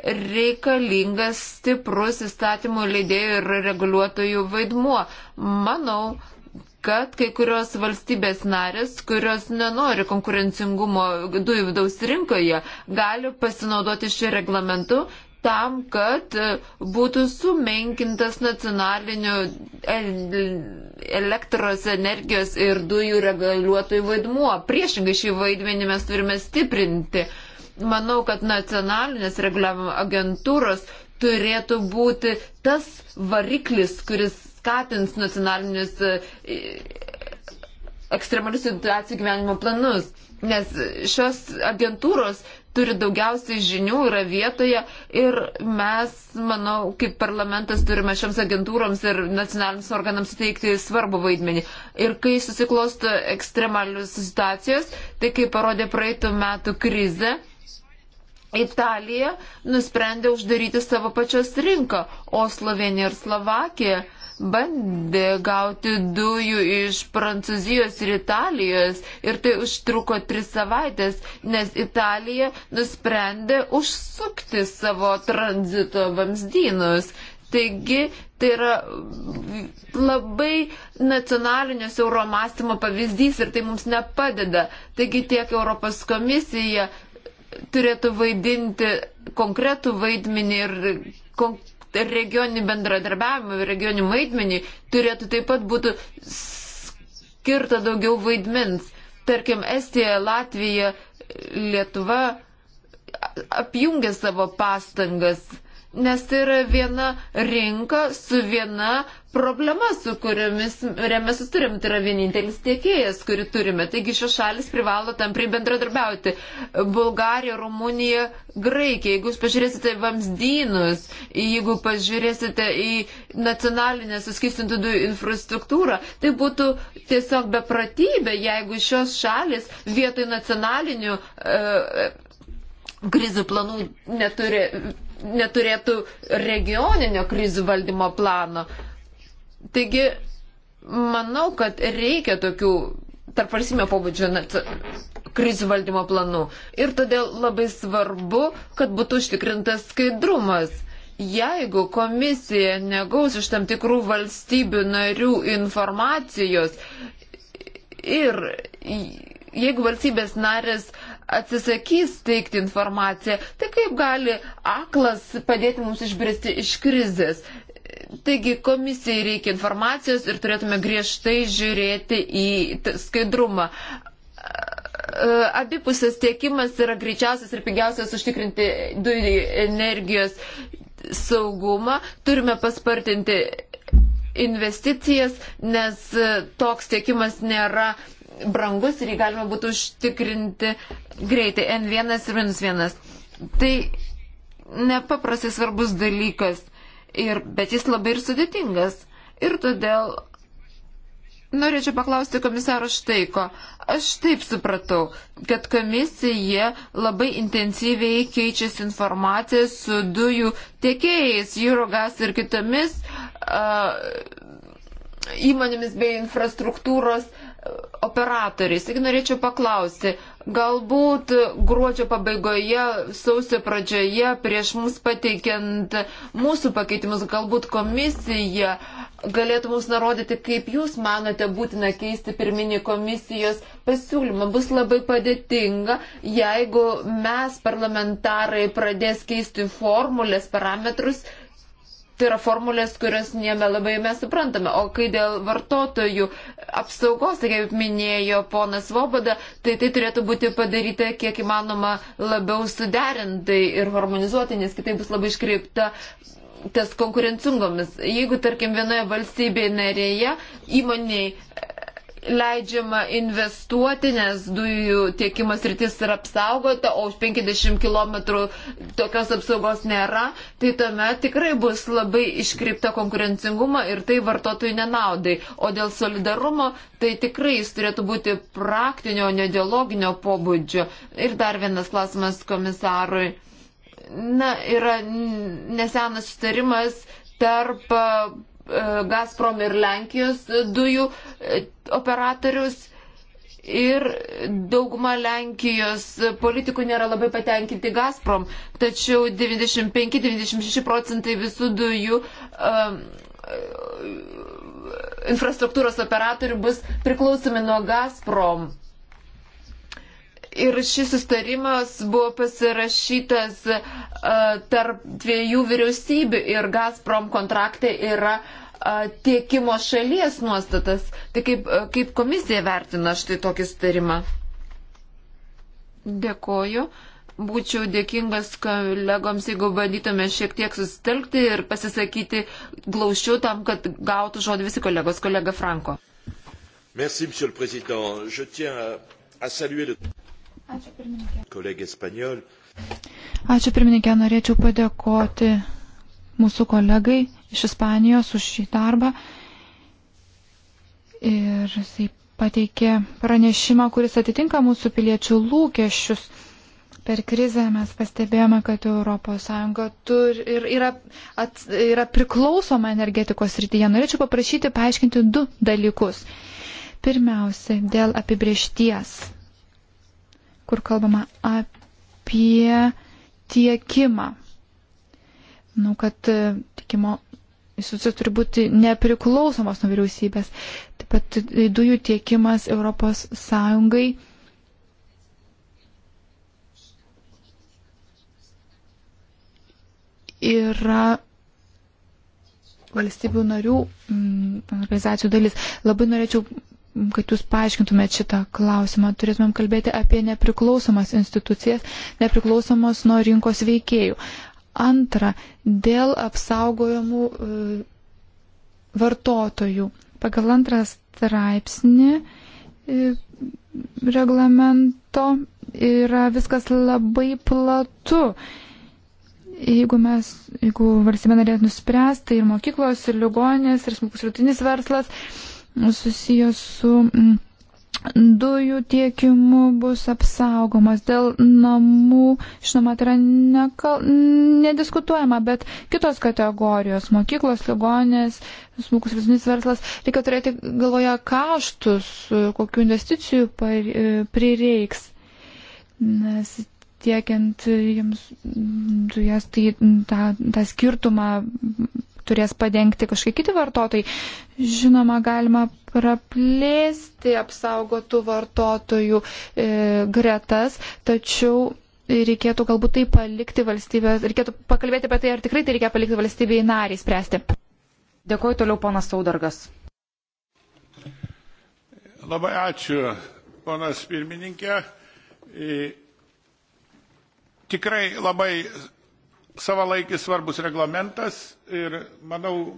reikalingas stiprus įstatymų leidėjų ir reguliuotojų vaidmuo. Manau, kad kai kurios valstybės narės, kurios nenori konkurencingumo dujų vidaus rinkoje, gali pasinaudoti šį reglamentu tam, kad e, būtų sumenkintas nacionalinių elektros energijos ir dujų reguliuotojų vaidmuo. Priešingai šį vaidmenį mes turime stiprinti. Manau, kad nacionalinės reguliavimo agentūros turėtų būti tas variklis, kuris skatins nacionalinius e, ekstremalių situacijų gyvenimo planus. Nes šios agentūros turi daugiausiai žinių, yra vietoje ir mes, manau, kaip parlamentas turime šiams agentūroms ir nacionaliniams organams suteikti svarbu vaidmenį. Ir kai susiklosto ekstremalius situacijos, tai kaip parodė praeitų metų krizė, Italija nusprendė uždaryti savo pačios rinką, o Slovenija ir Slovakija bandė gauti dujų iš Prancūzijos ir Italijos ir tai užtruko tris savaitės, nes Italija nusprendė užsukti savo tranzito vamzdynus. Taigi tai yra labai nacionalinės euromastymo pavyzdys ir tai mums nepadeda. Taigi tiek Europos komisija turėtų vaidinti konkretų vaidmenį ir kon regioninį bendradarbiavimą, regioninį vaidmenį turėtų taip pat būti skirta daugiau vaidmens. Tarkim, Estija, Latvija, Lietuva apjungia savo pastangas nes tai yra viena rinka su viena problema, su kuriomis mes susiturėm. Tai yra vienintelis tiekėjas, kurį turime. Taigi šios šalis privalo tampriai bendradarbiauti. Bulgarija, Rumunija, Graikija. Jeigu jūs pažiūrėsite į vamzdynus, jeigu pažiūrėsite į nacionalinę suskistintų dujų infrastruktūrą, tai būtų tiesiog bepratybė, jeigu šios šalis vietoj nacionalinių. Uh, e, Krizių planų neturi neturėtų regioninio krizių valdymo plano. Taigi, manau, kad reikia tokių tarp valstybinio pobūdžio net krizių valdymo planų. Ir todėl labai svarbu, kad būtų užtikrintas skaidrumas. Jeigu komisija negaus iš tam tikrų valstybių narių informacijos ir jeigu valstybės narės uh, atsisakys teikti informaciją, tai kaip gali aklas padėti mums išbristi iš krizės? Taigi komisijai reikia informacijos ir turėtume griežtai žiūrėti į skaidrumą abipusės tiekimas yra greičiausias ir pigiausias užtikrinti dujų energijos saugumą. Turime paspartinti investicijas, nes toks tiekimas nėra brangus ir jį galima būtų užtikrinti greitai. N1 ir minus 1. Tai nepaprastai svarbus dalykas, ir, bet jis labai ir sudėtingas. Ir todėl norėčiau paklausti komisaro Štaiko. Aš taip supratau, kad komisija labai intensyviai keičiasi informaciją su dujų tiekėjais, Eurogas ir kitomis. Uh, įmonėmis bei infrastruktūros operatoriais. Tik norėčiau paklausti, galbūt gruodžio pabaigoje, sausio pradžioje, prieš mums pateikiant mūsų pakeitimus, galbūt komisija galėtų mums nurodyti, kaip jūs manote būtina keisti pirminį komisijos pasiūlymą. Bus labai padėtinga, jeigu mes parlamentarai pradės keisti formulės parametrus tai yra formulės, kurias nebelabai mes suprantame. O kai dėl vartotojų apsaugos, tai kaip minėjo ponas Voboda, tai tai turėtų būti padaryta kiek įmanoma labiau suderintai ir harmonizuotai, nes kitaip bus labai iškreipta tas konkurencingomis. Jeigu, tarkim, vienoje valstybėje narėje įmoniai leidžiama investuoti, nes dujų tiekimas rytis yra apsaugota, o už 50 km tokios apsaugos nėra, tai tuomet tikrai bus labai iškreipta konkurencingumą ir tai vartotojų nenaudai. O dėl solidarumo, tai tikrai jis turėtų būti praktinio, o ne dialoginio pobūdžio. Ir dar vienas klausimas komisarui. Na, yra nesenas sustarimas tarp E, Gazprom ir Lenkijos dujų e, operatorius. Ir dauguma Lenkijos politikų nėra labai patenkinti Gazprom, tačiau 95-96 procentai visų dujų um, infrastruktūros operatorių bus priklausomi nuo Gazprom ir šis sustarimas buvo pasirašytas uh, tarp dviejų vyriausybių ir Gazprom kontraktai yra uh, tiekimo šalies nuostatas. Tai kaip, uh, kaip komisija vertina štai tokį sustarimą? Dėkoju. Būčiau dėkingas kolegoms, jeigu bandytume šiek tiek susitelkti ir pasisakyti glaušiu tam, kad gautų žodį visi kolegos, kolega Franko. Merci, Monsieur le Président. Je tiens à saluer le. Ačiū pirmininkė. Kolegė Spanjol. Ačiū pirmininkė, norėčiau padėkoti mūsų kolegai iš Ispanijos už šį darbą. Ir jisai pateikė pranešimą, kuris atitinka mūsų piliečių lūkesčius. Per krizę mes pastebėjome, kad ES turi ir yra, at, yra priklausoma energetikos rytyje. Norėčiau paprašyti paaiškinti du dalykus. Pirmiausia, dėl apibriešties kur kalbama apie tiekimą. Manau, kad e, tiekimo institucijos turi būti nepriklausomos nuo vyriausybės. Taip pat e, dujų tiekimas Europos Sąjungai. Yra valstybių narių mm, organizacijų dalis. Labai norėčiau kad jūs paaiškintumėt šitą klausimą. Turėtumėm kalbėti apie nepriklausomas institucijas, nepriklausomas nuo rinkos veikėjų. Antra, dėl apsaugojamų e, vartotojų. Pagal antrą straipsnį e, reglamento yra viskas labai platu. Jeigu mes, jeigu valstybė norėtų nuspręsti, tai ir mokyklos, ir ligonės, ir smulkus rutinis verslas, susijęs su mm, dujų tiekimu bus apsaugomas. Dėl namų, žinoma, tai yra nekal... nediskutuojama, bet kitos kategorijos - mokyklos, ligonės, smūkus vidinis verslas - reikia turėti galvoje kaštus, kokiu investicijų e, prireiks. Nes tiekiant jiems dujas, tai tą, tą skirtumą turės padengti kažkaip kiti vartotojai. Žinoma, galima praplėsti apsaugotų vartotojų e, gretas, tačiau reikėtų galbūt tai palikti valstybės, reikėtų pakalbėti apie tai, ar tikrai tai reikia palikti valstybei nariai spręsti. Dėkuoju toliau, ponas Saudargas. Labai ačiū, ponas pirmininkė. E, tikrai labai savalaikis svarbus reglamentas ir manau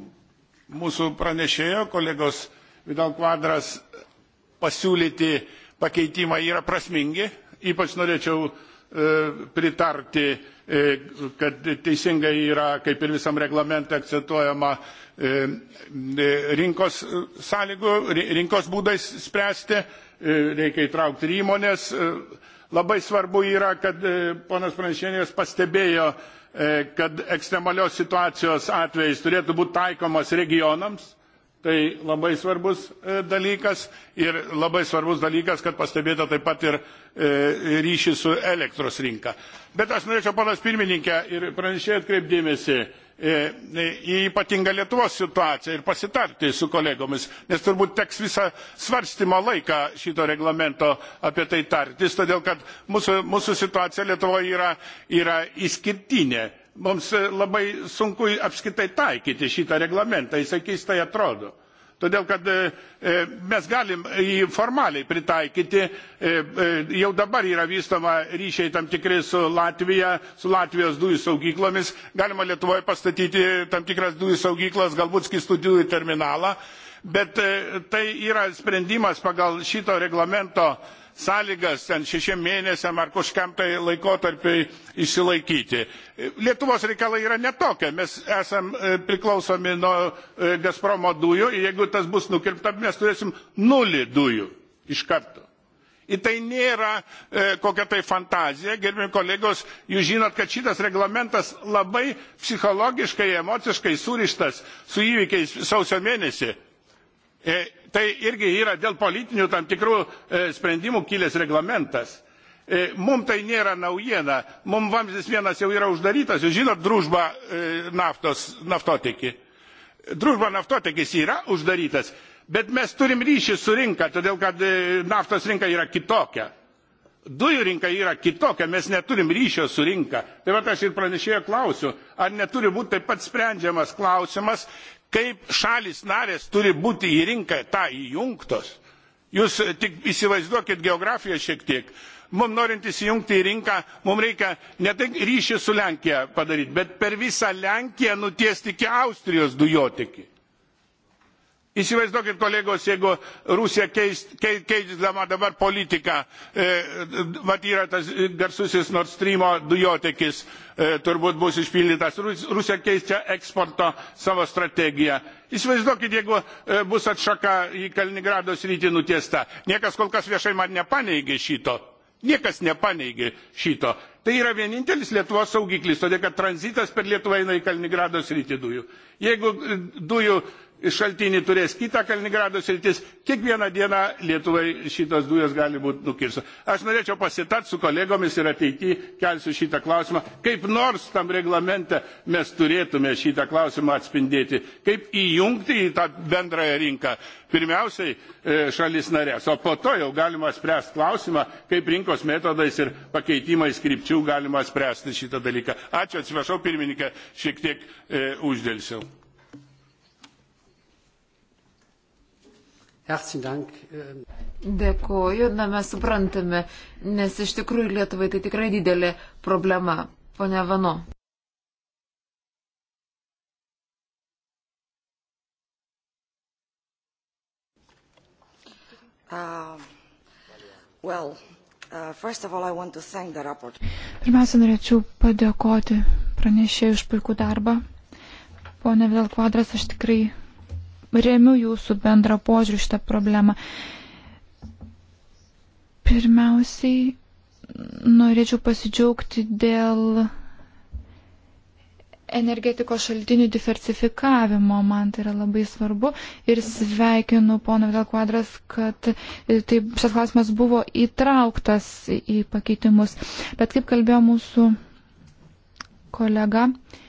mūsų pranešėjo kolegos Vidal Kvadras pasiūlyti pakeitimai yra prasmingi. Ypač norėčiau e, pritarti, e, kad teisingai yra, kaip ir visam reglamente, akcentuojama e, rinkos sąlygų, rinkos būdais spręsti, reikia įtraukti ir įmonės. Labai svarbu yra, kad ponas pranešėjas pastebėjo E, kad ekstremalios situacijos atvejais turėtų būti taikomas regionams. Tai labai svarbus e, dalykas ir labai svarbus dalykas, kad pastebėta taip pat ir e, ryšį su elektros rinka. Bet aš norėčiau, panas pirmininkė, ir pranešėjai atkreipdėmėsi, E, į ypatingą Lietuvos situaciją ir pasitarti su kolegomis, nes turbūt teks visą svarstymo laiką šito reglamento apie tai tartis, todėl kad mūsų, mūsų situacija Lietuvoje yra, yra išskirtinė. Mums labai sunku apskaitai taikyti šitą reglamentą, jisai keistai atrodo. Todėl, kad e, e, mes galim jį formaliai pritaikyti, e, jau dabar yra vystoma ryšiai tam tikri su Latvija, su Latvijos dujų saugyklomis, galima Lietuvoje pastatyti tam tikras dujų saugyklas, galbūt skistų dujų terminalą, bet tai yra sprendimas pagal šito reglamento sąlygas ten šešiem mėnesiam ar kažkam tai laikotarpiai išsilaikyti. Lietuvos reikalai yra netokie, mes esam e, priklausomi nuo e, Gazpromo dujų ir jeigu tas bus nukirpta, mes turėsim nulį dujų iš karto. Ir tai nėra e, kokia tai fantazija, gerbimi kolegos, jūs žinot, kad šitas reglamentas labai psichologiškai, emociškai surištas su įvykiais sausio mėnesį. E, Tai irgi yra dėl politinių tam tikrų e, sprendimų kilęs reglamentas. E, mums tai nėra naujiena, mums vamzdis vienas jau yra uždarytas, jūs žinot, družba e, naftos, naftotikį. Družba naftotikis yra uždarytas, bet mes turim ryšį su rinka, todėl kad naftos rinka yra kitokia. Dujų rinka yra kitokia, mes neturim ryšio su rinka. Tai va aš ir pranešėjo klausiu, ar neturi būti taip pat sprendžiamas klausimas, kaip šalis narės turi būti į rinką tą įjungtos. Jūs tik įsivaizduokit geografiją šiek tiek. Mums norint įsijungti į rinką, mums reikia ne tik ryšį su Lenkija padaryti, bet per visą Lenkiją nutiesti iki Austrijos dujotikį. Įsivaizduokit, kolegos, jeigu Rusija keisdama dabar politiką, e, mat yra tas garsusis Nord Stream dujotekis, e, turbūt bus išpildytas, Rusija keičia eksporto savo strategiją. Įsivaizduokit, jeigu e, bus atšaka į Kaliningrado sritį nutiesta. Niekas kol kas viešai man nepaneigė šito. Niekas nepaneigė šito. Tai yra vienintelis Lietuvos saugiklis, todėl kad tranzitas per Lietuvą eina į Kaliningrado sritį dujų. Jeigu e, dujų šaltinį turės kitą Kaliningrado sritis, kiekvieną dieną Lietuvai šitos dujos gali būti nukirstos. Aš norėčiau pasitat su kolegomis ir ateityje kelsiu šitą klausimą, kaip nors tam reglamente mes turėtume šitą klausimą atspindėti, kaip įjungti į tą bendrąją rinką pirmiausiai e, šalis narės, o po to jau galima spręsti klausimą, kaip rinkos metodais ir pakeitimais krypčių galima spręsti šitą dalyką. Ačiū, atsiprašau pirmininkę, šiek tiek e, uždėlsiu. Ähm. Dėkuoju, na mes suprantame, nes iš tikrųjų Lietuvai tai tikrai didelė problema. Pone Vano. Uh, well, uh, all, Pirmiausia, norėčiau padėkoti pranešėjai už puikų darbą. Pone Vilkvadras, aš tikrai remiu jūsų bendrą požiūrį šitą problemą. Pirmiausiai norėčiau pasidžiaugti dėl energetikos šaltinių diversifikavimo, man tai yra labai svarbu ir sveikinu pono Vidal Kvadras, kad e, taip, šis klausimas buvo įtrauktas į pakeitimus. Bet kaip kalbėjo mūsų kolega, uh,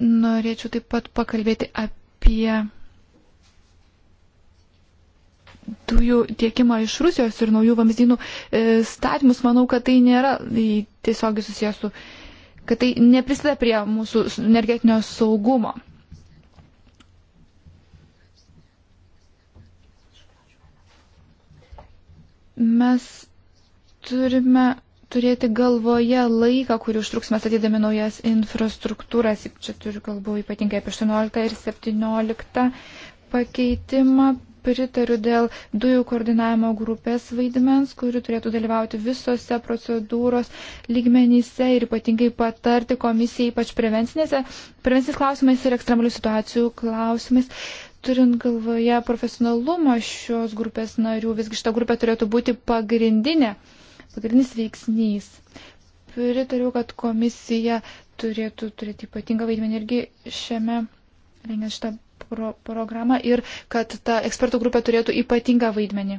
Norėčiau taip pat pakalbėti apie dujų tiekimą iš Rusijos ir naujų vamzdynų e, statymus. Manau, kad tai nėra tiesiogiai susijęs su, kad tai neprisideda prie mūsų energetinio saugumo. Mes turime turėti galvoje laiką, kurį užtruksime statydami naujas infrastruktūras. Čia turiu kalbų ypatingai apie 18 ir 17 pakeitimą. Pritariu dėl dujų koordinavimo grupės vaidmens, kuri turėtų dalyvauti visose procedūros lygmenyse ir ypatingai patarti komisijai, ypač prevenciniais klausimais ir ekstremalių situacijų klausimais turint galvoje profesionalumą šios grupės narių, visgi šita grupė turėtų būti pagrindinė pagrindinis veiksnys. Pritariu, kad komisija turėtų turėti ypatingą vaidmenį irgi šiame rengiant šitą pro programą ir kad ta ekspertų grupė turėtų ypatingą vaidmenį.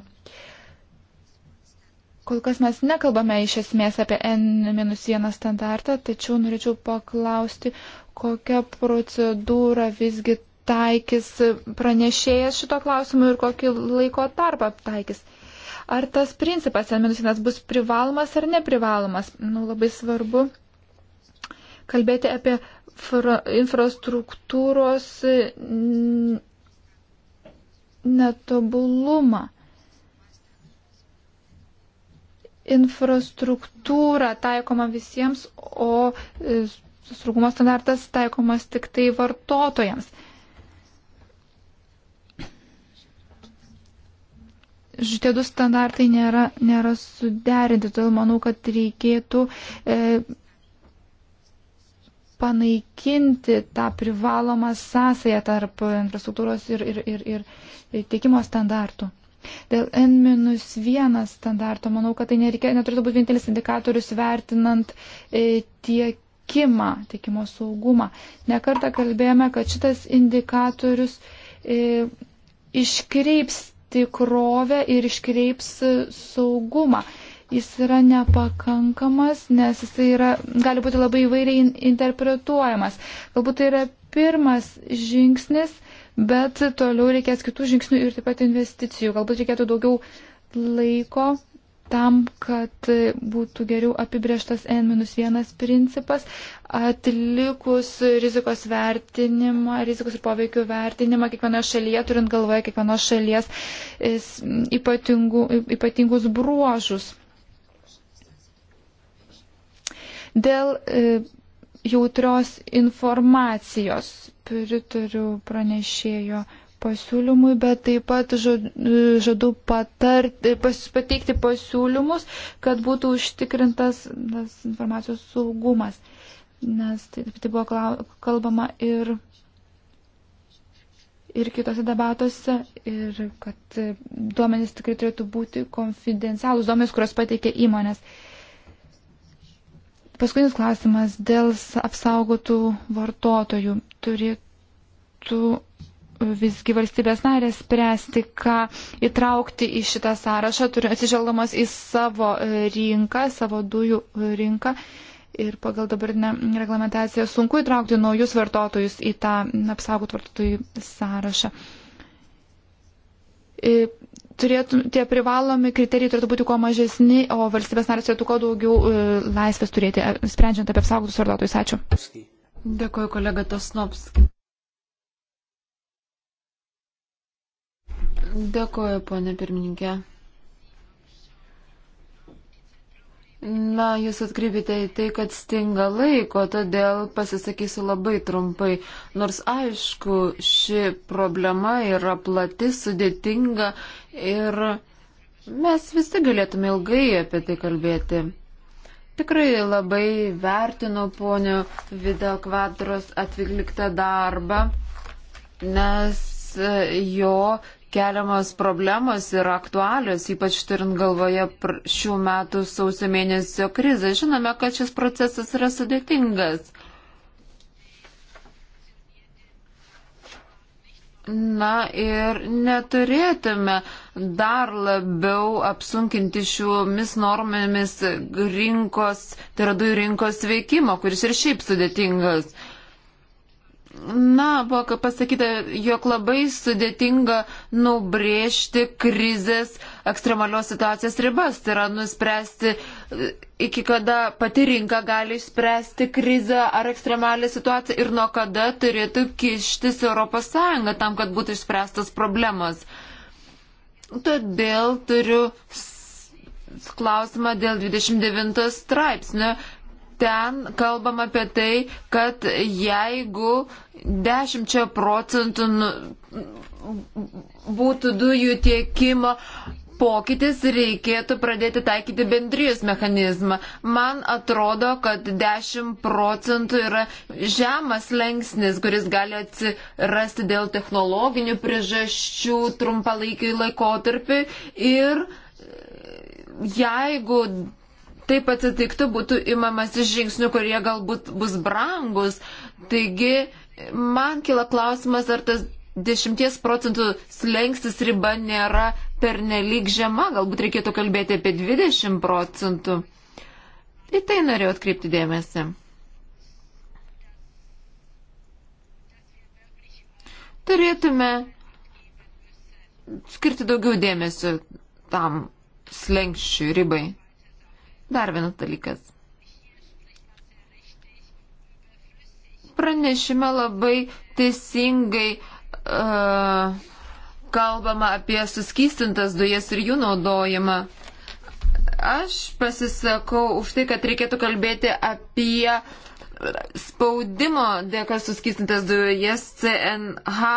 Kol kas mes nekalbame iš esmės apie N-1 standartą, tačiau norėčiau paklausti, kokią procedūrą visgi taikys pranešėjas šito klausimu ir kokį laiko tarpą taikys ar tas principas N-1 bus privalomas ar neprivalomas. Nu, labai svarbu kalbėti apie infrastruktūros netobulumą. Infrastruktūra taikoma visiems, o e, saugumo standartas taikomas tik tai vartotojams. Šitie du standartai nėra, nėra suderinti, todėl manau, kad reikėtų e, panaikinti tą privalomą sąsąją tarp infrastruktūros ir, ir, ir, ir, ir tiekimo standartų. Dėl N-1 standarto, manau, kad tai nereikia, neturėtų būti vienintelis indikatorius vertinant e, tiekimą, tiekimo saugumą. Nekartą kalbėjome, kad šitas indikatorius e, iškreips tikrovę ir iškreips saugumą. Jis yra nepakankamas, nes jis yra, gali būti labai įvairiai interpretuojamas. Galbūt tai yra pirmas žingsnis, bet toliau reikės kitų žingsnių ir taip pat investicijų. Galbūt reikėtų daugiau laiko tam, kad būtų geriau apibrieštas N-1 principas, atlikus rizikos vertinimą, rizikos ir poveikio vertinimą kiekvienoje šalyje, turint galvoje kiekvienos šalies ypatingų, ypatingus bruožus. Dėl e, jautrios informacijos pritariu pranešėjo pasiūlymui, bet taip pat žadu patarti, pas, pateikti pasiūlymus, kad būtų užtikrintas tas informacijos saugumas. Nes tai, tai buvo kalbama ir, ir kitose debatuose, ir kad duomenys tikrai turėtų būti konfidencialūs duomenys, kurios pateikia įmonės. Paskutinis klausimas dėl apsaugotų vartotojų. Turėtų visgi valstybės narės spręsti, ką įtraukti į šitą sąrašą, turi atsižvelgdamas į savo e, rinką, savo dujų rinką. Ir pagal dabartinę reglamentaciją sunku įtraukti naujus vartotojus į tą apsaugot vartotojų sąrašą. E, turėtų, tie privalomi kriterijai turėtų būti kuo mažesni, o valstybės narės turėtų kuo daugiau e, laisvės turėti, sprendžiant apie apsaugotus vartotojus. Ačiū. Dėkuoju, kolega Tosnovski. Dėkoju, ponė pirmininkė. Na, jūs atkreipite į tai, kad stinga laiko, todėl pasisakysiu labai trumpai. Nors aišku, ši problema yra plati, sudėtinga ir mes visi galėtume ilgai apie tai kalbėti. Tikrai labai vertinu ponio video kvadros atvyktą darbą, nes jo keliamos problemos yra aktualios, ypač turint galvoje šių metų sausio mėnesio krizę. Žinome, kad šis procesas yra sudėtingas. Na ir neturėtume dar labiau apsunkinti šiomis normomis rinkos, tai yra dujų rinkos veikimo, kuris ir šiaip sudėtingas. Na, buvo pasakyta, jog labai sudėtinga nubrėžti krizės ekstremalios situacijos ribas. Tai yra nuspręsti, e, iki kada pati rinka gali išspręsti krizę ar ekstremalią situaciją ir nuo kada turėtų kištis ES tam, kad būtų išspręstas problemas. Todėl turiu klausimą dėl 29 straipsnio ten kalbam apie tai, kad jeigu 10 procentų nu, būtų dujų tiekimo pokytis reikėtų pradėti taikyti bendrijos mechanizmą. Man atrodo, kad 10 procentų yra žemas lenksnis, kuris gali atsirasti dėl technologinių priežasčių trumpalaikiai laikotarpiai ir jeigu taip atsitiktų, būtų imamas iš žingsnių, kurie galbūt bus brangus. Taigi, man kila klausimas, ar tas 10 procentų slengstis riba nėra pernelyg žema, galbūt reikėtų kalbėti apie 20 procentų. Į tai norėjau atkreipti dėmesį. Turėtume skirti daugiau dėmesio tam slengščiui ribai. Dar vienas dalykas. Pranešime labai teisingai uh, kalbama apie suskystintas dujas ir jų naudojimą. Aš pasisakau už tai, kad reikėtų kalbėti apie spaudimo dėka suskystintas dujas CNH,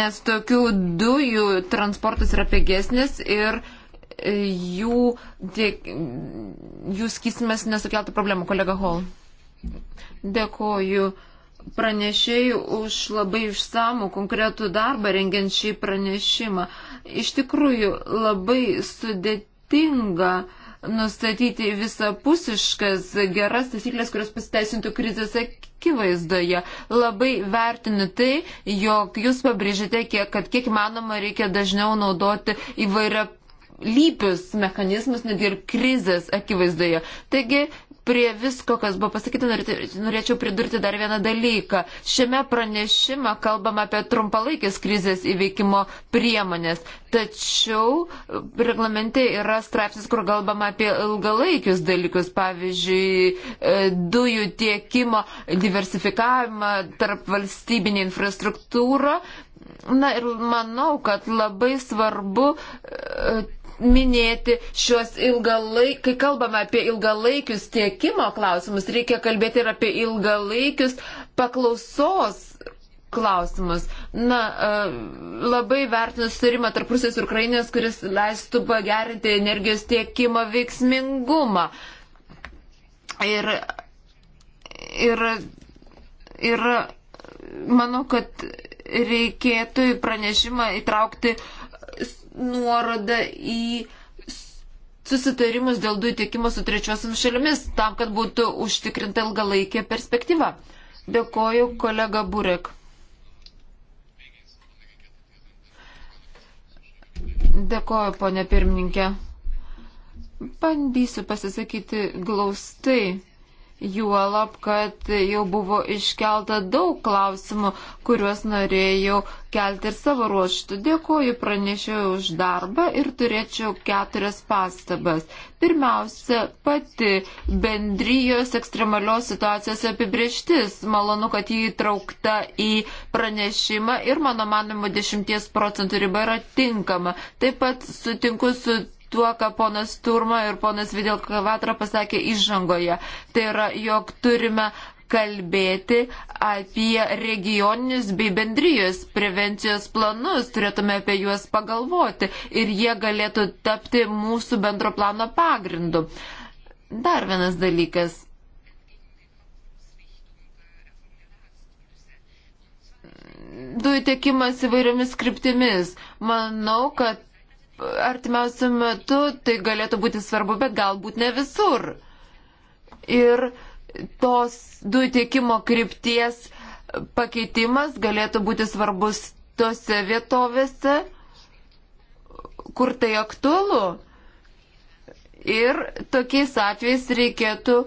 nes tokių dujų transportas yra pigesnis ir uh, jų, jų skismės nesukeltų problemų. Kolega Hall. Dėkoju pranešėjų už labai išsamų konkretų darbą rengiant šį pranešimą. Iš tikrųjų labai sudėtinga nustatyti visapusiškas geras taisyklės, kurios pasiteisintų krizės akivaizdoje. Labai vertinu tai, jog jūs pabrėžite, kiek, kad kiek manoma reikia dažniau naudoti įvairią lypius mechanizmus, net ir krizės akivaizdoje. Taigi, prie visko, kas buvo pasakyta, norėčiau pridurti dar vieną dalyką. Šiame pranešime kalbam apie trumpalaikės krizės įveikimo priemonės, tačiau e, reglamente yra straipsnis, kur kalbam apie ilgalaikius dalykus, pavyzdžiui, e, dujų tiekimo diversifikavimą, tarp valstybinį infrastruktūrą. Na ir manau, kad labai svarbu e, minėti šios ilgalaikius, kai kalbame apie ilgalaikius tiekimo klausimus, reikia kalbėti ir apie ilgalaikius paklausos klausimus. Na, e, labai vertinu sutarimą tarp Rusijos ir Ukrainės, kuris leistų pagerinti energijos tiekimo veiksmingumą. Ir, ir, ir manau, kad reikėtų į pranešimą įtraukti nuoroda į susitarimus dėl dujų tiekimo su trečiosiam šalimis, tam, kad būtų užtikrinta ilgalaikė perspektyva. Dėkoju, kolega Burek. Dėkoju, ponė pirmininkė. Bandysiu pasisakyti glaustai juolab, kad jau buvo iškelta daug klausimų, kuriuos norėjau kelti ir savo ruoštų. Dėkuoju pranešiau už darbą ir turėčiau keturias pastabas. Pirmiausia, pati bendrijos ekstremalios situacijos apibrieštis. Malonu, kad jį įtraukta į pranešimą ir mano manimo 10 procentų riba yra tinkama. Taip pat sutinku su tuo, ką ponas Turma ir ponas Vidėl Kavatra pasakė įžangoje. Tai yra, jog turime kalbėti apie regioninius bei bendrijos prevencijos planus, turėtume apie juos pagalvoti ir jie galėtų tapti mūsų bendro plano pagrindu. Dar vienas dalykas. Dujų tiekimas įvairiomis skriptimis. Manau, kad artimiausių metų tai galėtų būti svarbu, bet galbūt ne visur. Ir tos dujų tiekimo krypties pakeitimas galėtų būti svarbus tose vietovėse, kur tai aktualu. Ir tokiais atvejais reikėtų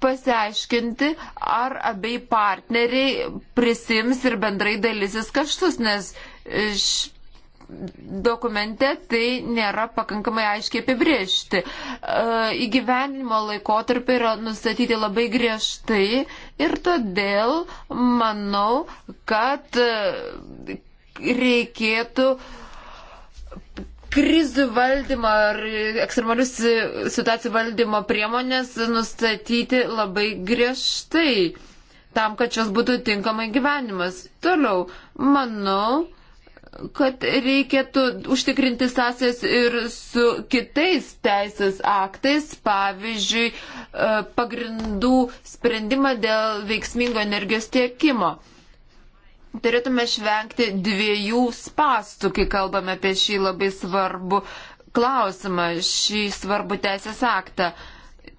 pasiaiškinti, ar abiej partneriai prisims ir bendrai dalysis kaštus, nes dokumente tai nėra pakankamai aiškiai apibriežti. E, Įgyvenimo laikotarpiai yra nustatyti labai griežtai ir todėl manau, kad e, reikėtų krizių valdymo ar ekstremalių situacijų valdymo priemonės nustatyti labai griežtai tam, kad šios būtų tinkamai gyvenimas. Toliau, manau, kad reikėtų užtikrinti sąsės ir su kitais teisės aktais, pavyzdžiui, e, pagrindų sprendimą dėl veiksmingo energijos tiekimo. Turėtume švengti dviejų spastų, kai kalbame apie šį labai svarbų klausimą, šį svarbų teisės aktą.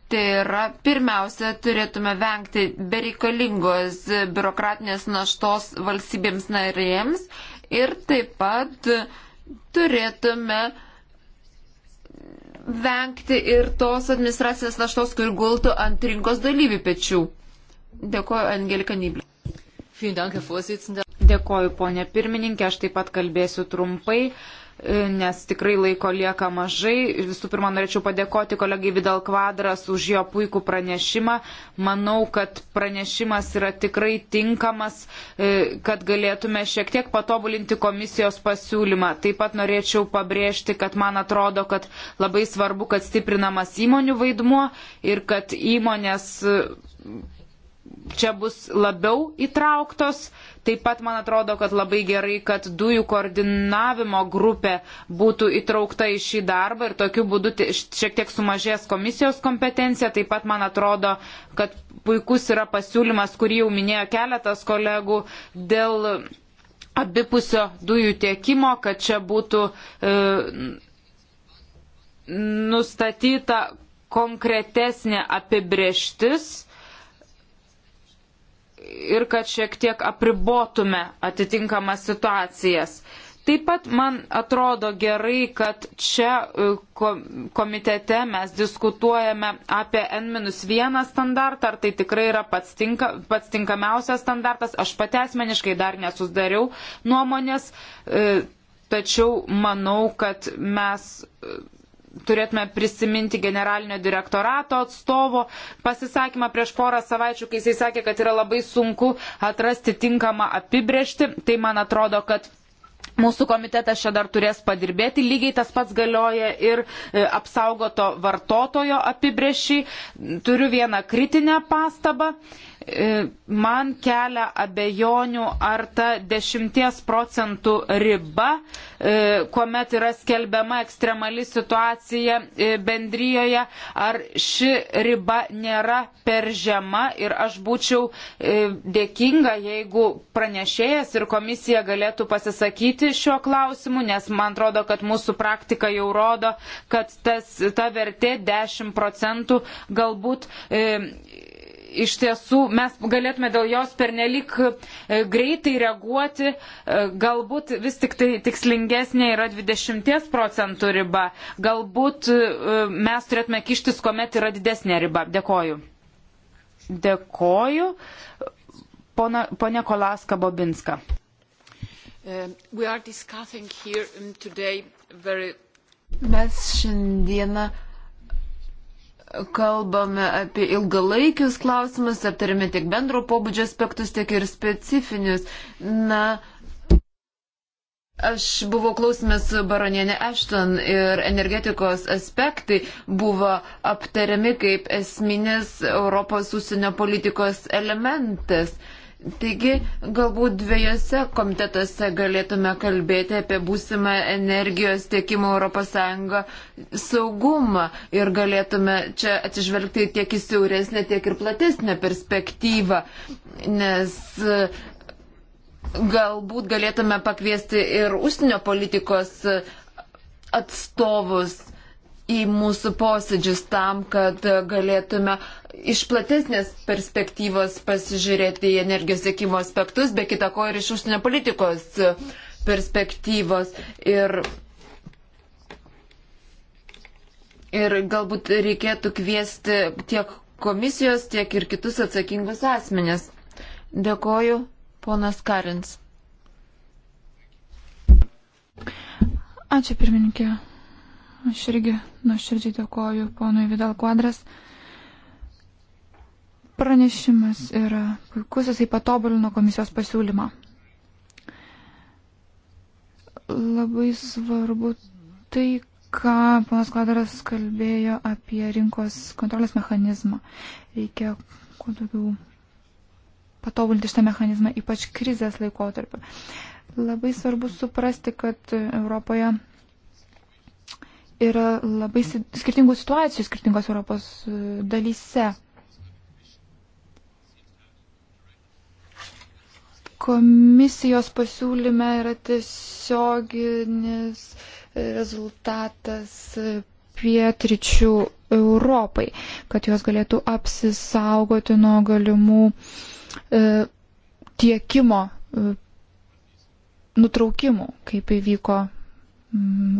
Tai yra, pirmiausia, turėtume vengti bereikalingos biurokratinės naštos valstybėms narėms ir taip pat turėtume vengti ir tos administracinės naštos, kur gultų ant rinkos dalyvių pečių. Dėkuoju, Angelika Nyblė. Dėkuoju, ponė pirmininkė, aš taip pat kalbėsiu trumpai. Uh, nes tikrai laiko lieka mažai. Visų pirma, norėčiau padėkoti kolegai Vidal Kvadras už jo puikų pranešimą. Manau, kad pranešimas yra tikrai tinkamas, e, kad galėtume šiek tiek patobulinti komisijos pasiūlymą. Taip pat norėčiau pabrėžti, kad man atrodo, kad labai svarbu, kad stiprinamas įmonių vaidmuo ir kad įmonės čia bus labiau įtrauktos. Taip pat man atrodo, kad labai gerai, kad dujų koordinavimo grupė būtų įtraukta į šį darbą ir tokiu būdu šiek tiek sumažės komisijos kompetencija. Taip pat man atrodo, kad puikus yra pasiūlymas, kurį jau minėjo keletas kolegų, dėl abipusio dujų tiekimo, kad čia būtų e, nustatyta konkretesnė apibrieštis ir kad šiek tiek apribotume atitinkamas situacijas. Taip pat man atrodo gerai, kad čia e, komitete mes diskutuojame apie N-1 standartą, ar tai tikrai yra pats, tinka, pats tinkamiausias standartas. Aš pati asmeniškai dar nesusidariau nuomonės, e, tačiau manau, kad mes turėtume prisiminti generalinio direktorato atstovo pasisakymą prieš porą savaičių, kai jisai sakė, kad yra labai sunku atrasti tinkamą apibrėžti. Tai man atrodo, kad mūsų komitetas čia dar turės padirbėti. Lygiai tas pats galioja ir e, apsaugoto vartotojo apibrėšiai. Turiu vieną kritinę pastabą. E, man kelia abejonių, ar ta 10 procentų riba, e, kuomet yra skelbiama ekstremali situacija e, bendryjoje, ar ši riba nėra per žema ir aš būčiau dėkinga, jeigu pranešėjas ir komisija galėtų pasisakyti šiuo klausimu, nes man atrodo, kad mūsų praktika jau rodo, kad tas, ta vertė 10 procentų galbūt iš tiesų mes galėtume dėl jos pernelik e, greitai reaguoti, e, galbūt vis tik tai tikslingesnė yra 20 procentų riba, galbūt e, mes turėtume kištis, kuomet yra didesnė riba. Dėkoju. Dėkoju. Pona, ponia Kolaska Bobinska. Um, mes šiandieną kalbame apie ilgalaikius klausimus, aptarėme tiek bendro pobūdžio aspektus, tiek ir specifinius. Na, aš buvau klausimės su baronienė Ashton ir energetikos aspektai buvo aptariami kaip esminis Europos užsienio politikos elementas. Uh, Taigi, galbūt dviejose komitetuose galėtume kalbėti apie būsimą energijos tiekimo ES saugumą ir galėtume čia atsižvelgti tiek į siauresnę, tiek ir platesnę perspektyvą, nes e, galbūt galėtume pakviesti ir užsienio politikos e, atstovus į mūsų posėdžius tam, kad galėtume iš platesnės perspektyvos pasižiūrėti į energijos sėkimo aspektus, be kita ko ir iš užsienio politikos perspektyvos. Ir, ir galbūt reikėtų kviesti tiek komisijos, tiek ir kitus atsakingus asmenės. Dėkoju, ponas Karins. Ačiū pirmininkė. Aš irgi nuoširdžiai dėkoju ponui Vidal Quadras. Pranešimas yra puikus, jisai patobulino komisijos pasiūlymą. Labai svarbu tai, ką panas Kvadaras kalbėjo apie rinkos kontrolės mechanizmą. Reikia kuo daugiau patobulinti šitą mechanizmą, ypač krizės laikotarpiu. Labai svarbu suprasti, kad Europoje yra labai skirtingų situacijų skirtingos Europos e, dalyse. Komisijos pasiūlyme yra tiesioginis e, rezultatas e, pietričių Europai, kad jos galėtų apsisaugoti nuo galimų e, tiekimo e, nutraukimų, kaip įvyko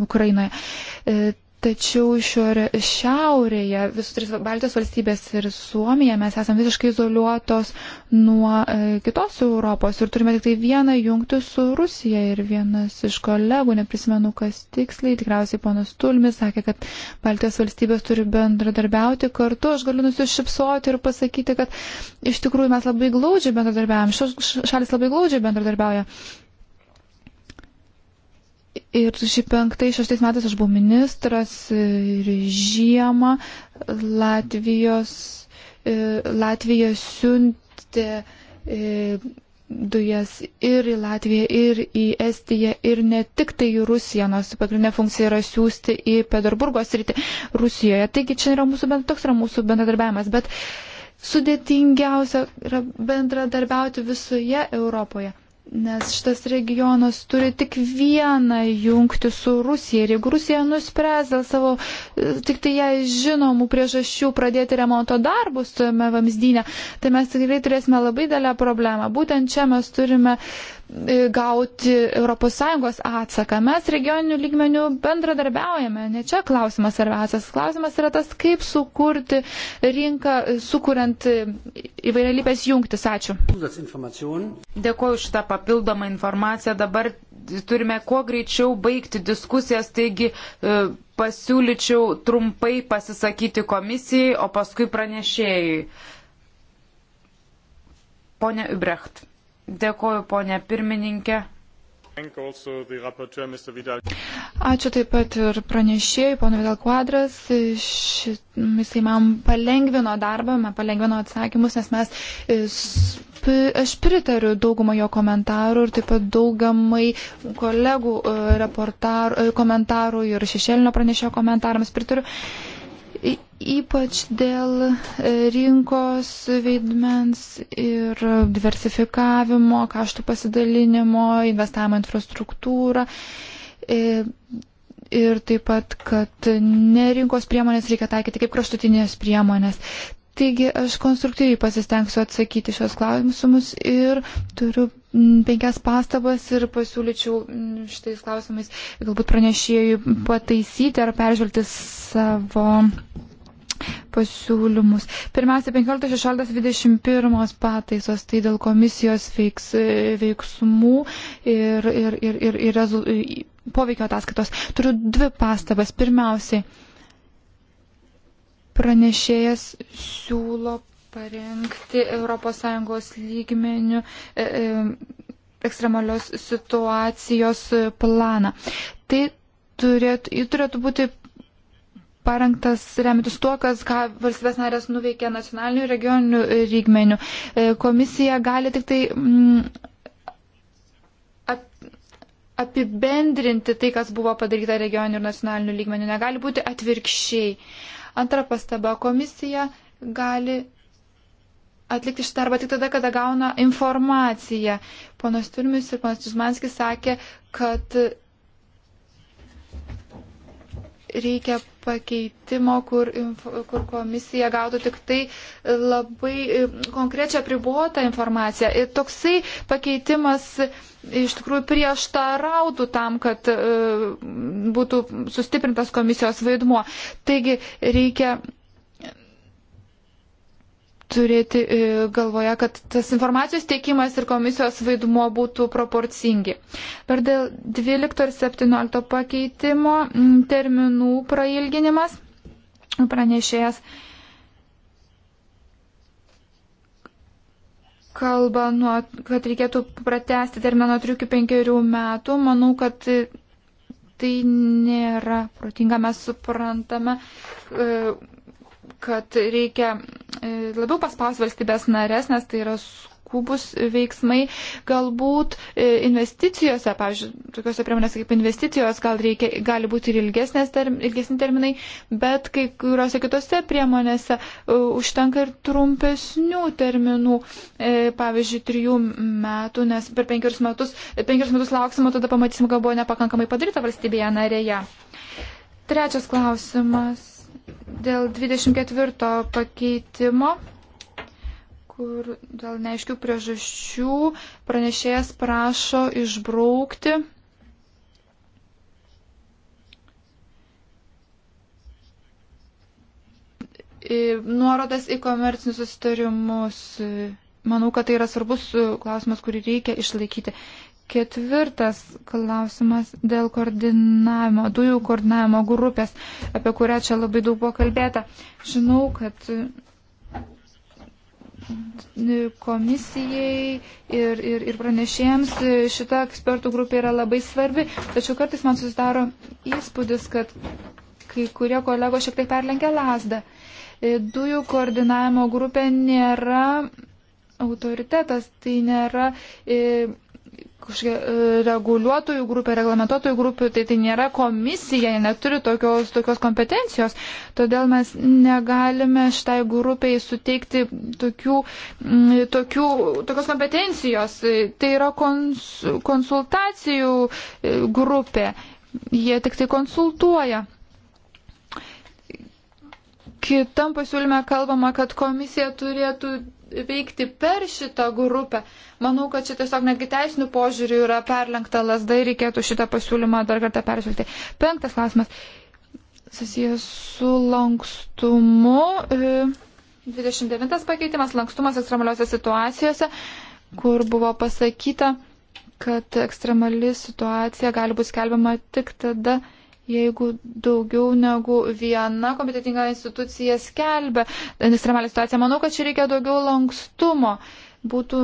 Ukrainoje. E, tačiau šiore, šiaurėje, visų tris Baltijos valstybės ir Suomija, mes esame visiškai izoliuotos nuo e, kitos Europos ir turime tik tai vieną jungti su Rusija. Ir vienas iš kolegų, neprisimenu kas tiksliai, tikriausiai ponas Tulmis sakė, kad Baltijos valstybės turi bendradarbiauti kartu. Aš galiu nusišypsoti ir pasakyti, kad iš tikrųjų mes labai glaudžiai bendradarbiavame, šios šalis labai glaudžiai bendradarbiauja. Ir šį penktai, šeštais metais aš buvau ministras e, ir žiemą Latvijos, e, Latvija siuntė e, dujas ir į Latviją, ir į Estiją, ir ne tik tai į Rusiją, nors pagrindinė funkcija yra siūsti į Pedarburgo sritį Rusijoje. Taigi čia yra mūsų, toks yra mūsų bendradarbiavimas, bet sudėtingiausia yra bendradarbiauti visoje Europoje. Nes šitas regionas turi tik vieną jungti su Rusija. Ir jeigu Rusija nuspręs dėl savo e, tik tai jai žinomų priežasčių pradėti remonto darbus tame vamzdyne, tai mes tikrai turėsime labai dėlę problemą. Būtent čia mes turime uh, gauti ES atsaką. Mes regioninių lygmenių bendradarbiaujame, ne čia klausimas svarbiausias. Klausimas yra tas, kaip sukurti rinką, sukuriant įvairialypės jungtis. Ačiū. Dėkuoju šitą papildomą informaciją. Dabar turime kuo greičiau baigti diskusijas, taigi e, pasiūlyčiau trumpai pasisakyti komisijai, o paskui pranešėjai. Pone Ubrecht. Dėkoju, ponė pirmininkė. Ačiū taip pat ir pranešėjai, pono Vidal Quadras. Šit, jisai man palengvino darbą, man palengvino atsakymus, nes mes, e, aš pritariu daugumą jo komentarų ir taip pat daugamai kolegų e, e, komentarų ir šešėlinio pranešėjo komentarams pritariu ypač dėl e, rinkos veidmens ir diversifikavimo, kaštų pasidalinimo, investavimo infrastruktūrą. E, ir taip pat, kad nerinkos priemonės reikia taikyti kaip kraštutinės priemonės. Taigi aš konstruktyviai pasistengsiu atsakyti šios klausimus ir turiu penkias pastabas ir pasiūlyčiau šitais klausimais galbūt pranešėjui pataisyti ar peržvelgti savo pasiūlymus. Pirmiausia, 15.16.21 pataisos, tai dėl komisijos veiks, veiksmų ir, ir, ir, ir, ir rezu, poveikio ataskaitos. Turiu dvi pastabas. Pirmiausiai, pranešėjas siūlo parengti ES lygmenių. E, e, ekstremalios situacijos planą. Tai turėtų, turėtų būti parengtas remintis tuo, kas, ką valstybės narės nuveikia nacionalinių ir regioninių lygmenių. E, komisija gali tik tai mm, apibendrinti tai, kas buvo padaryta regioninių ir nacionalinių lygmenių. Negali būti atvirkščiai. Antra pastaba. Komisija gali atlikti šitą darbą tik tada, kada gauna informaciją. Ponas Turmis ir ponas Tusmanskis sakė, kad reikia pakeitimo, kur, kur komisija gautų tik tai labai e, konkrečią pribuotą informaciją. Ir toksai pakeitimas iš tikrųjų prieštarautų tam, kad e, būtų sustiprintas komisijos vaidmuo. Taigi reikia turėti e, galvoje, kad tas informacijos tiekimas ir komisijos vaidmuo būtų proporcingi. Per dėl 12 ir 17 pakeitimo terminų prailginimas pranešėjas kalba, nuo, kad reikėtų pratesti terminą 3-5 metų. Manau, kad tai nėra protinga, mes suprantame. E, kad reikia e, labiau paspausti valstybės narės, nes tai yra skubus veiksmai. Galbūt e, investicijose, pavyzdžiui, tokiuose priemonėse kaip investicijos, gal reikia, gali būti ir term, ilgesni terminai, bet kai kuriuose kitose priemonėse e, užtenka ir trumpesnių terminų, pavyzdžiui, trijų metų, nes per penkerius metus, penkerius metus lauksime, tada pamatysim, gal buvo nepakankamai padaryta valstybėje narėje. Trečias klausimas dėl 24 pakeitimo, kur dėl neaiškių priežasčių pranešėjas prašo išbraukti. Nuorodas į komercinius susitarimus. Manau, kad tai yra svarbus klausimas, kurį reikia išlaikyti. Ketvirtas klausimas dėl koordinavimo, dujų koordinavimo grupės, apie kurią čia labai daug buvo kalbėta. Žinau, kad komisijai ir, ir, ir pranešėjams šita ekspertų grupė yra labai svarbi, tačiau kartais man susidaro įspūdis, kad kai kurie kolegos šiek tiek perlenkia lasdą. E, dujų koordinavimo grupė nėra autoritetas, tai nėra. E, kažkokia e, reguliuotojų grupė, reglamentuotojų grupė, tai tai nėra komisija, jie neturi tokios, tokios kompetencijos. Todėl mes negalime šitai grupiai suteikti tokių, mm, tokių, tokios kompetencijos. Tai yra kons, konsultacijų e, grupė. Jie tik tai konsultuoja. Kitam pasiūlyme kalbama, kad komisija turėtų veikti per šitą grupę. Manau, kad čia tiesiog netgi teisinių požiūrių yra perlenkta lasda ir reikėtų šitą pasiūlymą dar kartą peržvelgti. Penktas klausimas susijęs su lankstumu. 29 e, pakeitimas lankstumas ekstremaliuose situacijose, kur buvo pasakyta, kad ekstremali situacija gali būti skelbiama tik tada, jeigu daugiau negu viena kompetitinga institucija skelbia ekstremalią situaciją. Manau, kad čia reikia daugiau lankstumo. Būtų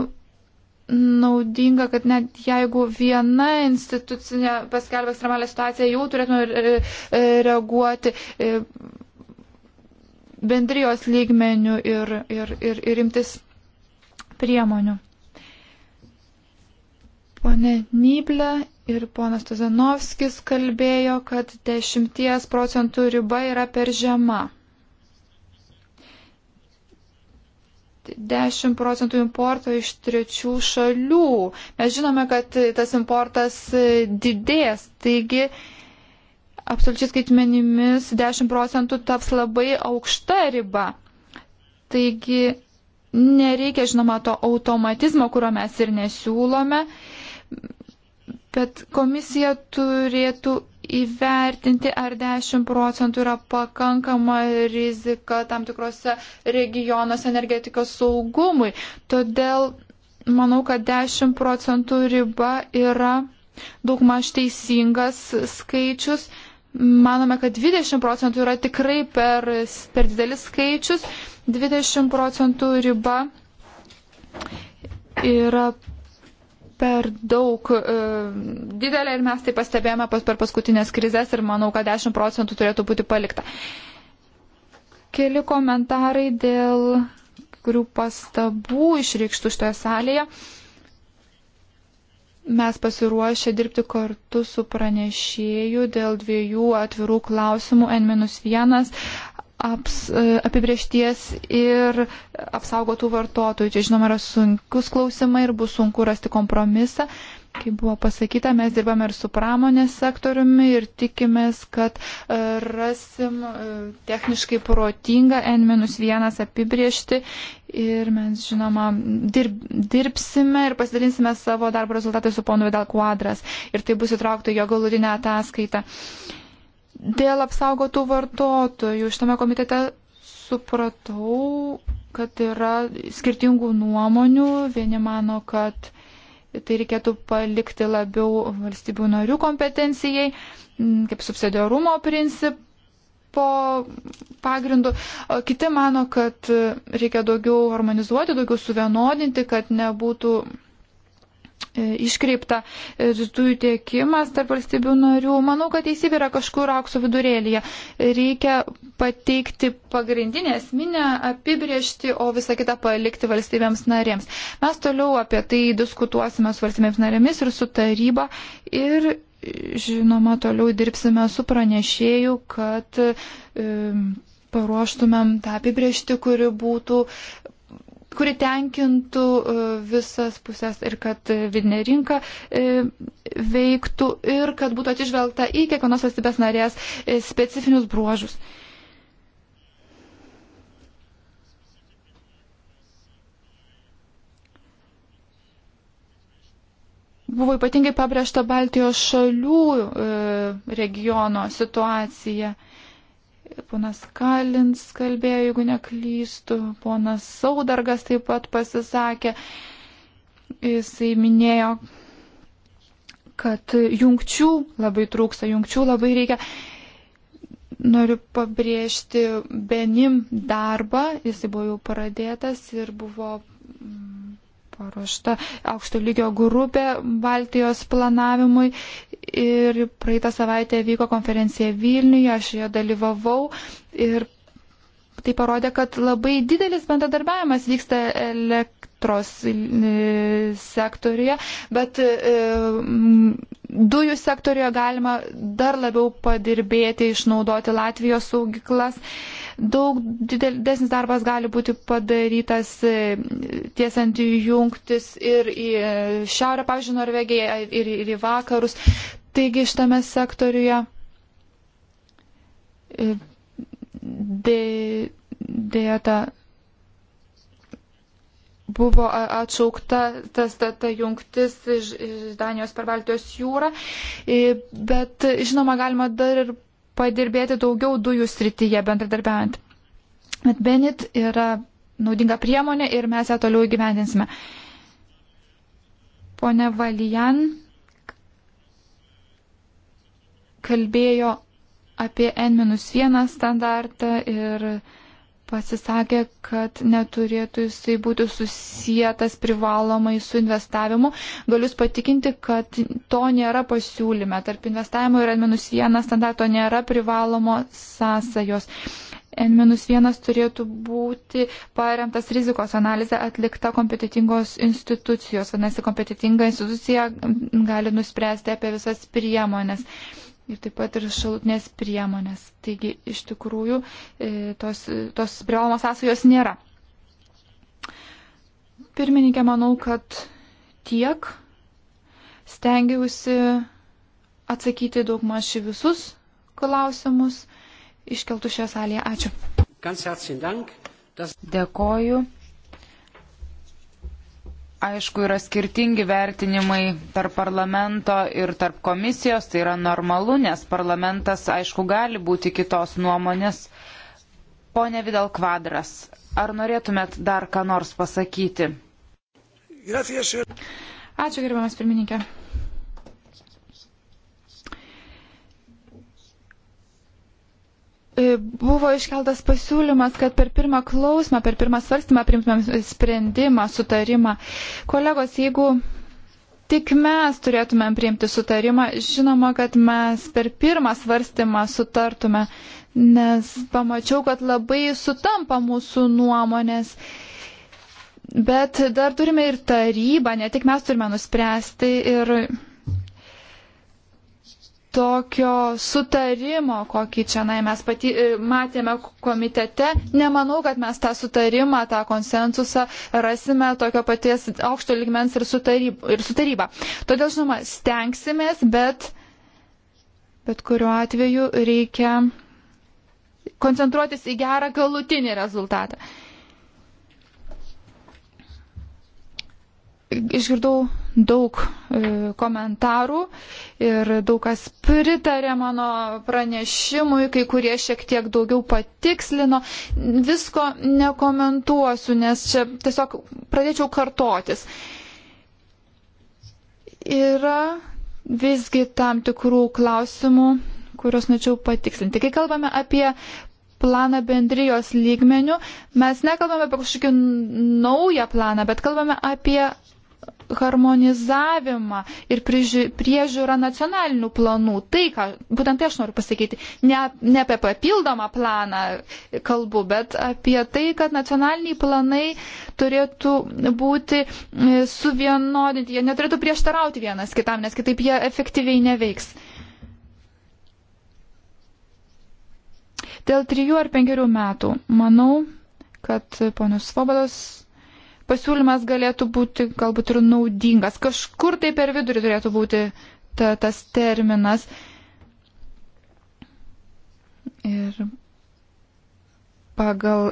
naudinga, kad net jeigu viena institucija paskelbia ekstremalią situaciją, jau turėtume e, reaguoti e, bendrijos lygmenių ir, ir, ir, ir imtis priemonių. Pone Nyblė ir ponas Tuzanovskis kalbėjo, kad 10 procentų riba yra per žema. 10 procentų importo iš trečių šalių. Mes žinome, kad tas importas didės, taigi absoliučiai skaitmenimis 10 procentų taps labai aukšta riba. Taigi nereikia, žinoma, to automatizmo, kurio mes ir nesiūlome bet komisija turėtų įvertinti, ar 10 procentų yra pakankama rizika tam tikrose regionuose energetikos saugumui. Todėl manau, kad 10 procentų riba yra daugmaž teisingas skaičius. Manome, kad 20 procentų yra tikrai per, per didelis skaičius, 20 procentų riba yra per daug e, didelė ir mes tai pastebėjome pas, per paskutinės krizės ir manau, kad 10 procentų turėtų būti palikta. Keli komentarai dėl kurių pastabų išreikštų šitoje salėje. Mes pasiruošę dirbti kartu su pranešėju dėl dviejų atvirų klausimų N-1 aps, e, apibriešties ir apsaugotų vartotojų. Čia, žinoma, yra sunkus klausimai ir bus sunku rasti kompromisą. Kaip buvo pasakyta, mes dirbame ir su pramonės sektoriumi ir tikimės, kad e, rasim e, techniškai protingą N-1 apibriešti ir mes, žinoma, dirb, dirbsime ir pasidalinsime savo darbo rezultatai su ponu Vidal Quadras ir tai bus įtraukta jo galutinė ataskaita. Uh, Dėl apsaugotų vartotojų šitame komitete supratau, kad yra skirtingų nuomonių. Vieni mano, kad tai reikėtų palikti labiau valstybių narių kompetencijai, kaip subsidiarumo principo pagrindu. Kiti mano, kad reikia daugiau harmonizuoti, daugiau suvienodinti, kad nebūtų E, iškreipta e, dujų tiekimas tarp valstybių narių. Manau, kad teisybė yra kažkur aukso vidurėlėje. Reikia pateikti pagrindinę esminę apibriežti, o visą kitą palikti valstybėms narėms. Mes toliau apie tai diskutuosime su valstybėms narėmis ir su taryba. Ir žinoma, toliau dirbsime su pranešėju, kad. E, paruoštumėm tą apibriežtį, kuri būtų kuri tenkintų e, visas pusės ir kad vidinė rinka e, veiktų ir kad būtų atsižvelgta į kiekvienos valstybės narės e, specifinius bruožus. Buvo ypatingai pabrėžta Baltijos šalių regiono situacija. Ponas Kalins kalbėjo, jeigu neklystu, ponas Saudargas taip pat pasisakė. Jisai minėjo, kad jungčių labai trūksta, jungčių labai reikia. Noriu pabrėžti Benim darbą, jisai buvo jau pradėtas ir buvo paruošta aukšto lygio grupė Baltijos planavimui ir praeitą savaitę vyko konferencija Vilniuje, aš joje dalyvavau ir tai parodė, kad labai didelis bendradarbiavimas vyksta elektros e, sektoriuje, bet e, dujų sektoriuje galima dar labiau padirbėti, išnaudoti Latvijos saugiklas. Daug didesnis darbas gali būti padarytas e, tiesiant jungtis ir į e, šiaurę, pavyzdžiui, Norvegiją e, ir, ir į vakarus. Taigi šitame sektoriuje dė, dėja ta buvo atšaukta tas ta, ta jungtis iš, iš Danijos per Baltijos jūrą, bet žinoma galima dar ir padirbėti daugiau dujų srityje bendradarbiaujant. Bet Benit yra naudinga priemonė ir mes ją toliau įgyvendinsime. Pone Valijan kalbėjo apie N-1 standartą ir pasisakė, kad neturėtų jisai būti susijęs privalomai su investavimu. Galiu patikinti, kad to nėra pasiūlyme. Tarp investavimo ir N-1 standarto nėra privalomo sąsajos. N-1 turėtų būti paremtas rizikos analizė atlikta kompetitingos institucijos. Vadinasi, kompetitinga institucija gali nuspręsti apie visas priemonės. Uh, ir taip pat ir šalutinės priemonės. Taigi iš tikrųjų e, tos, tos privalomos sąsajos nėra. Pirmininkė, manau, kad tiek stengiausi atsakyti daugmaž į visus klausimus iškeltų šioje salėje. Ačiū. Dėkoju. Aišku, yra skirtingi vertinimai tarp parlamento ir tarp komisijos, tai yra normalu, nes parlamentas, aišku, gali būti kitos nuomonės. Pone Vidal Kvadras, ar norėtumėt dar ką nors pasakyti? Ačiū, gerbiamas pirmininkė. E, buvo iškeltas pasiūlymas, kad per pirmą klausimą, per pirmą svarstymą primtumėm sprendimą, sutarimą. Kolegos, jeigu tik mes turėtumėm priimti sutarimą, žinoma, kad mes per pirmą svarstymą sutartume, nes pamačiau, kad labai sutampa mūsų nuomonės. Bet dar turime ir tarybą, ne tik mes turime nuspręsti ir tokio sutarimo, kokį čia na, mes pati, e, matėme komitete, nemanau, kad mes tą sutarimą, tą konsensusą rasime tokio paties aukšto ligmens ir su taryba. Todėl, žinoma, stengsimės, bet, bet kuriuo atveju reikia koncentruotis į gerą galutinį rezultatą. Išgirdau daug e, komentarų ir daug kas pritarė mano pranešimui, kai kurie šiek tiek daugiau patikslino. Visko nekomentuosiu, nes čia tiesiog pradėčiau kartotis. Yra visgi tam tikrų klausimų, kuriuos norėčiau patikslinti. Kai kalbame apie planą bendrijos lygmenių, mes nekalbame apie kažkokį naują planą, bet kalbame apie harmonizavimą ir priežiūrą nacionalinių planų. Tai, ką būtent tai aš noriu pasakyti, ne, ne apie papildomą planą kalbu, bet apie tai, kad nacionaliniai planai turėtų būti e, suvienodinti, jie neturėtų prieštarauti vienas kitam, nes kitaip jie efektyviai neveiks. Dėl trijų ar penkerių metų, manau, kad ponios Svobodos pasiūlymas galėtų būti galbūt ir naudingas. Kažkur tai per vidurį turėtų būti ta, tas terminas. Ir pagal,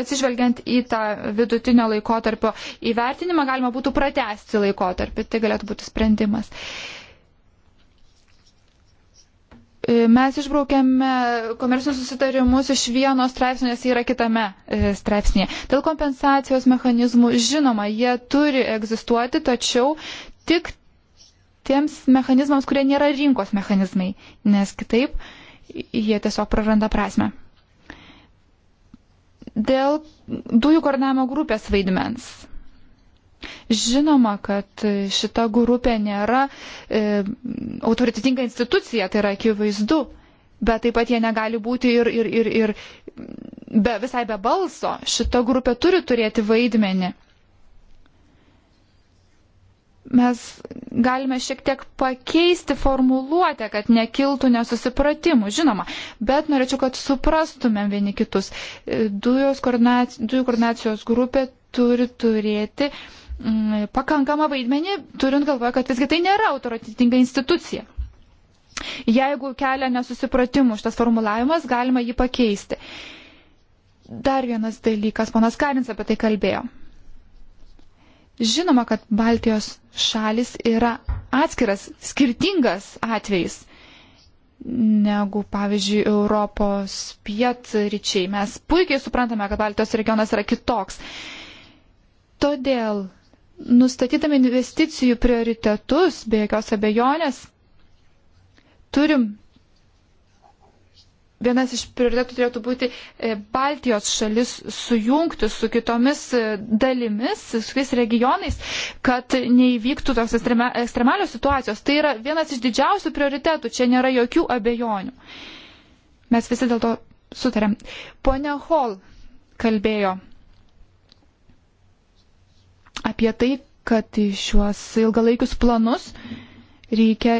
atsižvelgiant į tą vidutinio laikotarpio įvertinimą, galima būtų pratesti laikotarpį. Tai galėtų būti sprendimas. E, mes išbraukėme komercinius susitarimus iš vieno straipsnio, nes jie yra kitame e, straipsnėje. Dėl kompensacijos mechanizmų, žinoma, jie turi egzistuoti, tačiau tik tiems mechanizmams, kurie nėra rinkos mechanizmai, nes kitaip jie tiesiog praranda prasme. Dėl dujų koordinavimo grupės vaidmens. Žinoma, kad šita grupė nėra e, autoritetinga institucija, tai yra akivaizdu, bet taip pat jie negali būti ir, ir, ir, ir be, visai be balso. Šita grupė turi turėti vaidmenį. Mes galime šiek tiek pakeisti formuluotę, kad nekiltų nesusipratimų, žinoma, bet norėčiau, kad suprastumėm vieni kitus. E, dujos koordinacijos, dujų koordinacijos grupė turi turėti uh, Mm, pakankamą vaidmenį, turint galvoje, kad visgi tai nėra autoratitinga institucija. Jeigu kelia nesusipratimų šitas formulavimas, galima jį pakeisti. Dar vienas dalykas, ponas Karins apie tai kalbėjo. Žinoma, kad Baltijos šalis yra atskiras, skirtingas atvejis negu, pavyzdžiui, Europos pietryčiai. Mes puikiai suprantame, kad Baltijos regionas yra kitoks. Todėl nustatydami investicijų prioritetus, be jokios abejonės, turim. Vienas iš prioritetų turėtų būti e, Baltijos šalis sujungti su kitomis e, dalimis, su kitais regionais, kad neįvyktų toks ekstrema, ekstremalios situacijos. Tai yra vienas iš didžiausių prioritetų, čia nėra jokių abejonių. Mes visi dėl to sutarėm. Pone Hall kalbėjo apie tai, kad į šiuos ilgalaikius planus reikia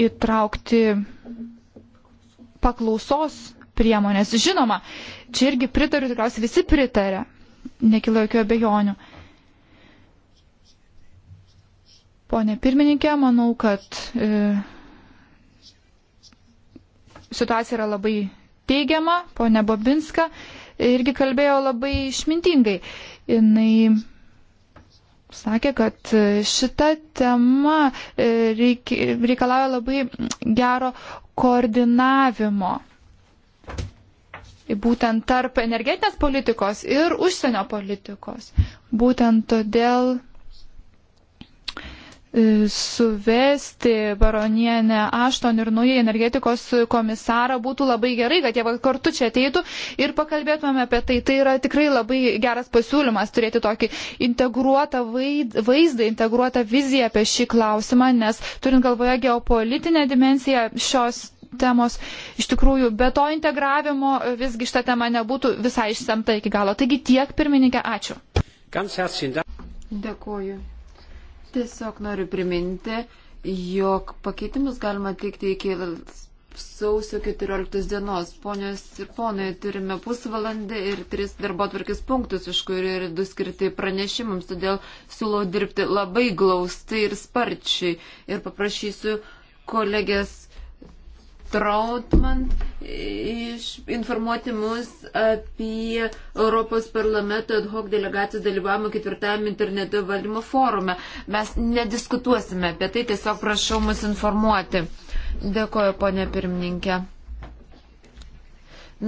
įtraukti paklausos priemonės. Žinoma, čia irgi pritariu, tikriausiai visi pritarė, nekilo jokių abejonių. Pone pirmininkė, manau, kad e, situacija yra labai teigiama, ponė Bobinska irgi kalbėjo labai išmintingai. E, jinai sakė, kad šita tema e, reik, reikalauja labai gero koordinavimo. Būtent tarp energetinės politikos ir užsienio politikos. Būtent todėl E, suvesti baronienę Ašton ir naują energetikos komisarą būtų labai gerai, kad jie kartu čia ateitų ir pakalbėtumėme apie tai. Tai yra tikrai labai geras pasiūlymas turėti tokį integruotą vaizdą, integruotą viziją apie šį klausimą, nes turint galvoje geopolitinę dimenciją šios temos. Iš tikrųjų, be to integravimo visgi šitą temą nebūtų visai išsemta iki galo. Taigi tiek, pirmininkė, ačiū. Dėkuoju. Tiesiog noriu priminti, jog pakeitimus galima teikti iki sausio 14 dienos. Ponios ir ponai, turime pusvalandį ir tris darbo atvarkės punktus, iš kurių yra du skirti pranešimams, todėl siūlau dirbti labai glaustai ir sparčiai. Ir paprašysiu kolegės Trautman informuoti mus apie Europos parlamento ad hoc delegacijos dalyvavimą ketvirtajame interneto valdymo forume. Mes nediskutuosime apie tai, tiesiog prašau mus informuoti. Dėkoju, ponė pirmininkė.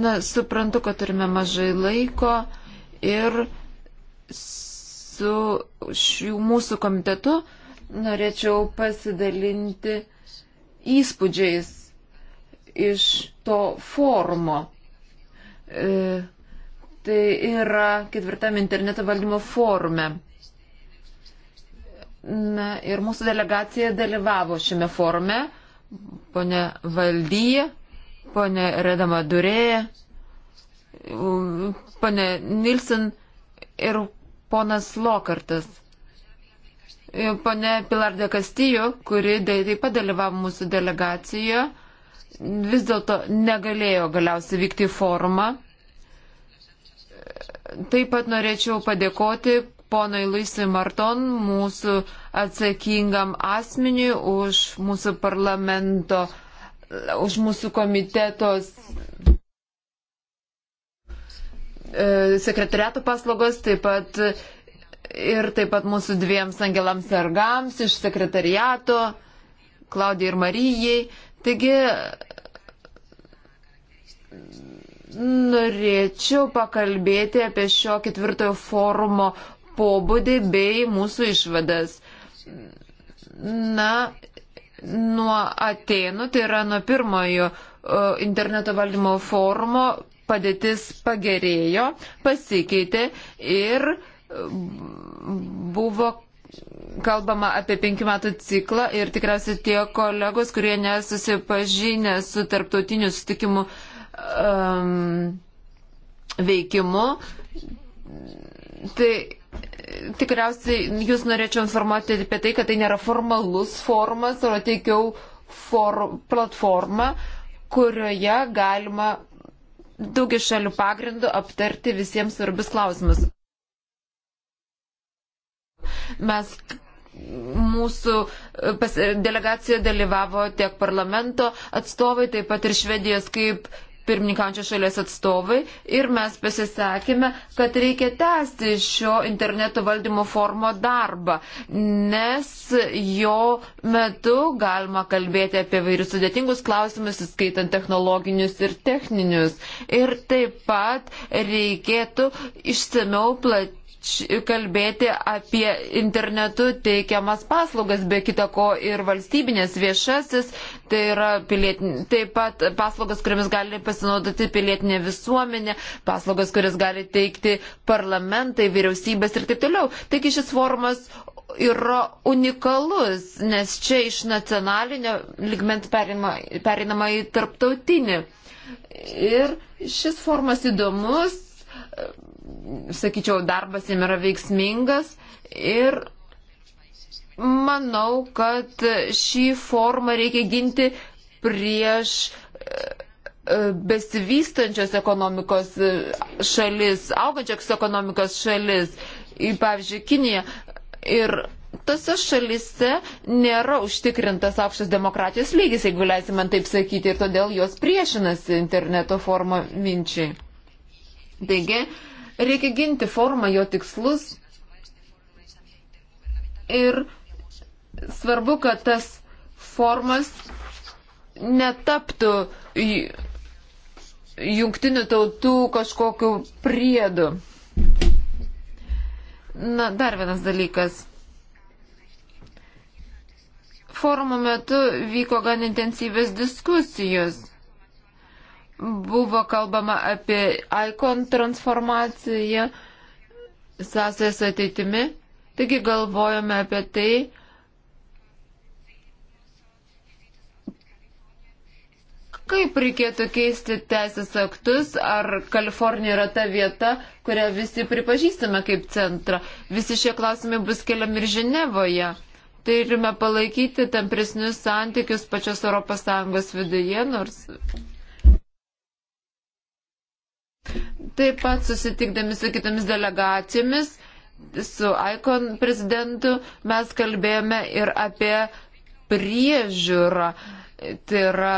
Na, suprantu, kad turime mažai laiko ir su šių mūsų komitetu norėčiau pasidalinti įspūdžiais iš to formo. E, tai yra ketvirtam interneto valdymo forume. Na, ir mūsų delegacija dalyvavo šiame forume. Pone Valdyje, pone Redama Durėje, pone Nilsen ir ponas Lokartas. E, pone Pilardė Kastijo, kuri taip pat dalyvavo mūsų delegacijoje vis dėlto negalėjo galiausiai vykti forumą. Taip pat norėčiau padėkoti ponui Luisui Marton, mūsų atsakingam asmeniui, už mūsų parlamento, už mūsų komitetos e, sekretariato paslaugos, taip pat ir taip pat mūsų dviems angelams sargams iš sekretariato, Klaudijai ir Marijai. Taigi norėčiau pakalbėti apie šio ketvirtojo forumo pobūdį bei mūsų išvadas. Na, nuo Atenų, tai yra nuo pirmojo interneto valdymo forumo, padėtis pagerėjo, pasikeitė ir e, buvo kalbama apie penkių metų ciklą ir tikriausiai tie kolegos, kurie nesusipažinę su tarptautiniu sutikimu um, veikimu, tai tikriausiai jūs norėčiau informuoti apie tai, kad tai nėra formalus formas, o teikiau for, platformą, kurioje galima daugia šalių pagrindų aptarti visiems svarbius klausimus. Mes mūsų e, pas, delegacija dalyvavo tiek parlamento atstovai, taip pat ir Švedijos kaip pirmininkančio šalies atstovai ir mes pasisakėme, kad reikia tęsti šio interneto valdymo formo darbą, nes jo metu galima kalbėti apie vairius sudėtingus klausimus, įskaitant technologinius ir techninius. Ir taip pat reikėtų išsameu plačiai kalbėti apie internetu teikiamas paslaugas, be kita ko ir valstybinės viešasis, tai yra pilietinė, taip pat paslaugas, kuriamis gali pasinaudoti pilietinė visuomenė, paslaugas, kurias gali teikti parlamentai, vyriausybės ir taip toliau. Taigi šis formas yra unikalus, nes čia iš nacionalinio ligmens perinama į tarptautinį. Ir šis formas įdomus sakyčiau, darbas jam yra veiksmingas ir manau, kad šį formą reikia ginti prieš e, e, besivystančios ekonomikos e, šalis, augančios ekonomikos šalis, pavyzdžiui, Kinija. Ir tose šalise nėra užtikrintas aukštas demokratijos lygis, jeigu leisime man taip sakyti, ir todėl jos priešinasi interneto formo minčiai. Taigi, uh, Reikia ginti formą, jo tikslus. Ir svarbu, kad tas formas netaptų jungtinių tautų kažkokiu priedu. Na, dar vienas dalykas. Forumo metu vyko gan intensyvės diskusijos buvo kalbama apie ikon transformaciją, sąsąjas ateitimi. Taigi galvojame apie tai, kaip reikėtų keisti teisės aktus, ar Kalifornija yra ta vieta, kurią visi pripažįstame kaip centrą. Visi šie klausimai bus keliami ir Ženevoje turime palaikyti tampresnius santykius pačios ES viduje, nors Taip pat susitikdami su kitomis delegacijomis, su ICON prezidentu, mes kalbėjome ir apie priežiūrą. Tai yra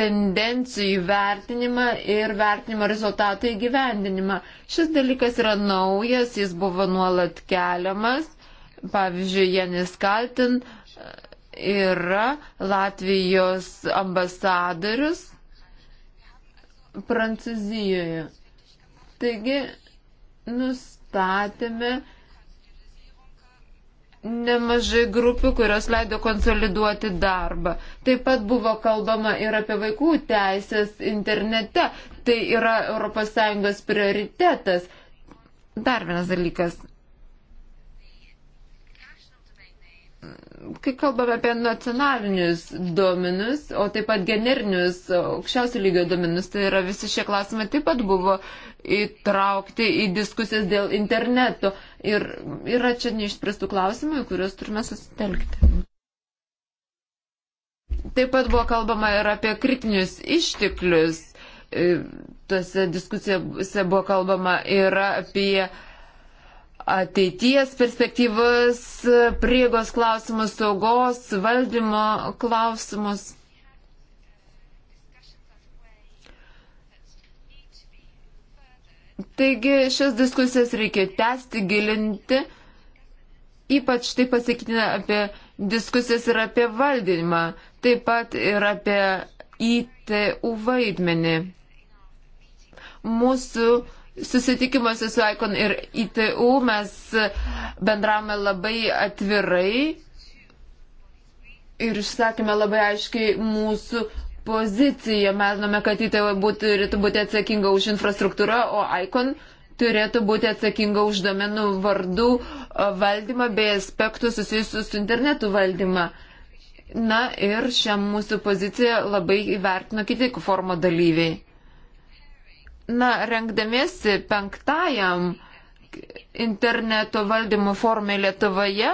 tendencijų vertinimą ir vertinimo rezultatų įgyvendinimą. Šis dalykas yra naujas, jis buvo nuolat keliamas. Pavyzdžiui, Janis Kaltin yra Latvijos ambasadorius Prancūzijoje. Taigi nustatėme nemažai grupių, kurios leido konsoliduoti darbą. Taip pat buvo kalbama ir apie vaikų teisės internete. Tai yra ES prioritetas. Dar vienas dalykas. kai kalbame apie nacionalinius duomenus, o taip pat generinius aukščiausio lygio duomenus, tai yra visi šie klausimai taip pat buvo įtraukti į diskusijas dėl interneto. Ir yra čia neišspręstų klausimų, į kuriuos turime susitelkti. Taip pat buvo kalbama ir apie kritinius išteklius. E, tose diskusijose buvo kalbama ir apie uh, ateities perspektyvas, priegos klausimus, saugos, valdymo klausimus. Taigi šias diskusijas reikia tęsti, gilinti, ypač tai pasakytina apie diskusijas ir apie valdymą, taip pat ir apie ITU vaidmenį. Mūsų uh, susitikimuose su ICON ir ITU mes bendravome labai atvirai ir išsakėme labai aiškiai mūsų poziciją. Mes žinome, kad ITU būtų, turėtų būti atsakinga už infrastruktūrą, o ICON turėtų būti atsakinga už domenų vardų valdymą bei aspektų susijusių su internetu valdymą. Na ir šią mūsų poziciją labai įvertino kiti forumo dalyviai na, rengdamiesi penktajam interneto valdymo formai Lietuvoje,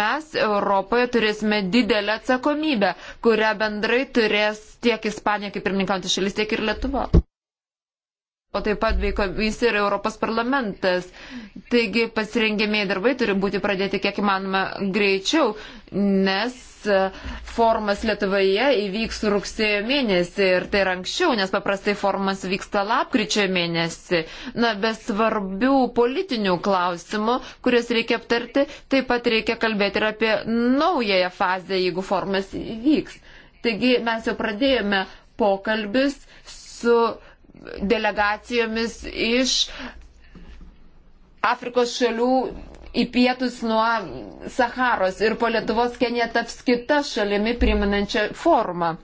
mes Europoje turėsime didelę atsakomybę, kurią bendrai turės tiek Ispanija, kaip pirmininkaujantis šalis, tiek ir Lietuva. O taip pat veiko visi ir Europos parlamentas. Taigi pasirengėmiai darbai turi būti pradėti kiek įmanoma greičiau, nes formas Lietuvoje įvyks rugsėjo mėnesį ir tai yra anksčiau, nes paprastai formas vyksta lapkričio mėnesį. Na, be svarbių politinių klausimų, kuriuos reikia aptarti, taip pat reikia kalbėti ir apie naująją fazę, jeigu formas įvyks. Taigi mes jau pradėjome pokalbis su delegacijomis iš Afrikos šalių į pietus nuo Saharos ir po Lietuvos Kenija taps kita šalimi priminančia formą.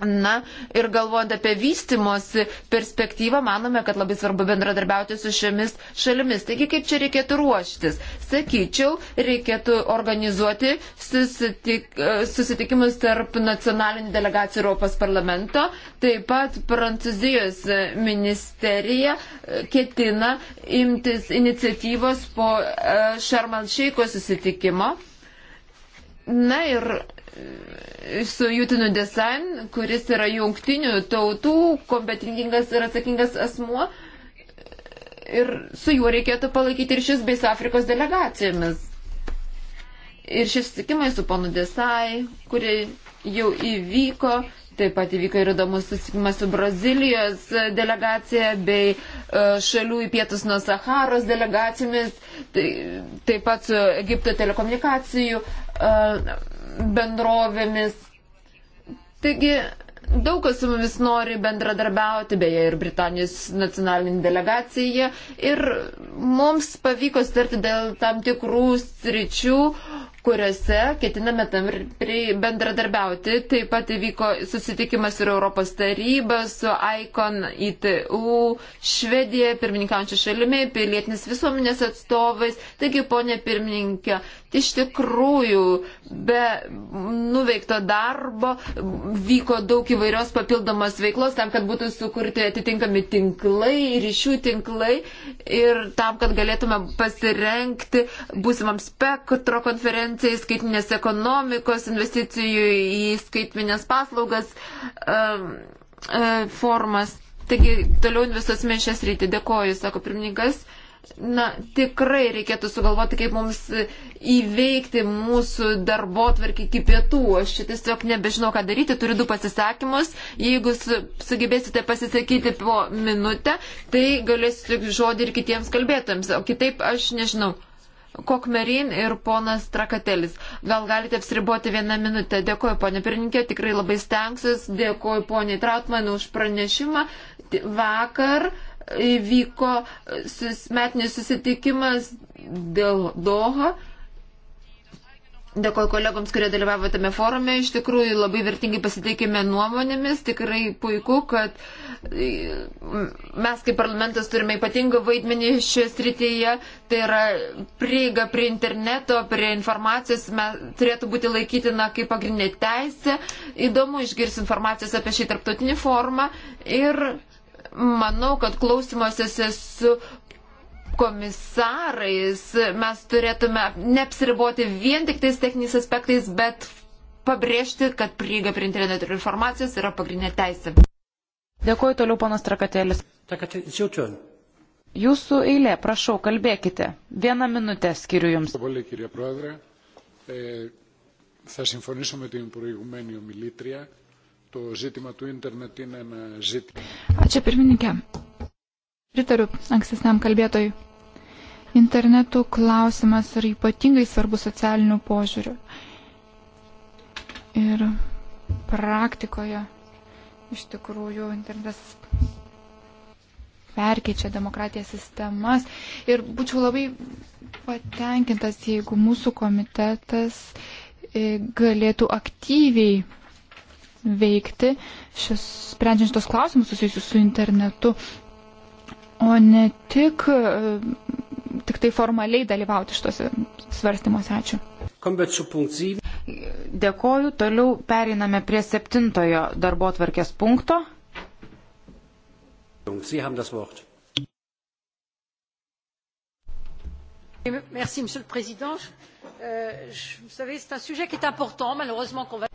Na ir galvojant apie vystimosi perspektyvą, manome, kad labai svarbu bendradarbiauti su šiomis šalimis. Taigi, kaip čia reikėtų ruoštis? Sakyčiau, reikėtų organizuoti susitik, e, susitikimus tarp nacionalinių delegacijų Europos parlamento. Taip pat Prancūzijos ministerija e, ketina imtis iniciatyvos po Šarmalšeiko e, susitikimo. Na ir su Jutinu Desan, kuris yra jungtinių tautų kompetingas ir atsakingas asmuo. Ir su juo reikėtų palaikyti ryšius bei su Afrikos delegacijomis. Ir šis susitikimai su ponu Desai, kurie jau įvyko, Taip pat įvyko ir įdomus susitikimas su Brazilijos delegacija bei e, šalių į pietus nuo Saharos delegacijomis, tai, taip pat su Egipto telekomunikacijų e, bendrovėmis. Taigi Daug kas su mumis nori bendradarbiauti, beje, ir Britanijos nacionalinė delegacija. Ir mums pavyko sutarti dėl tam tikrų sričių, kuriuose ketiname tam bendradarbiauti. Taip pat įvyko susitikimas ir Europos taryba su ICON, ITU, Švedija, pirmininkaujančia šalimi, pilietinis visuomenės atstovais. Taigi, ponė pirmininkė, iš tikrųjų be nuveikto darbo vyko daug įvairios papildomos veiklos tam, kad būtų sukurti atitinkami tinklai, ryšių tinklai ir tam, kad galėtume pasirenkti būsimam spektro konferencijai, skaitinės ekonomikos, investicijų į skaitminės paslaugas um, formas. Taigi toliau investuosime šias rytį. Dėkoju, sako pirmininkas. Na, tikrai reikėtų sugalvoti, kaip mums įveikti mūsų darbo tvarkį iki pietų. Aš tiesiog nebežinau, ką daryti, turiu du pasisakymus. Jeigu sugebėsite pasisakyti po minutę, tai galėsiu žodį ir kitiems kalbėtams. O kitaip aš nežinau. Kokmerin ir ponas Trakatelis. Gal galite apsiriboti vieną minutę. Dėkoju, ponė pirininkė, tikrai labai stengsiuosi. Dėkoju, ponė Trautman, už pranešimą. Vakar uh, vyko metinis susitikimas dėl Doha. Dėkoju kolegoms, kurie dalyvavo tame forume. Iš tikrųjų, labai vertingai pasiteikėme nuomonėmis. Tikrai puiku, kad e, mes kaip parlamentas turime ypatingą vaidmenį šioje srityje. Tai yra prieiga prie interneto, prie informacijos mes, turėtų būti laikytina kaip pagrindinė teisė. Įdomu išgirsti informacijos apie šį tarptautinį forumą. Ir manau, kad klausimuose su komisarais mes turėtume neapsiriboti vien tik tais techniniais aspektais, bet pabrėžti, kad prieiga prie interneto ir informacijos yra pagrindinė teisė. Dėkuoju toliau, ponas Trakatėlis. Jūsų eilė, prašau, kalbėkite. Vieną minutę skiriu Jums. Θα συμφωνήσω με την προηγουμένη ομιλήτρια to žaidimą tų internetų yra žaidimą. Ačiū pirmininkė. Pritariu ankstesniam kalbėtojui. Internetų klausimas yra ypatingai svarbus socialinių požiūrių. Ir praktikoje iš tikrųjų internetas perkeičia demokratijos sistemas. Ir būčiau labai patenkintas, jeigu mūsų komitetas e, galėtų aktyviai veikti, šis, sprendžiant šitos klausimus susijusius su internetu, o ne tik, e, tik tai formaliai dalyvauti šitose svarstymuose. Ačiū. Dėkoju, toliau periname prie septintojo darbo tvarkės punkto. Sie haben das Wort. monsieur le président euh, vous savez c'est un sujet qui est important malheureusement qu'on va.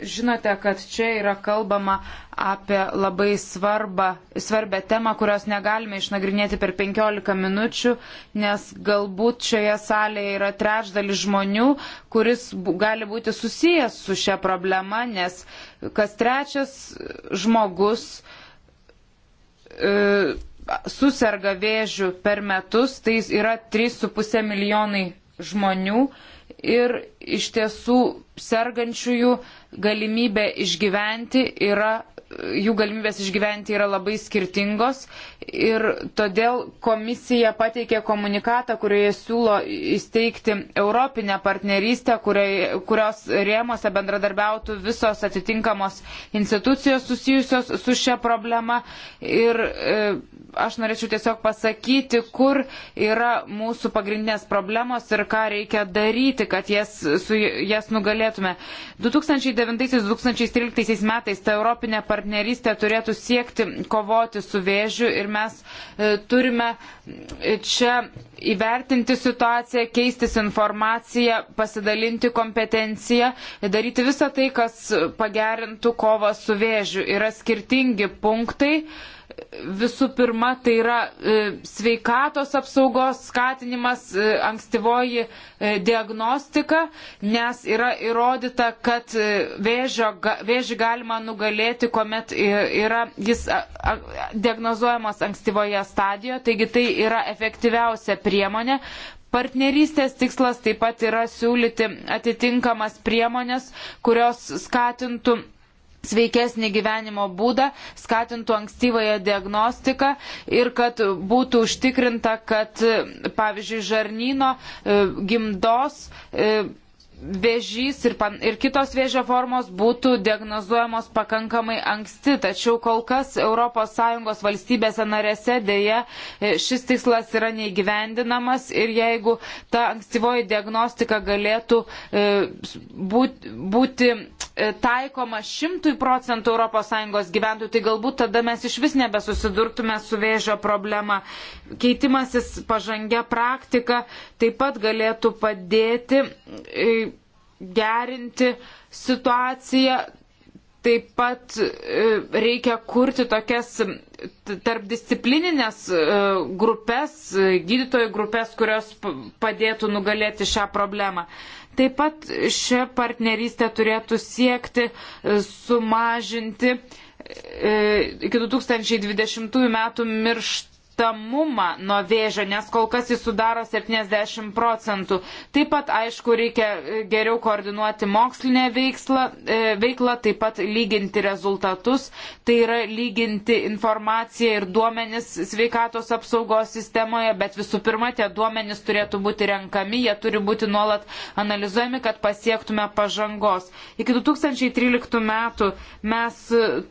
Žinote, kad čia yra kalbama apie labai svarbą, svarbę temą, kurios negalime išnagrinėti per 15 minučių, nes galbūt šioje salėje yra trečdalis žmonių, kuris gali būti susijęs su šia problema, nes kas trečias žmogus. E, susirga vėžių per metus, tai yra 3,5 milijonai žmonių. E, ir iš tiesų sergančiųjų galimybė išgyventi yra jų galimybės išgyventi yra labai skirtingos ir todėl komisija pateikė komunikatą, kurioje siūlo įsteigti Europinę partnerystę, kuriai, kurios rėmose bendradarbiautų visos atitinkamos institucijos susijusios su šia problema. Ir e, aš norėčiau tiesiog pasakyti, kur yra mūsų pagrindinės problemos ir ką reikia daryti, kad jas, su, jas nugalėtume. 2009-2013 metais ta Europinė partnerystė partnerystė turėtų siekti kovoti su vėžiu ir mes e, turime e, čia įvertinti situaciją, keistis informaciją, pasidalinti kompetenciją, daryti visą tai, kas pagerintų kovą su vėžiu. Yra skirtingi punktai visų pirma, tai yra e, sveikatos apsaugos skatinimas, e, ankstyvoji e, diagnostika, nes yra įrodyta, kad vėžio, vėžį galima nugalėti, kuomet yra jis diagnozuojamas ankstyvoje stadijoje, taigi tai yra efektyviausia priemonė. Partnerystės tikslas taip pat yra siūlyti atitinkamas priemonės, kurios skatintų sveikesnį gyvenimo būdą, skatintų ankstyvąją diagnostiką ir kad būtų užtikrinta, kad, pavyzdžiui, žarnyno e, gimdos e, vėžys ir, pan, ir kitos vėžio formos būtų diagnozuojamos pakankamai anksti, tačiau kol kas ES valstybėse narėse dėja e, šis tikslas yra neįgyvendinamas ir jeigu ta ankstyvoji diagnostika galėtų būt, būti E, taikoma šimtui procentų ES gyventojų, tai galbūt tada mes iš vis nebesusidurtume su vėžio problema. Keitimasis pažangia praktika taip pat galėtų padėti e, gerinti situaciją. Taip pat e, reikia kurti tokias tarpdisciplininės grupės, gydytojų grupės, kurios padėtų nugalėti šią problemą. Taip pat šią partnerystę turėtų siekti e, sumažinti e, iki 2020 metų miršt mirštamumą nuo vėžio, nes kol kas jis sudaro 70 procentų. Taip pat, aišku, reikia e, geriau koordinuoti mokslinę veikslą, e, veiklą, taip pat lyginti rezultatus, tai yra lyginti informaciją ir duomenis sveikatos apsaugos sistemoje, bet visų pirma, tie duomenis turėtų būti renkami, jie turi būti nuolat analizuojami, kad pasiektume pažangos. Iki 2013 metų mes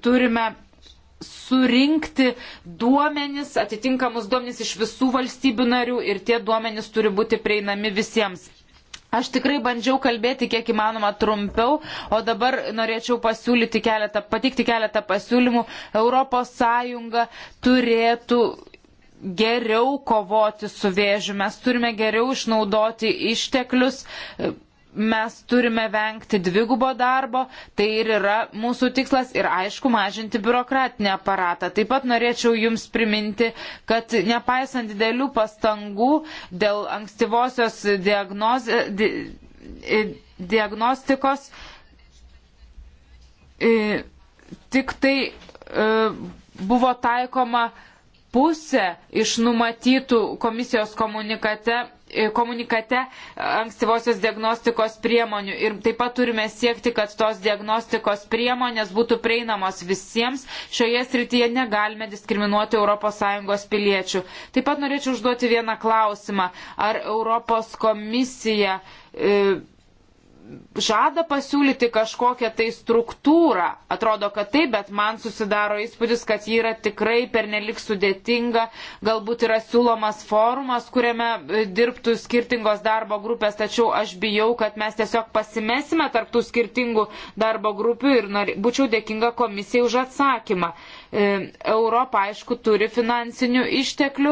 turime surinkti duomenis, atitinkamus duomenis iš visų valstybių narių ir tie duomenis turi būti prieinami visiems. Aš tikrai bandžiau kalbėti kiek įmanoma trumpiau, o dabar norėčiau pasiūlyti keletą, patikti keletą pasiūlymų. Europos Sąjunga turėtų geriau kovoti su vėžiu, mes turime geriau išnaudoti išteklius, mes turime vengti dvigubo darbo, tai ir yra mūsų tikslas ir aišku mažinti biurokratinį aparatą. Taip pat norėčiau Jums priminti, kad nepaisant didelių pastangų dėl ankstyvosios diagnoz, di, diagnostikos, tik tai e, buvo taikoma pusė iš numatytų komisijos komunikate E, komunikate ankstyvosios diagnostikos priemonių. Ir taip pat turime siekti, kad tos diagnostikos priemonės būtų prieinamos visiems. Šioje srityje negalime diskriminuoti ES piliečių. Taip pat norėčiau užduoti vieną klausimą. Ar Europos komisija e, žada pasiūlyti kažkokią tai struktūrą. Atrodo, kad taip, bet man susidaro įspūdis, kad ji yra tikrai pernelik sudėtinga. Galbūt yra siūlomas forumas, kuriame e, dirbtų skirtingos darbo grupės, tačiau aš bijau, kad mes tiesiog pasimesime tarptų skirtingų darbo grupių ir nori, būčiau dėkinga komisijai už atsakymą. E, Europa, aišku, turi finansinių išteklių,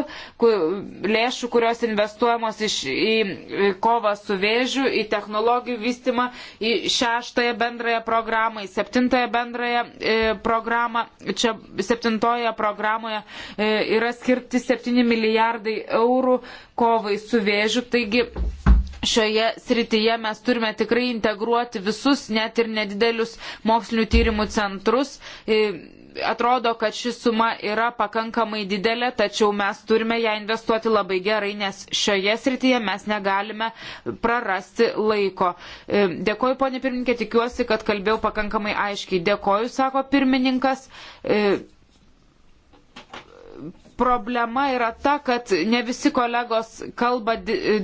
lėšų, kurios investuojamos iš, į kovą su vėžiu, į technologijų vystimą, į šeštąją bendrąją programą, į septintąją bendrąją e, programą. Čia septintoje programoje e, yra skirti 7 milijardai eurų kovai su vėžiu. Taigi, šioje srityje mes turime tikrai integruoti visus, net ir nedidelius mokslinių tyrimų centrus atrodo, kad ši suma yra pakankamai didelė, tačiau mes turime ją investuoti labai gerai, nes šioje srityje mes negalime prarasti laiko. E, dėkoju, ponė pirmininkė, tikiuosi, kad kalbėjau pakankamai aiškiai. Dėkoju, sako pirmininkas. E, problema yra ta, kad ne visi kolegos kalba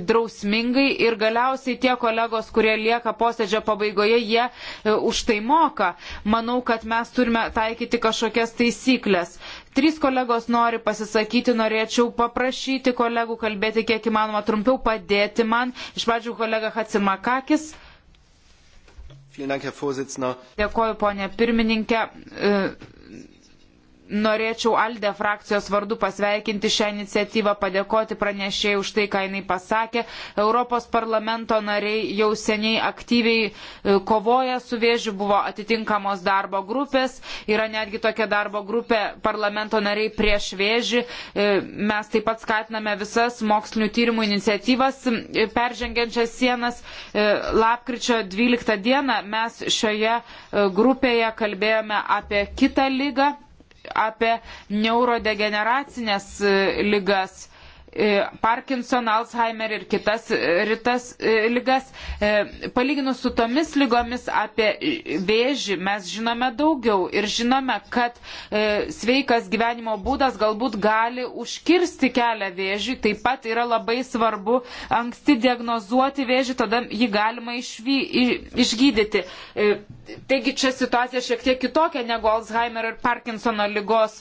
drausmingai ir galiausiai tie kolegos, kurie lieka posėdžio pabaigoje, jie e, už tai moka. Manau, kad mes turime taikyti kažkokias taisyklės. Trys kolegos nori pasisakyti, norėčiau paprašyti kolegų kalbėti kiek įmanoma trumpiau, padėti man. Iš pradžių kolega Hatsimakakis. Dėkoju, ponė pirmininkė. E, norėčiau Alde frakcijos vardu pasveikinti šią iniciatyvą, padėkoti pranešėjai už tai, ką jinai pasakė. Europos parlamento nariai jau seniai aktyviai e, kovoja su vėžiu, buvo atitinkamos darbo grupės, yra netgi tokia darbo grupė parlamento nariai prieš vėžį. E, mes taip pat skatiname visas mokslinių tyrimų iniciatyvas peržengiančias sienas. E, lapkričio 12 dieną mes šioje grupėje kalbėjome apie kitą lygą apie neurodegeneracinės e, lygas. E, Parkinson, Alzheimer ir kitas e, rytas, e, lygas. Palyginus su tomis lygomis apie vėžį mes žinome daugiau ir žinome, kad sveikas gyvenimo būdas galbūt gali užkirsti kelią vėžiui. Taip pat yra labai svarbu anksti diagnozuoti vėžį, tada jį galima išvy, išgydyti. Taigi čia situacija šiek tiek kitokia negu Alzheimer ir Parkinsono lygos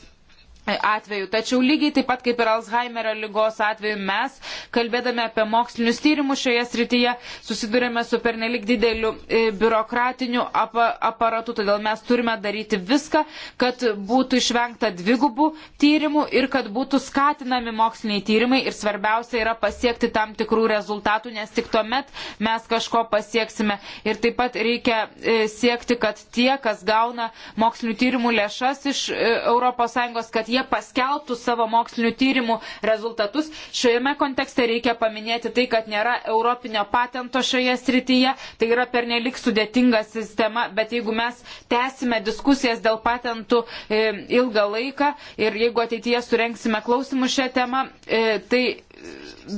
atveju. Tačiau lygiai taip pat kaip ir Alzheimerio lygos atveju mes, kalbėdami apie mokslinius tyrimus šioje srityje, susidurėme su pernelik dideliu e, biurokratiniu aparatu, todėl mes turime daryti viską, kad būtų išvengta dvigubų tyrimų ir kad būtų skatinami moksliniai tyrimai ir svarbiausia yra pasiekti tam tikrų rezultatų, nes tik tuomet mes kažko pasieksime. Ir taip pat reikia e, siekti, kad tie, kas gauna mokslinių tyrimų lėšas iš ES, kad jie jie paskelbtų savo mokslinių tyrimų rezultatus. Šiame kontekste reikia paminėti tai, kad nėra europinio patento šioje srityje, tai yra pernelik sudėtinga sistema, bet jeigu mes tęsime diskusijas dėl patentų e, ilgą laiką ir jeigu ateityje surenksime klausimus šią temą, e, tai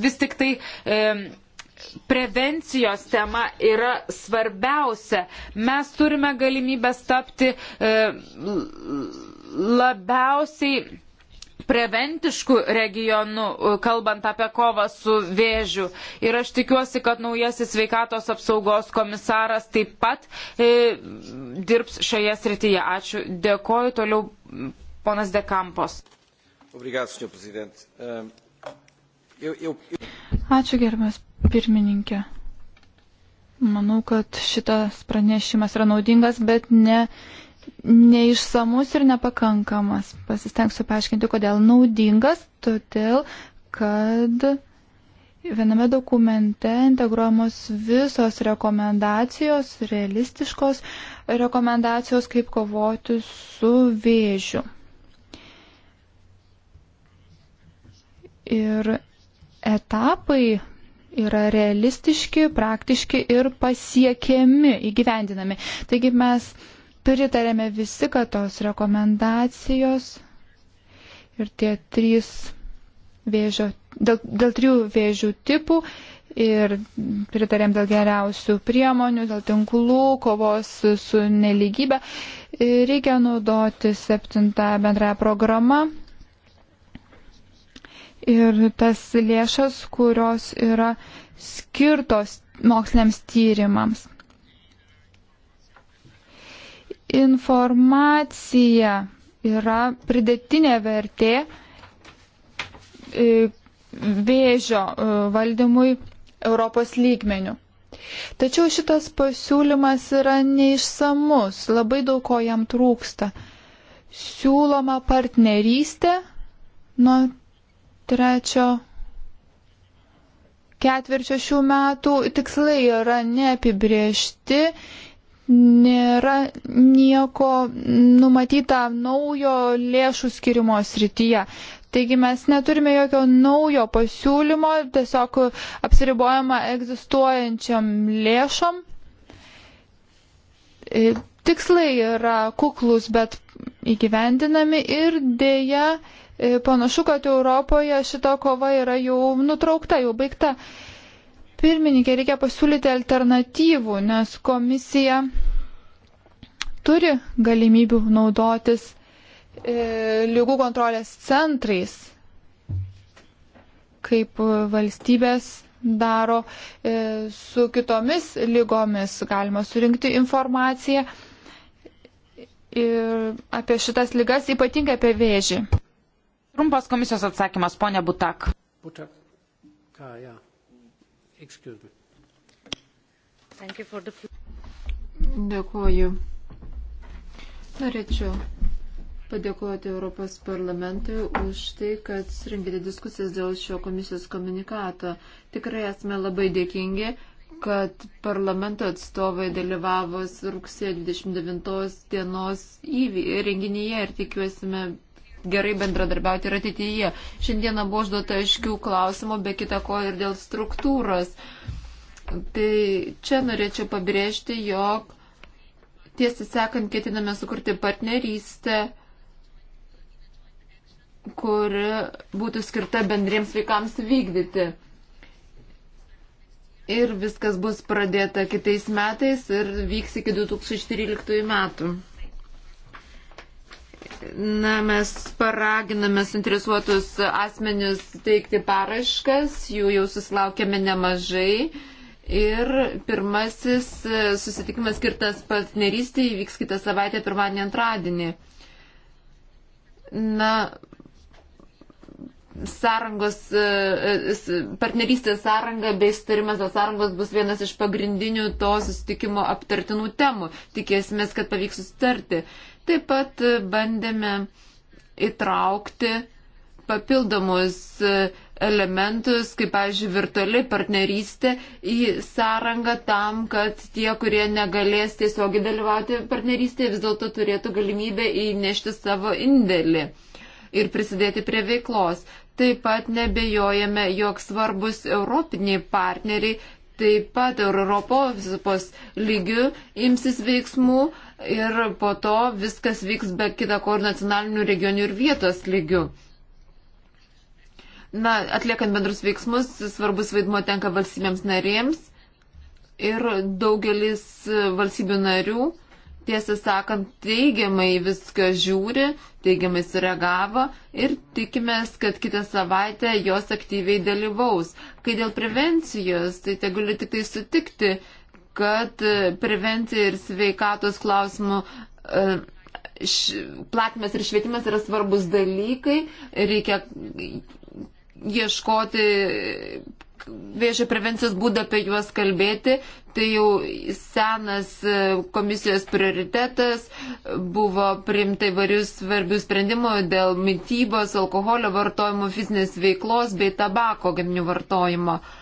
vis tik tai e, prevencijos tema yra svarbiausia. Mes turime galimybę tapti e, labiausiai preventiškų regionų, e, kalbant apie kovą su vėžiu. Ir aš tikiuosi, kad naujasis sveikatos apsaugos komisaras taip pat e, dirbs šioje srityje. Ačiū. Dėkoju. Toliau ponas Dekampos. Ehm, Ačiū gerbiamas pirmininkė. Manau, kad šitas pranešimas yra naudingas, bet ne neišsamus ir nepakankamas. Pasistengsiu paaiškinti, kodėl naudingas, todėl, kad viename dokumente integruojamos visos rekomendacijos, realistiškos rekomendacijos, kaip kovoti su vėžiu. Ir etapai yra realistiški, praktiški ir pasiekiami, įgyvendinami. Taigi mes pritarėme visi, kad tos rekomendacijos ir tie trys vėžio, dėl, dėl trijų vėžių tipų ir pritarėm dėl geriausių priemonių, dėl tinklų, kovos su neligybė. Reikia naudoti septintą bendrąją programą. Ir tas lėšas, kurios yra skirtos moksliniams tyrimams informacija yra pridėtinė vertė e, vėžio e, valdymui Europos lygmenių. Tačiau šitas pasiūlymas yra neišsamus, labai daug ko jam trūksta. Siūloma partnerystė nuo trečio ketvirčio šių metų tikslai yra neapibriežti, nėra nieko numatyta naujo lėšų skirimo srityje. Taigi mes neturime jokio naujo pasiūlymo, tiesiog apsiribojama egzistuojančiam lėšom. E, tikslai yra kuklus, bet įgyvendinami ir dėja e, panašu, kad Europoje šita kova yra jau nutraukta, jau baigta pirmininkė, reikia pasiūlyti alternatyvų, nes komisija turi galimybių naudotis e, lygų kontrolės centrais, kaip valstybės daro e, su kitomis lygomis, galima surinkti informaciją ir apie šitas lygas, ypatingai apie vėžį. Trumpas komisijos atsakymas, ponia Butak. Butak. Ką, ja. Excuse me. Thank you for the... Dėkuoju. Norėčiau padėkoti Europos parlamentui už tai, kad surinkite diskusijas dėl šio komisijos komunikato. Tikrai esame labai dėkingi, kad parlamento atstovai dalyvavo rugsėjo 29 dienos renginyje ir tikiuosime gerai bendradarbiauti ir ateityje. Šiandieną buvo užduota aiškių klausimų, be kita ko ir dėl struktūros. Tai čia norėčiau pabrėžti, jog tiesą sakant, ketiname sukurti partnerystę kuri būtų skirta bendriems veikams vykdyti. Ir viskas bus pradėta kitais metais ir vyks iki 2013 metų. Na, mes paraginame suinteresuotus asmenius teikti paraškas, jų jau susilaukėme nemažai. Ir pirmasis e, susitikimas skirtas partnerystė įvyks kitą savaitę, pirmadienį, antradienį. Na, sąrangos, e, e, partnerystės sąranga bei starimas dėl sąrangos bus vienas iš pagrindinių to susitikimo aptartinų temų. Tikėsimės, kad pavyks susitarti. Taip pat bandėme įtraukti papildomus elementus, kaip, pavyzdžiui, virtuali partnerystė į sąrangą tam, kad tie, kurie negalės tiesiogiai dalyvauti partnerystėje, vis dėlto turėtų galimybę įnešti savo indėlį ir prisidėti prie veiklos. Taip pat nebejojame, jog svarbus europiniai partneriai taip pat Europos lygių imsis veiksmų ir po to viskas vyks be kita ko ir nacionalinių regionių ir vietos lygių. Na, atliekant bendrus veiksmus, svarbus vaidmo tenka valstybėms narėms ir daugelis valstybių narių, tiesą sakant, teigiamai viską žiūri, teigiamai sureagavo ir tikimės, kad kitą savaitę jos aktyviai dalyvaus. Kai dėl prevencijos, tai tegaliu tik tai sutikti kad e, prevencija ir sveikatos klausimų e, platimas ir švietimas yra svarbus dalykai. Reikia ieškoti e, viešo prevencijos būdą apie juos kalbėti. Tai jau senas komisijos prioritetas buvo priimta įvarius svarbių sprendimų dėl mytybos, alkoholio vartojimo, fizinės veiklos bei tabako gaminių vartojimo. Uh,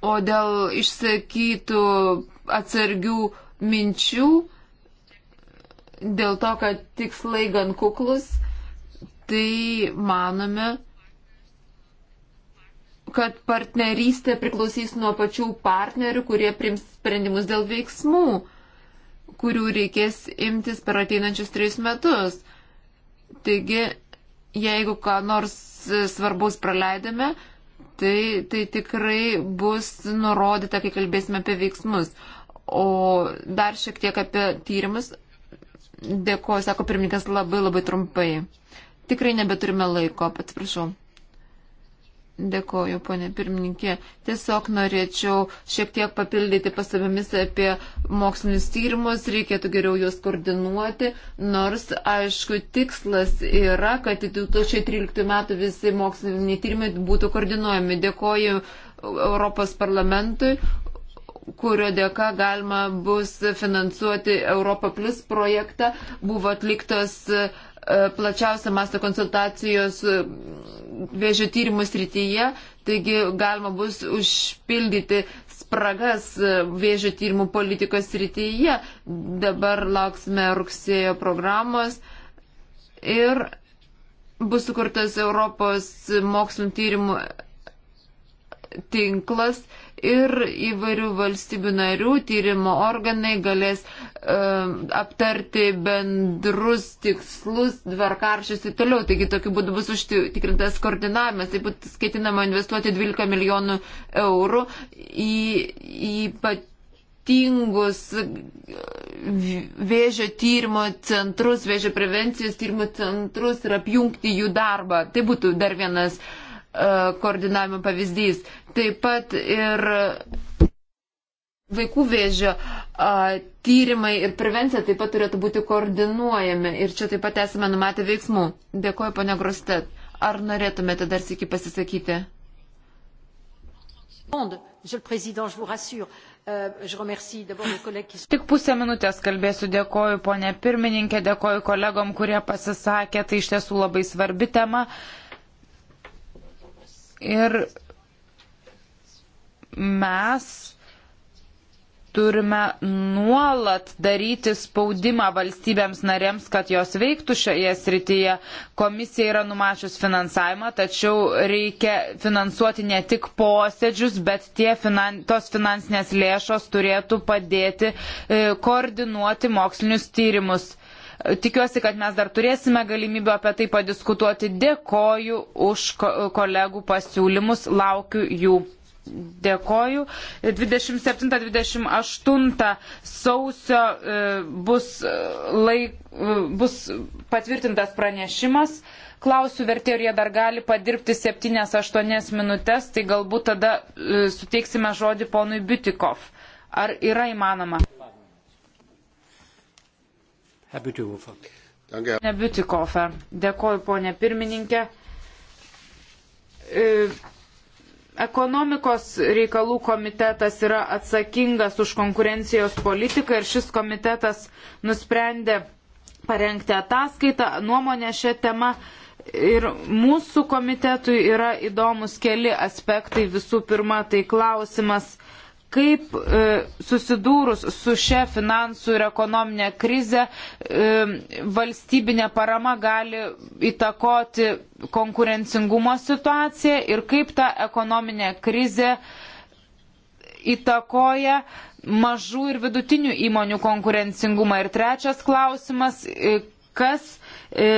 O dėl išsakytų atsargių minčių, dėl to, kad tikslai gan kuklus, tai manome, kad partnerystė priklausys nuo pačių partnerių, kurie prims sprendimus dėl veiksmų, kurių reikės imtis per ateinančius trejus metus. Taigi, jeigu ką nors e, svarbaus praleidėme, tai, tai tikrai bus nurodyta, kai kalbėsime apie veiksmus. O dar šiek tiek apie tyrimus. Dėkuoju, sako pirmininkas, labai labai trumpai. Tikrai nebeturime laiko, atsiprašau. Dėkoju, ponė pirmininkė. Tiesiog norėčiau šiek tiek papildyti pasabomis apie mokslinius tyrimus, reikėtų geriau juos koordinuoti, nors, aišku, tikslas yra, kad 2013 metų visi moksliniai tyrimai būtų koordinuojami. Dėkoju Europos parlamentui kurio dėka galima bus finansuoti Europą Plus projektą. Buvo atliktos uh, E, plačiausia masto konsultacijos e, vėžio tyrimų srityje, taigi galima bus užpildyti spragas e, vėžio tyrimų politikos srityje. Dabar lauksime rugsėjo programos ir bus sukurtas Europos mokslinų tyrimų tinklas ir įvairių valstybių narių tyrimo organai galės um, aptarti bendrus tikslus, dvarkaršius ir toliau. Taigi tokiu būdu bus užtikrintas koordinavimas. Taip pat skaitinama investuoti 12 milijonų eurų į, į pat skirtingus e, vėžio tyrimo centrus, vėžio prevencijos tyrimo centrus ir apjungti jų darbą. Tai būtų dar vienas uh, E, koordinavimo pavyzdys. Taip pat ir vaikų vėžio a, tyrimai ir prevencija taip pat turėtų būti koordinuojami ir čia taip pat esame numatę veiksmų. Dėkuoju, ponia Grostet. Ar norėtumėte dar sėki pasisakyti? Euh, Tik pusę minutės kalbėsiu, dėkoju ponė pirmininkė, dėkoju kolegom, kurie pasisakė, tai iš tiesų labai svarbi tema. Uh, Ir mes turime nuolat daryti spaudimą valstybėms narėms, kad jos veiktų šioje srityje. Komisija yra numačius finansavimą, tačiau reikia finansuoti ne tik posėdžius, bet finan, tos finansinės lėšos turėtų padėti e, koordinuoti mokslinius tyrimus. Tikiuosi, kad mes dar turėsime galimybę apie tai padiskutuoti. Dėkoju už kolegų pasiūlymus, laukiu jų. Dėkoju. 27-28 sausio e, bus, e, laik, e, bus patvirtintas pranešimas. Klausiu vertė, ar jie dar gali padirbti 7-8 minutės, tai galbūt tada suteiksime žodį ponui Bitikov. Ar yra įmanoma? Nebutikofer. Dėkoju, ponė pirmininkė. E, ekonomikos reikalų komitetas yra atsakingas už konkurencijos politiką ir šis komitetas nusprendė parengti ataskaitą, nuomonę šią temą. Ir mūsų komitetui yra įdomus keli aspektai. Visų pirma, tai klausimas kaip e, susidūrus su šia finansų ir ekonominė krize e, valstybinė parama gali įtakoti konkurencingumo situaciją ir kaip ta ekonominė krize įtakoja mažų ir vidutinių įmonių konkurencingumą. Ir trečias klausimas, e, kas, e,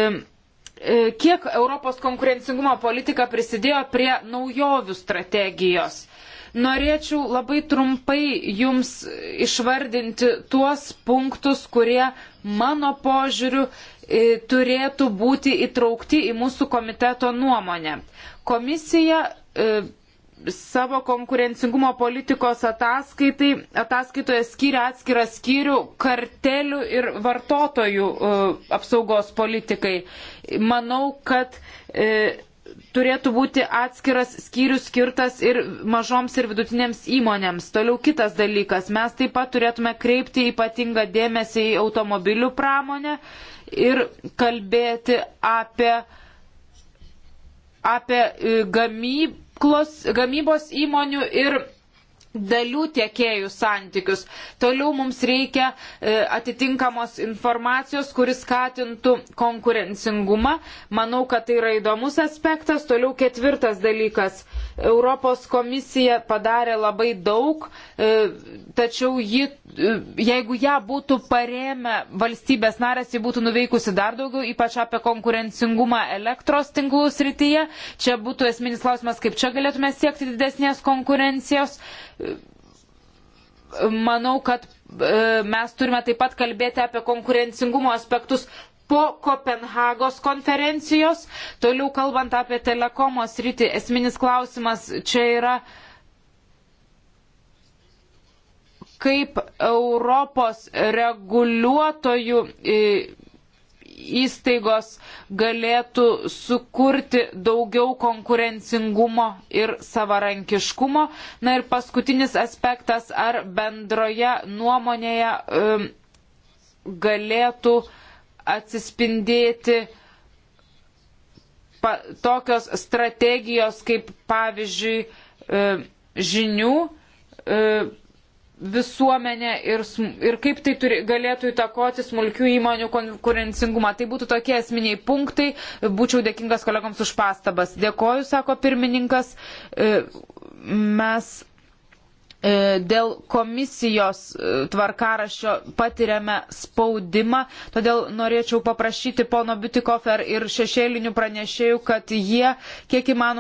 e, kiek Europos konkurencingumo politika prisidėjo prie naujovių strategijos? Norėčiau labai trumpai Jums išvardinti tuos punktus, kurie mano požiūriu e, turėtų būti įtraukti į mūsų komiteto nuomonę. Komisija e, savo konkurencingumo politikos ataskaitai, ataskaitoje skiria atskirą skyrių kartelių ir vartotojų uh, apsaugos politikai. Manau, kad uh, turėtų būti atskiras skyrius skirtas ir mažoms ir vidutinėms įmonėms. Toliau kitas dalykas, mes taip pat turėtume kreipti ypatingą dėmesį į automobilių pramonę ir kalbėti apie, apie e, gamybos, gamybos įmonių ir dalių tiekėjų santykius. Toliau mums reikia e, atitinkamos informacijos, kuris skatintų konkurencingumą. Manau, kad tai yra įdomus aspektas. Toliau ketvirtas dalykas. Europos komisija padarė labai daug, e, tačiau ji, e, jeigu ją būtų paremę valstybės narės, ji būtų nuveikusi dar daugiau, ypač apie konkurencingumą elektros tinklų srityje. Čia būtų esminis klausimas, kaip čia galėtume siekti didesnės konkurencijos. Manau, kad e, mes turime taip pat kalbėti apie konkurencingumo aspektus po Kopenhagos konferencijos. Toliau kalbant apie telekomo sritį, esminis klausimas čia yra, kaip Europos reguliuotojų e, įstaigos galėtų sukurti daugiau konkurencingumo ir savarankiškumo. Na ir paskutinis aspektas, ar bendroje nuomonėje e, galėtų uh, atsispindėti pa, tokios strategijos kaip pavyzdžiui e, žinių e, visuomenė ir, ir kaip tai turi, galėtų įtakoti smulkių įmonių konkurencingumą. Tai būtų tokie esminiai punktai. Būčiau dėkingas kolegoms už pastabas. Dėkoju, sako pirmininkas. E, mes E, dėl komisijos e, tvarkaraščio patiriame spaudimą, todėl norėčiau paprašyti pono Butikofer ir šešėlinių pranešėjų, kad jie kiek įmanoma